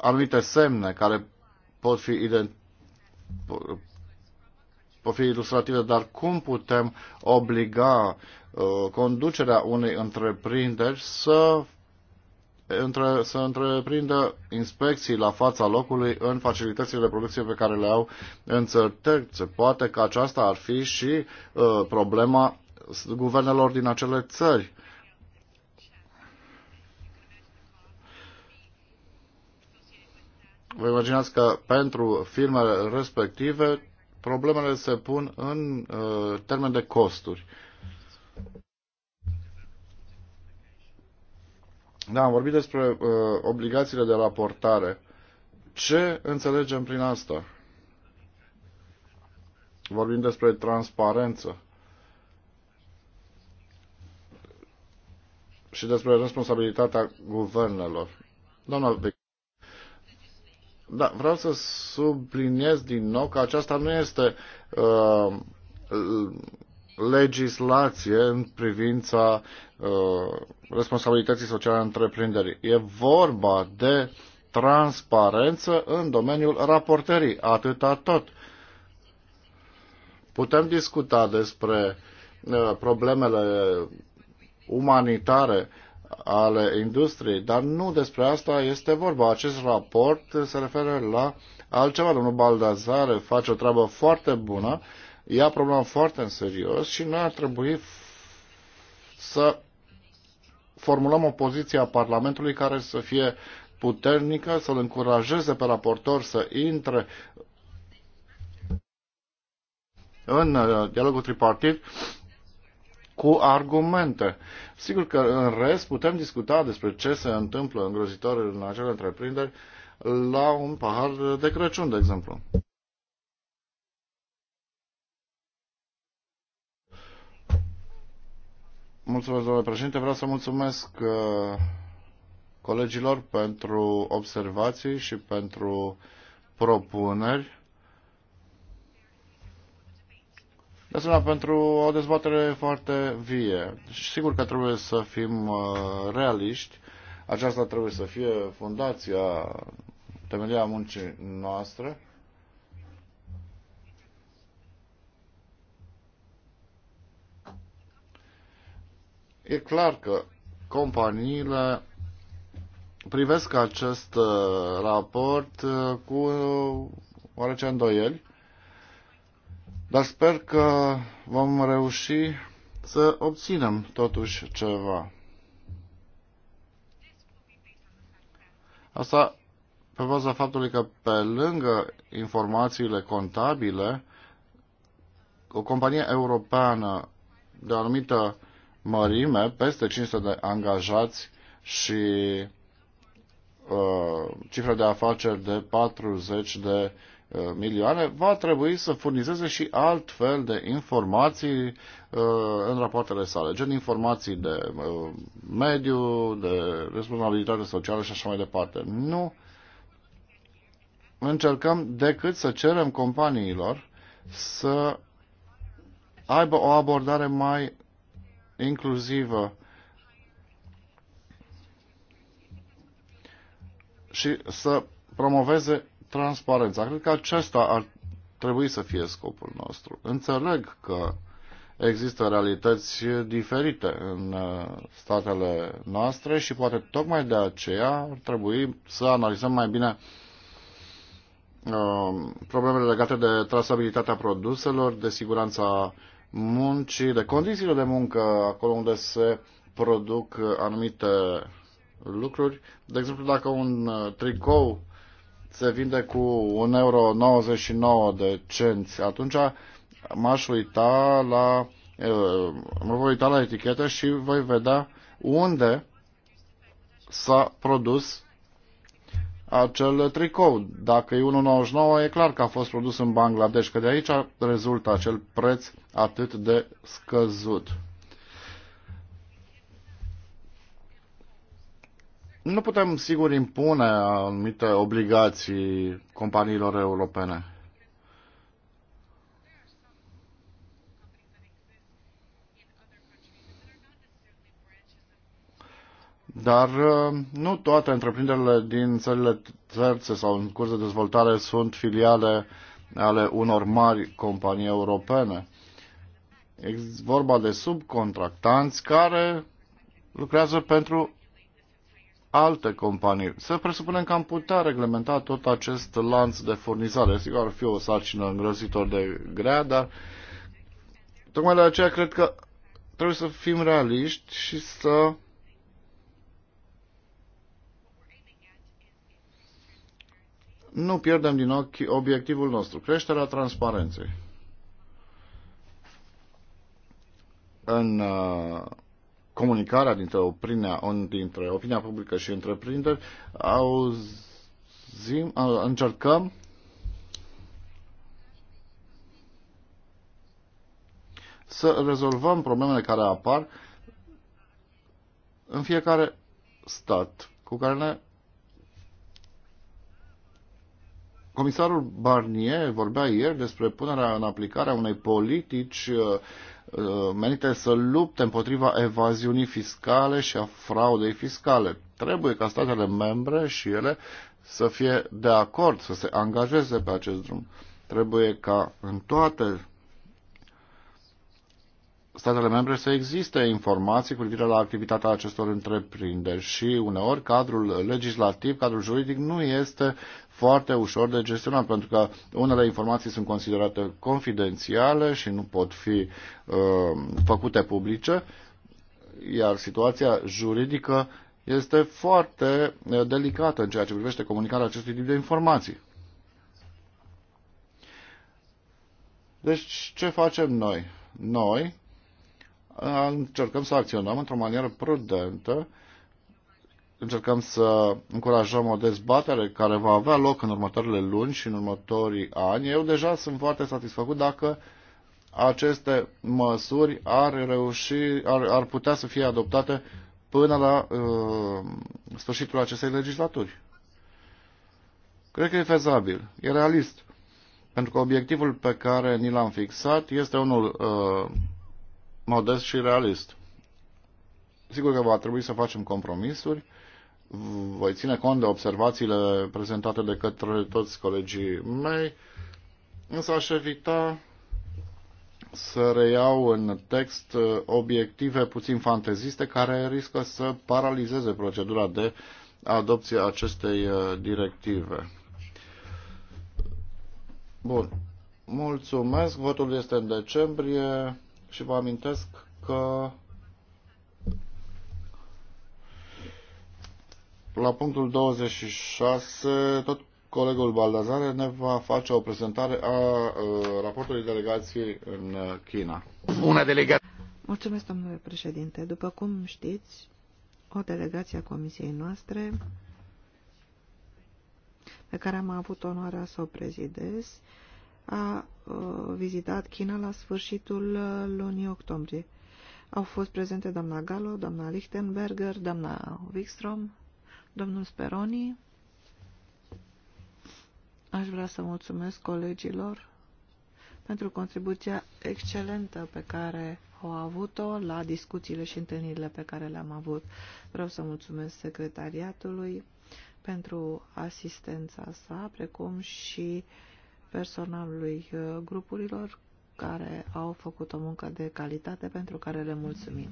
Speaker 4: anumite semne care pot fi identificate pot fi ilustrative, dar cum putem obliga uh, conducerea unei întreprinderi să între, să întreprindă inspecții la fața locului în facilitățile de producție pe care le au în țări terțe. Poate că aceasta ar fi și uh, problema guvernelor din acele țări. Vă imaginați că pentru firmele respective problemele se pun în uh, termen de costuri. Uh, Da, am vorbit despre uh, obligațiile de raportare. Ce înțelegem prin asta? Vorbim despre transparență și despre responsabilitatea guvernelor. Doamna da, vreau să subliniez din nou că aceasta nu este uh, legislație în privința Uh, responsabilității sociale a întreprinderii. E vorba de transparență în domeniul raportării, atâta tot. Putem discuta despre uh, problemele umanitare ale industriei, dar nu despre asta este vorba. Acest raport se referă la altceva. Domnul Baldazare face o treabă foarte bună, ia problema foarte în serios și noi ar trebui să formulăm o poziție a Parlamentului care să fie puternică, să-l încurajeze pe raportor să intre în uh, dialogul tripartit cu argumente. Sigur că în rest putem discuta despre ce se întâmplă îngrozitor în acele întreprinderi la un pahar de Crăciun, de exemplu. Mulțumesc, domnule președinte. Vreau să mulțumesc uh, colegilor pentru observații și pentru propuneri. De asemenea, pentru o dezbatere foarte vie. Și sigur că trebuie să fim uh, realiști. Aceasta trebuie să fie fundația, temelia muncii noastre. E clar că companiile privesc acest uh, raport uh, cu oarece îndoieli, dar sper că vom reuși să obținem totuși ceva. Asta pe baza faptului că pe lângă informațiile contabile, o companie europeană de anumită mărime, peste 500 de angajați și uh, cifre de afaceri de 40 de uh, milioane, va trebui să furnizeze și alt fel de informații uh, în rapoartele sale, gen informații de uh, mediu, de responsabilitate socială și așa mai departe. Nu încercăm decât să cerem companiilor să aibă o abordare mai inclusivă și să promoveze transparența. Cred că acesta ar trebui să fie scopul nostru. Înțeleg că există realități diferite în uh, statele noastre și poate tocmai de aceea ar trebui să analizăm mai bine uh, problemele legate de trasabilitatea produselor, de siguranța muncii, de condițiile de muncă acolo unde se produc anumite lucruri. De exemplu, dacă un uh, tricou se vinde cu 1,99 euro de cenți, atunci m-aș uita la uh, mă voi uita la etichetă și voi vedea unde s-a produs acel tricou. Dacă e 1,99 e clar că a fost produs în Bangladesh, că de aici rezultă acel preț atât de scăzut. Nu putem, sigur, impune anumite obligații companiilor europene. Dar uh, nu toate întreprinderile din țările terțe sau în curs de dezvoltare sunt filiale ale unor mari companii europene. E vorba de subcontractanți care lucrează pentru alte companii. Să presupunem că am putea reglementa tot acest lanț de furnizare. Sigur, ar fi o sarcină îngrozitor de grea, dar tocmai de aceea cred că trebuie să fim realiști și să nu pierdem din ochi obiectivul nostru, creșterea transparenței. În uh, comunicarea dintre opinia, dintre opinia publică și întreprinderi, auzim, încercăm să rezolvăm problemele care apar în fiecare stat cu care ne Comisarul Barnier vorbea ieri despre punerea în aplicare a unei politici uh, uh, menite să lupte împotriva evaziunii fiscale și a fraudei fiscale. Trebuie ca statele membre și ele să fie de acord, să se angajeze pe acest drum. Trebuie ca în toate statele membre să existe informații cu privire la activitatea acestor întreprinderi și uneori cadrul legislativ, cadrul juridic nu este foarte ușor de gestionat pentru că unele informații sunt considerate confidențiale și nu pot fi uh, făcute publice, iar situația juridică este foarte uh, delicată în ceea ce privește comunicarea acestui tip de informații. Deci, ce facem noi? Noi încercăm să acționăm într-o manieră prudentă, încercăm să încurajăm o dezbatere care va avea loc în următoarele luni și în următorii ani. Eu deja sunt foarte satisfăcut dacă aceste măsuri ar, reuși, ar, ar putea să fie adoptate până la uh, sfârșitul acestei legislaturi. Cred că e fezabil, e realist, pentru că obiectivul pe care ni l-am fixat este unul uh, modest și realist. Sigur că va trebui să facem compromisuri. Voi ține cont de observațiile prezentate de către toți colegii mei, însă aș evita să reiau în text obiective puțin fanteziste care riscă să paralizeze procedura de adopție a acestei uh, directive. Bun. Mulțumesc. Votul este în decembrie și vă amintesc că la punctul 26 tot colegul Baldazare ne va face o prezentare a, a raportului delegației în China. Una delegație.
Speaker 3: Mulțumesc, domnule președinte. După cum știți, o delegație a comisiei noastre pe care am avut onoarea să o prezidez, a uh, vizitat China la sfârșitul uh, lunii octombrie. Au fost prezente doamna Gallo, doamna Lichtenberger, doamna Wikstrom, domnul Speroni. Aș vrea să mulțumesc colegilor pentru contribuția excelentă pe care au avut-o la discuțiile și întâlnirile pe care le-am avut. Vreau să mulțumesc secretariatului pentru asistența sa, precum și uh, personalului uh, grupurilor care au făcut o muncă de calitate pentru care le mulțumim.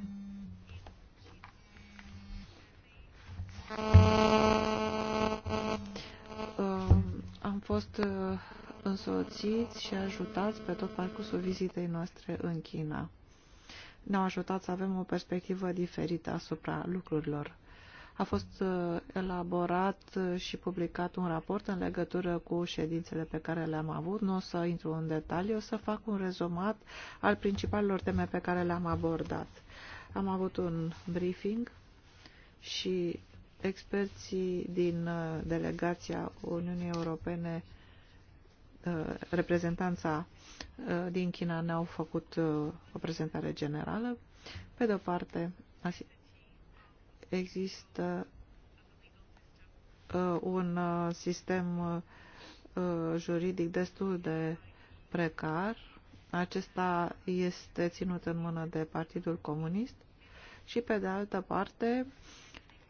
Speaker 3: Uh, am fost uh, însoțiți și ajutați pe tot parcursul vizitei noastre în China. Ne-au ajutat să avem o perspectivă diferită asupra lucrurilor. A fost uh, elaborat uh, și publicat un raport în legătură cu ședințele pe care le-am avut. Nu o să intru în detalii, o să fac un rezumat al principalelor teme pe care le-am abordat. Am avut un briefing și experții din uh, delegația Uniunii Europene, reprezentanța din China, ne-au făcut o prezentare generală. Pe de o parte, există uh, un uh, sistem uh, juridic destul de precar. Acesta este ținut în mână de Partidul Comunist și, pe de altă parte,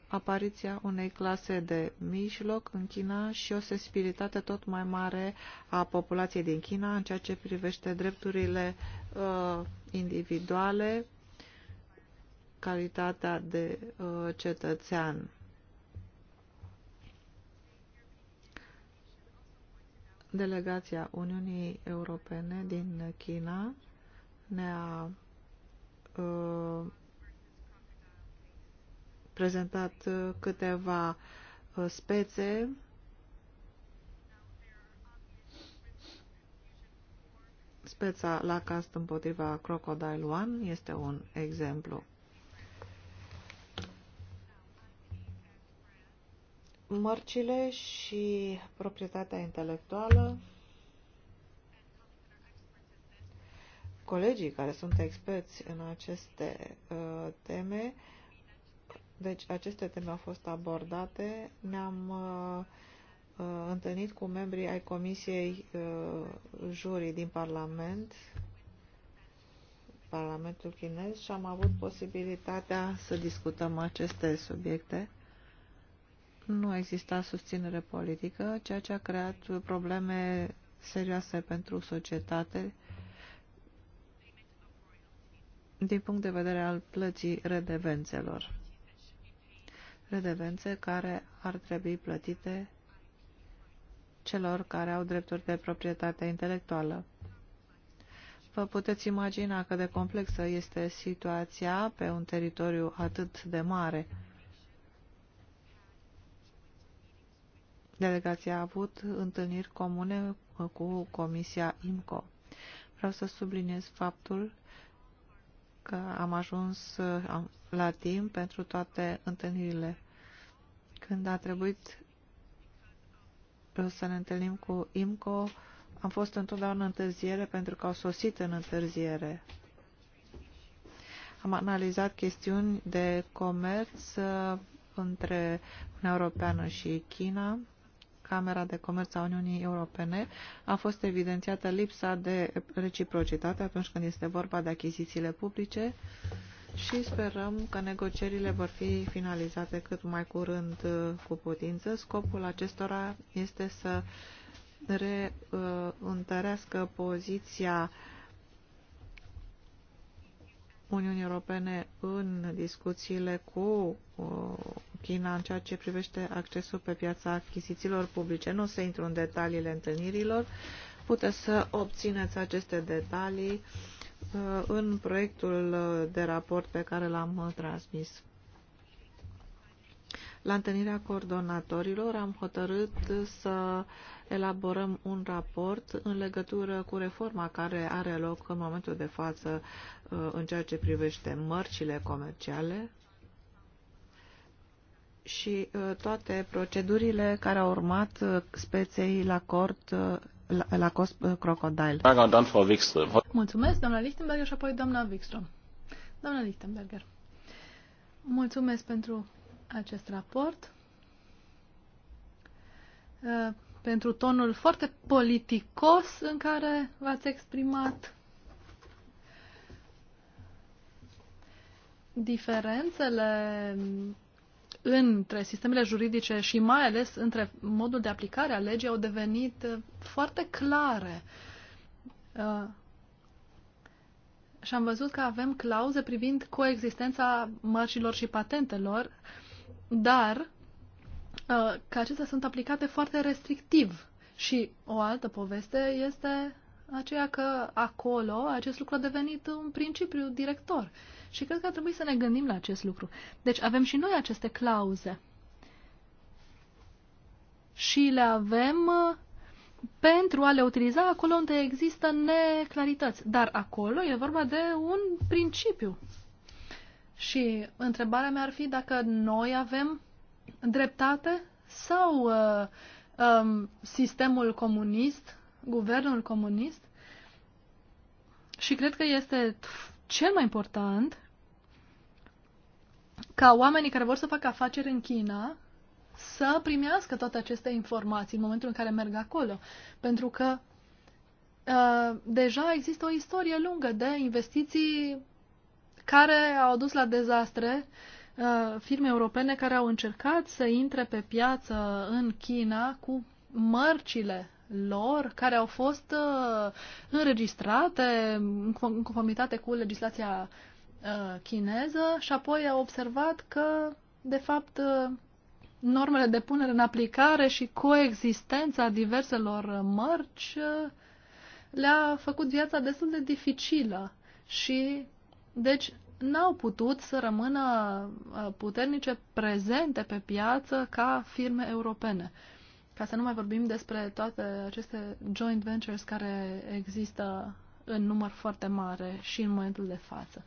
Speaker 3: apariția unei clase de mijloc în China și o sensibilitate tot mai mare a populației din China în ceea ce privește drepturile uh, individuale, calitatea de uh, cetățean. Delegația Uniunii Europene din China ne-a uh, prezentat uh, câteva uh, spețe Speța la cast împotriva Crocodile One este un exemplu. mărcile și proprietatea intelectuală. Colegii care sunt experți în aceste uh, teme, deci aceste teme au fost abordate, ne-am uh, uh, întâlnit cu membrii ai Comisiei uh, Jurii din Parlament, Parlamentul chinez și am avut posibilitatea să discutăm aceste subiecte nu exista susținere politică, ceea ce a creat probleme serioase pentru societate din punct de vedere al plății redevențelor. Redevențe care ar trebui plătite celor care au drepturi de proprietate intelectuală. Vă puteți imagina cât de complexă este situația pe un teritoriu atât de mare. Delegația a avut întâlniri comune cu Comisia IMCO. Vreau să subliniez faptul că am ajuns la timp pentru toate întâlnirile. Când a trebuit să ne întâlnim cu IMCO, am fost întotdeauna în întârziere pentru că au sosit în întârziere. Am analizat chestiuni de comerț uh, între Uniunea Europeană și China Camera de Comerț a Uniunii Europene a fost evidențiată lipsa de reciprocitate atunci când este vorba de achizițiile publice și sperăm că negocierile vor fi finalizate cât mai curând uh, cu putință. Scopul acestora este să reîntărească uh, poziția Uniunii Europene în discuțiile cu uh, China în ceea ce privește accesul pe piața achizițiilor publice. Nu se intru în detaliile întâlnirilor. Puteți să obțineți aceste detalii uh, în proiectul de raport pe care l-am transmis. La întâlnirea coordonatorilor am hotărât să elaborăm un raport în legătură cu reforma care are loc în momentul de față uh, în ceea ce privește mărcile comerciale, și uh, toate procedurile care au urmat uh, speței la cort uh, la, la cost crocodile.
Speaker 2: Mulțumesc, doamna Lichtenberger și apoi doamna Wikström. Doamna Lichtenberger, mulțumesc pentru acest raport, pentru tonul foarte politicos în care v-ați exprimat diferențele între sistemele juridice și mai ales între modul de aplicare a legii au devenit uh, foarte clare. Uh, și am văzut că avem clauze privind coexistența mărcilor și patentelor, dar uh, că acestea sunt aplicate foarte restrictiv. Și o altă poveste este aceea că acolo acest lucru a devenit un principiu director. Uh, și cred că ar trebui să ne gândim la acest lucru. Deci avem și noi aceste clauze. Și le avem uh, pentru a le utiliza acolo unde există neclarități. Dar acolo e vorba de un principiu. Și întrebarea mea ar fi dacă noi avem dreptate sau uh, um, sistemul comunist, guvernul comunist. Și cred că este cel mai important ca oamenii care vor să facă afaceri în China să primească toate aceste informații în momentul în care merg acolo. Pentru că uh, deja există o istorie lungă de investiții care au dus la dezastre uh, firme europene care au încercat să intre pe piață în China cu mărcile lor care au fost uh, înregistrate în conformitate cu legislația Uh, chineză și apoi a observat că, de fapt, uh, normele de punere în aplicare și coexistența diverselor mărci uh, le-a făcut viața destul de dificilă și, deci, n-au putut să rămână puternice prezente pe piață ca firme europene. Ca să nu mai vorbim despre toate aceste joint ventures care există în număr foarte mare și în momentul de față.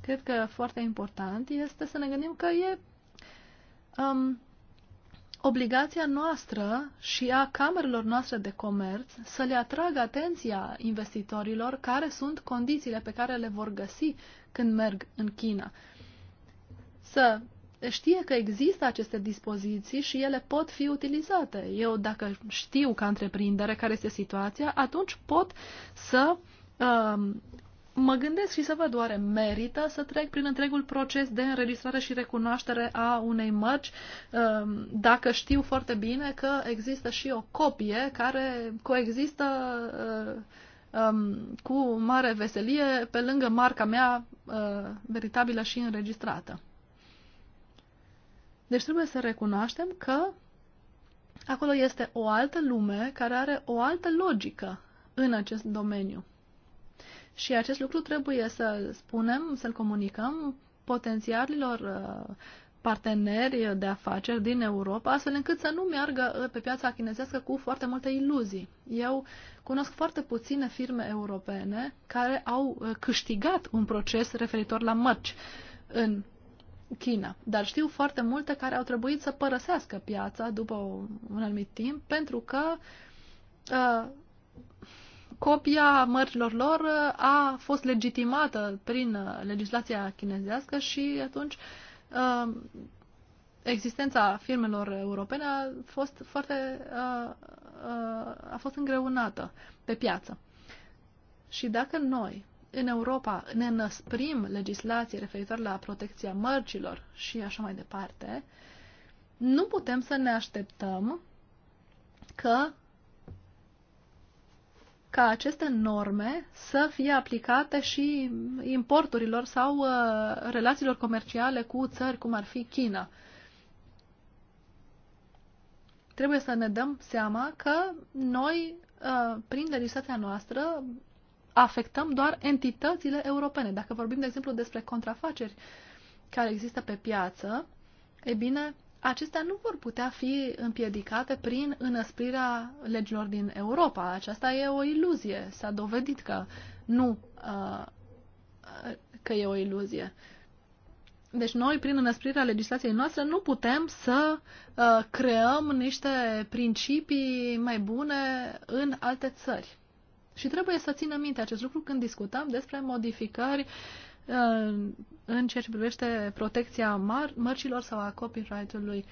Speaker 2: Cred că foarte important este să ne gândim că e um, obligația noastră și a camerelor noastre de comerț să le atragă atenția investitorilor care sunt condițiile pe care le vor găsi când merg în China. Să știe că există aceste dispoziții și ele pot fi utilizate. Eu, dacă știu ca întreprindere care este situația, atunci pot să uh, mă gândesc și să văd oare merită să trec prin întregul proces de înregistrare și recunoaștere a unei mărci ehm, dacă știu foarte bine că există și o copie care coexistă eh, ehm, cu mare veselie pe lângă marca mea eh, veritabilă și înregistrată. Deci trebuie să recunoaștem că acolo este o altă lume care are o altă logică în acest domeniu. Și acest lucru trebuie să spunem, să-l comunicăm potențialilor uh, parteneri de afaceri din Europa, astfel încât să nu meargă uh, pe piața chinezească cu foarte multe iluzii. Eu cunosc foarte puține firme europene care au uh, câștigat un proces referitor la mărci în China, dar știu foarte multe care au trebuit să părăsească piața după un anumit timp pentru că uh, copia mărcilor lor uh, a fost legitimată prin uh, legislația chinezească și atunci uh, existența firmelor europene a fost foarte a fost îngreunată pe piață. Și dacă noi în Europa ne năsprim legislații referitoare la protecția mărcilor și așa mai departe, nu putem să ne așteptăm că ca aceste norme să fie aplicate și importurilor sau uh, relațiilor comerciale cu țări cum ar fi China. Trebuie să ne dăm seama că noi, uh, prin legislația noastră, afectăm doar entitățile europene. Dacă vorbim, de exemplu, despre contrafaceri care există pe piață, e bine, acestea nu vor putea fi împiedicate prin înăsprirea legilor din Europa. Aceasta e o iluzie. S-a dovedit că nu uh, că e o iluzie. Deci noi, prin înăsprirea legislației noastre, nu putem să uh, creăm niște principii mai bune în alte țări. Și trebuie să ținem minte acest lucru când discutăm despre modificări Uh, în ceea ce privește protecția mar- mărcilor sau a copyright-ului.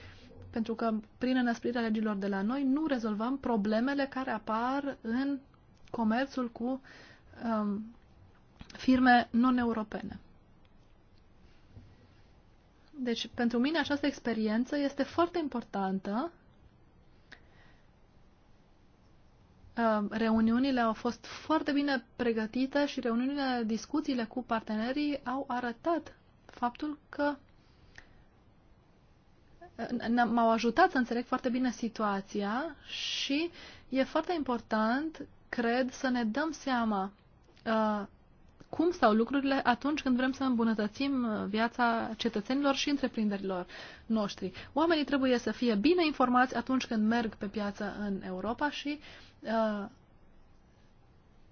Speaker 2: Pentru că prin înăsprirea legilor de la noi nu rezolvăm problemele care apar în comerțul cu um, firme non-europene. Deci, pentru mine această experiență este foarte importantă Um, reuniunile au fost foarte bine pregătite și reuniunile, discuțiile cu partenerii au arătat faptul că uh, m-au ajutat să înțeleg foarte bine situația și e foarte important, cred, să ne dăm seama uh, cum stau lucrurile atunci când vrem să îmbunătățim uh, viața cetățenilor și întreprinderilor noștri. Oamenii trebuie să fie bine informați atunci când merg pe piață în Europa și uh,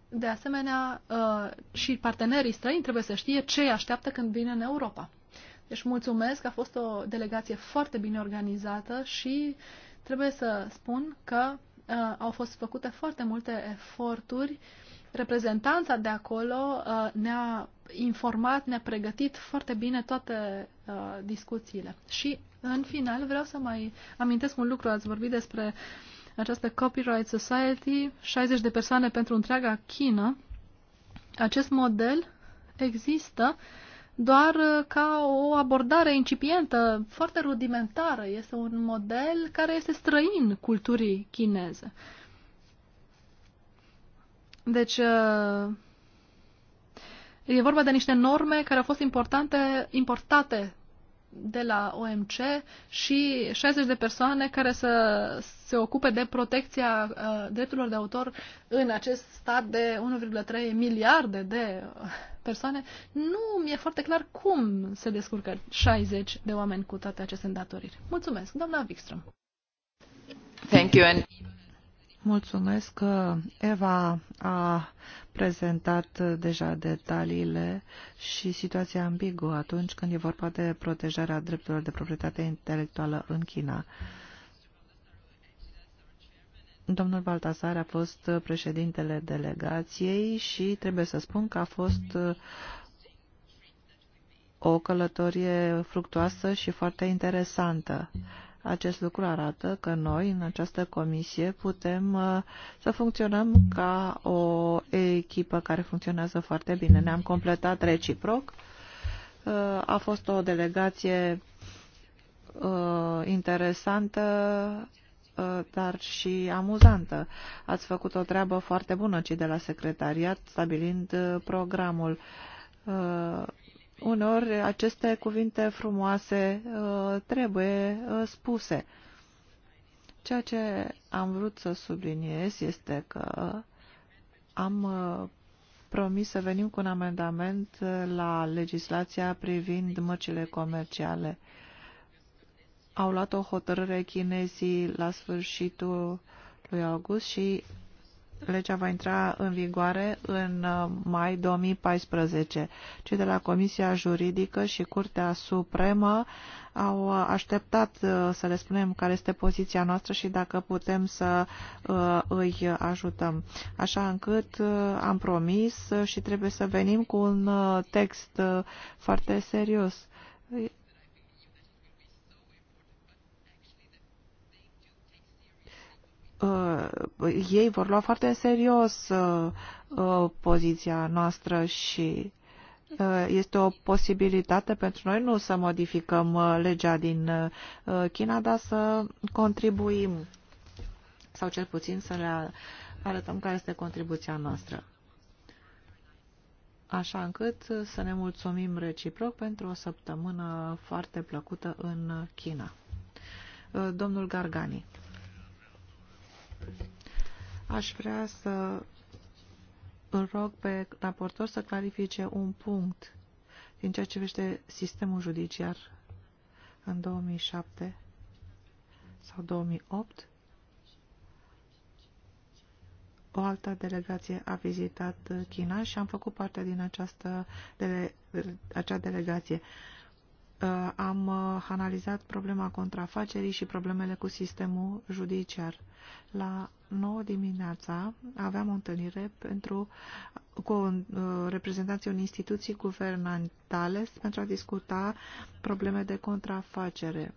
Speaker 2: de asemenea uh, și partenerii străini trebuie să știe ce așteaptă când vin în Europa. Deci mulțumesc, a fost o delegație foarte bine organizată și trebuie să spun că uh, au fost făcute foarte multe eforturi uh, reprezentanța de acolo uh, ne-a informat, ne-a pregătit foarte bine toate uh, discuțiile. Și în final vreau să mai amintesc un lucru. Ați vorbit despre această Copyright Society, 60 de persoane pentru întreaga China. Acest model există doar uh, ca o abordare incipientă, foarte rudimentară. Este un model care este străin culturii chineze. Uh, deci, uh, e vorba de niște norme care au fost importante, importate de la OMC și 60 de persoane care să se ocupe de protecția uh, drepturilor de autor în acest stat de 1,3 miliarde de uh, persoane. Nu mi-e foarte clar cum se descurcă 60 de oameni cu toate aceste îndatoriri. Mulțumesc, doamna Wikström.
Speaker 1: Thank you and
Speaker 3: Mulțumesc că Eva a prezentat deja detaliile și situația ambiguă atunci când e vorba de protejarea drepturilor de proprietate intelectuală în China. Domnul Baltasar a fost președintele delegației și trebuie să spun că a fost o călătorie fructuoasă și foarte interesantă. Acest lucru arată că noi, în această comisie, putem uh, să funcționăm ca o echipă care funcționează foarte bine. Ne-am completat reciproc. Uh, a fost o delegație uh, interesantă, dar și amuzantă. Ați făcut o treabă foarte bună, cei de la secretariat, stabilind programul Uneori aceste cuvinte frumoase uh, trebuie uh, spuse. Ceea ce am vrut să subliniez este că am uh, promis să venim cu un amendament la legislația privind măcile comerciale. Au luat o hotărâre chinezii la sfârșitul lui august și legea va intra în vigoare în uh, mai 2014. Cei de la Comisia Juridică și Curtea Supremă au uh, așteptat uh, să le spunem care este poziția noastră și dacă putem să îi ajutăm. Așa încât am promis și trebuie să venim cu un text foarte serios. uh, ei vor lua foarte în serios uh, uh, poziția noastră și uh, este o posibilitate pentru noi nu să modificăm uh, legea din uh, China, dar să contribuim sau cel puțin să le arătăm care este contribuția noastră. Așa încât să ne mulțumim reciproc pentru o săptămână foarte plăcută în China. Uh, domnul Gargani. Aș vrea să îl rog pe raportor să clarifice un punct din ceea ce vește sistemul judiciar în 2007 sau 2008. O altă delegație a vizitat China și am făcut parte din această dele, acea delegație. Uh, Uh, am uh, analizat problema contrafacerii și problemele cu sistemul judiciar. La 9 dimineața aveam o întâlnire pentru, cu uh, reprezentanții unei instituții guvernamentale pentru a discuta probleme de contrafacere.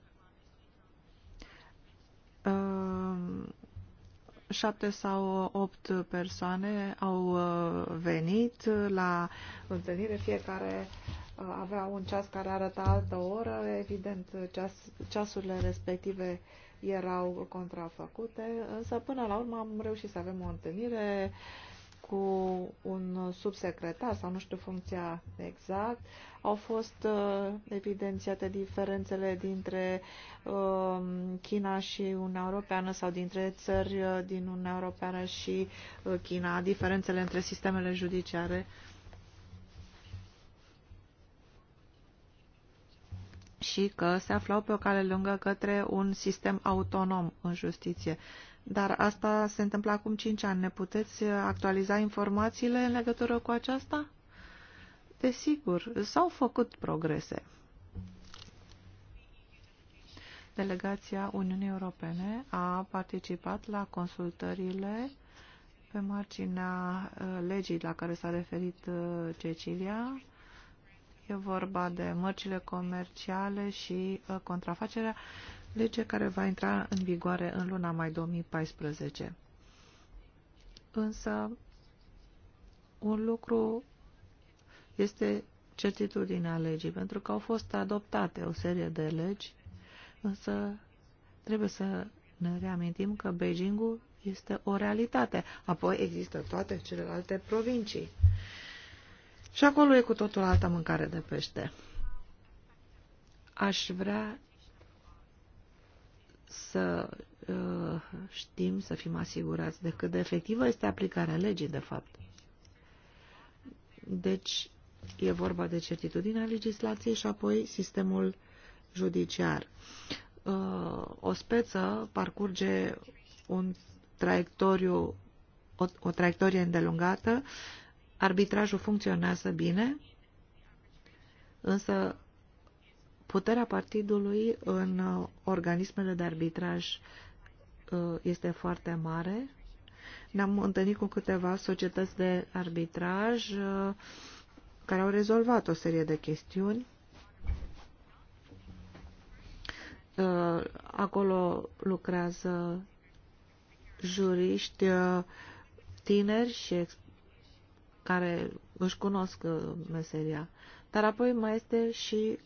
Speaker 3: Șapte sau opt persoane au venit la întâlnire, fiecare avea un ceas care arăta altă oră, evident ceas, ceasurile respective erau contrafăcute, însă până la urmă am reușit să avem o întâlnire cu un subsecretar sau nu știu funcția exact. Au fost uh, evidențiate diferențele dintre uh, China și Uniunea Europeană sau dintre țări uh, din Uniunea Europeană și uh, China, diferențele între sistemele judiciare și că se aflau pe o cale lungă către un sistem autonom în justiție. Dar asta se întâmplă acum 5 ani. Ne puteți actualiza informațiile în legătură cu aceasta? Desigur, s-au făcut progrese. Delegația Uniunii Europene a participat la consultările pe marginea uh, legii la care s-a referit uh, Cecilia E vorba de mărcile comerciale și uh, contrafacerea, lege care va intra în vigoare în luna mai 2014. Însă, un lucru este certitudinea legii, pentru că au fost adoptate o serie de legi, însă trebuie să ne reamintim că Beijingul este o realitate. Apoi există toate celelalte provincii. Și acolo e cu totul alta mâncare de pește. Aș vrea să uh, știm, să fim asigurați de cât de efectivă este aplicarea legii, de fapt. Deci, e vorba de certitudinea legislației și apoi sistemul judiciar. Uh, o speță parcurge un traiectoriu, o, o traiectorie îndelungată arbitrajul funcționează bine, însă puterea partidului în uh, organismele de arbitraj uh, este foarte mare. Ne-am întâlnit cu câteva societăți de arbitraj uh, care au rezolvat o serie de chestiuni. Acolo lucrează juriști tineri și experți care își cunosc uh, meseria. Dar apoi mai este și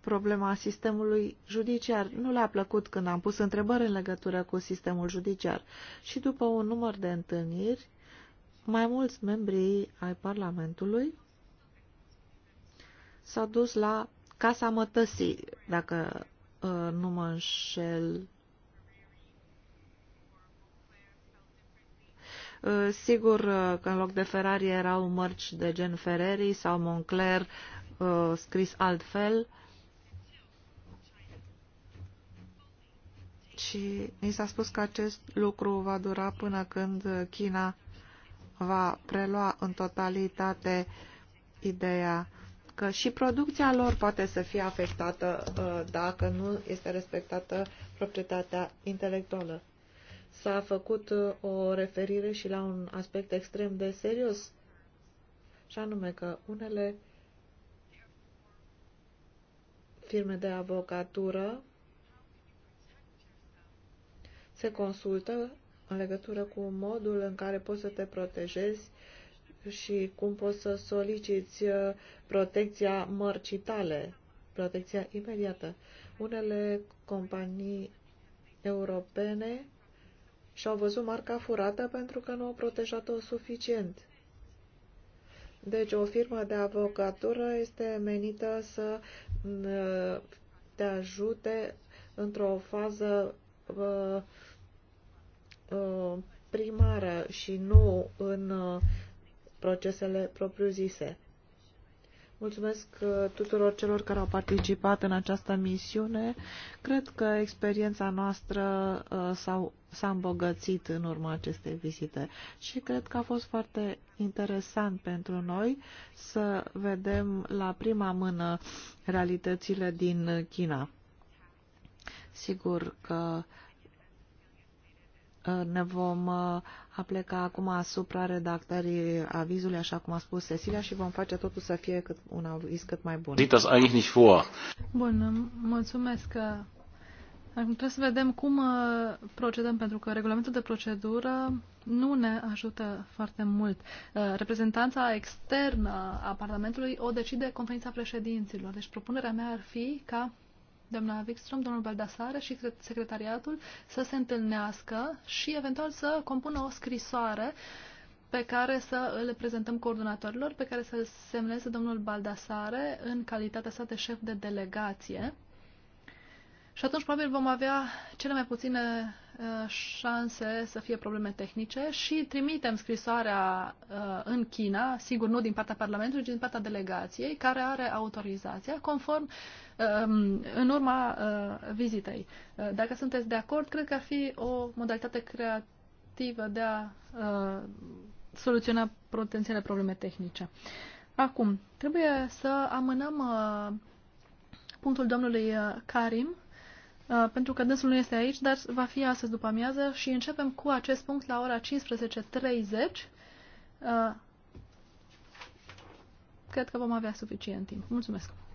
Speaker 3: problema sistemului judiciar. Nu le-a plăcut când am pus întrebări în legătură cu sistemul judiciar. Și după un număr de întâlniri, mai mulți membri ai Parlamentului s-au dus la Casa Mătăsii, dacă uh, nu mă înșel Uh, sigur uh, că în loc de Ferrari erau mărci de gen Ferrari sau Moncler uh, scris altfel. Și mi s-a spus că acest lucru va dura până când China va prelua în totalitate ideea că și producția lor poate să fie afectată dacă nu este respectată proprietatea intelectuală s-a făcut uh, o referire și la un aspect extrem de serios, și anume că unele firme de avocatură se consultă în legătură cu modul în care poți să te protejezi și cum poți să soliciți uh, protecția mărcii tale, protecția imediată. Unele companii europene și au văzut marca furată pentru că nu au protejat-o suficient. Deci o firmă de avocatură este menită să mm, te ajute într-o fază primară și nu în uh, procesele propriu-zise. Mulțumesc uh, tuturor celor care au participat în această misiune. Cred că experiența noastră uh, s-a îmbogățit în urma acestei vizite și cred că a fost foarte interesant pentru noi să vedem la prima mână realitățile din China. Sigur că uh, ne vom a pleca acum asupra redactării avizului, așa cum a spus Cecilia, și vom face totul să fie cât, un aviz cât mai bun. Sieht das eigentlich nicht
Speaker 1: vor.
Speaker 2: Bun, mulțumesc. Acum trebuie să vedem cum uh, procedăm, pentru că regulamentul de procedură nu ne ajută foarte mult. Uh, reprezentanța externă a Parlamentului o decide conferința președinților. Deci propunerea mea ar fi ca doamna Wikström, domnul Baldasare și secretariatul să se întâlnească și eventual să compună o scrisoare pe care să îl prezentăm coordonatorilor, pe care să-l semneze domnul Baldasare în calitatea sa de șef de delegație. Și atunci probabil vom avea cele mai puține uh, șanse să fie probleme tehnice și trimitem scrisoarea uh, în China, sigur nu din partea Parlamentului, ci din partea delegației, care are autorizația conform um, în urma uh, vizitei. Dacă sunteți de acord, cred că ar fi o modalitate creativă de a soluționa potențiale probleme tehnice. Acum, trebuie să amânăm punctul domnului Karim Uh, pentru că dânsul nu este aici, dar va fi astăzi după amiază și începem cu acest punct la ora 15.30. Uh, cred că vom avea suficient timp. Mulțumesc!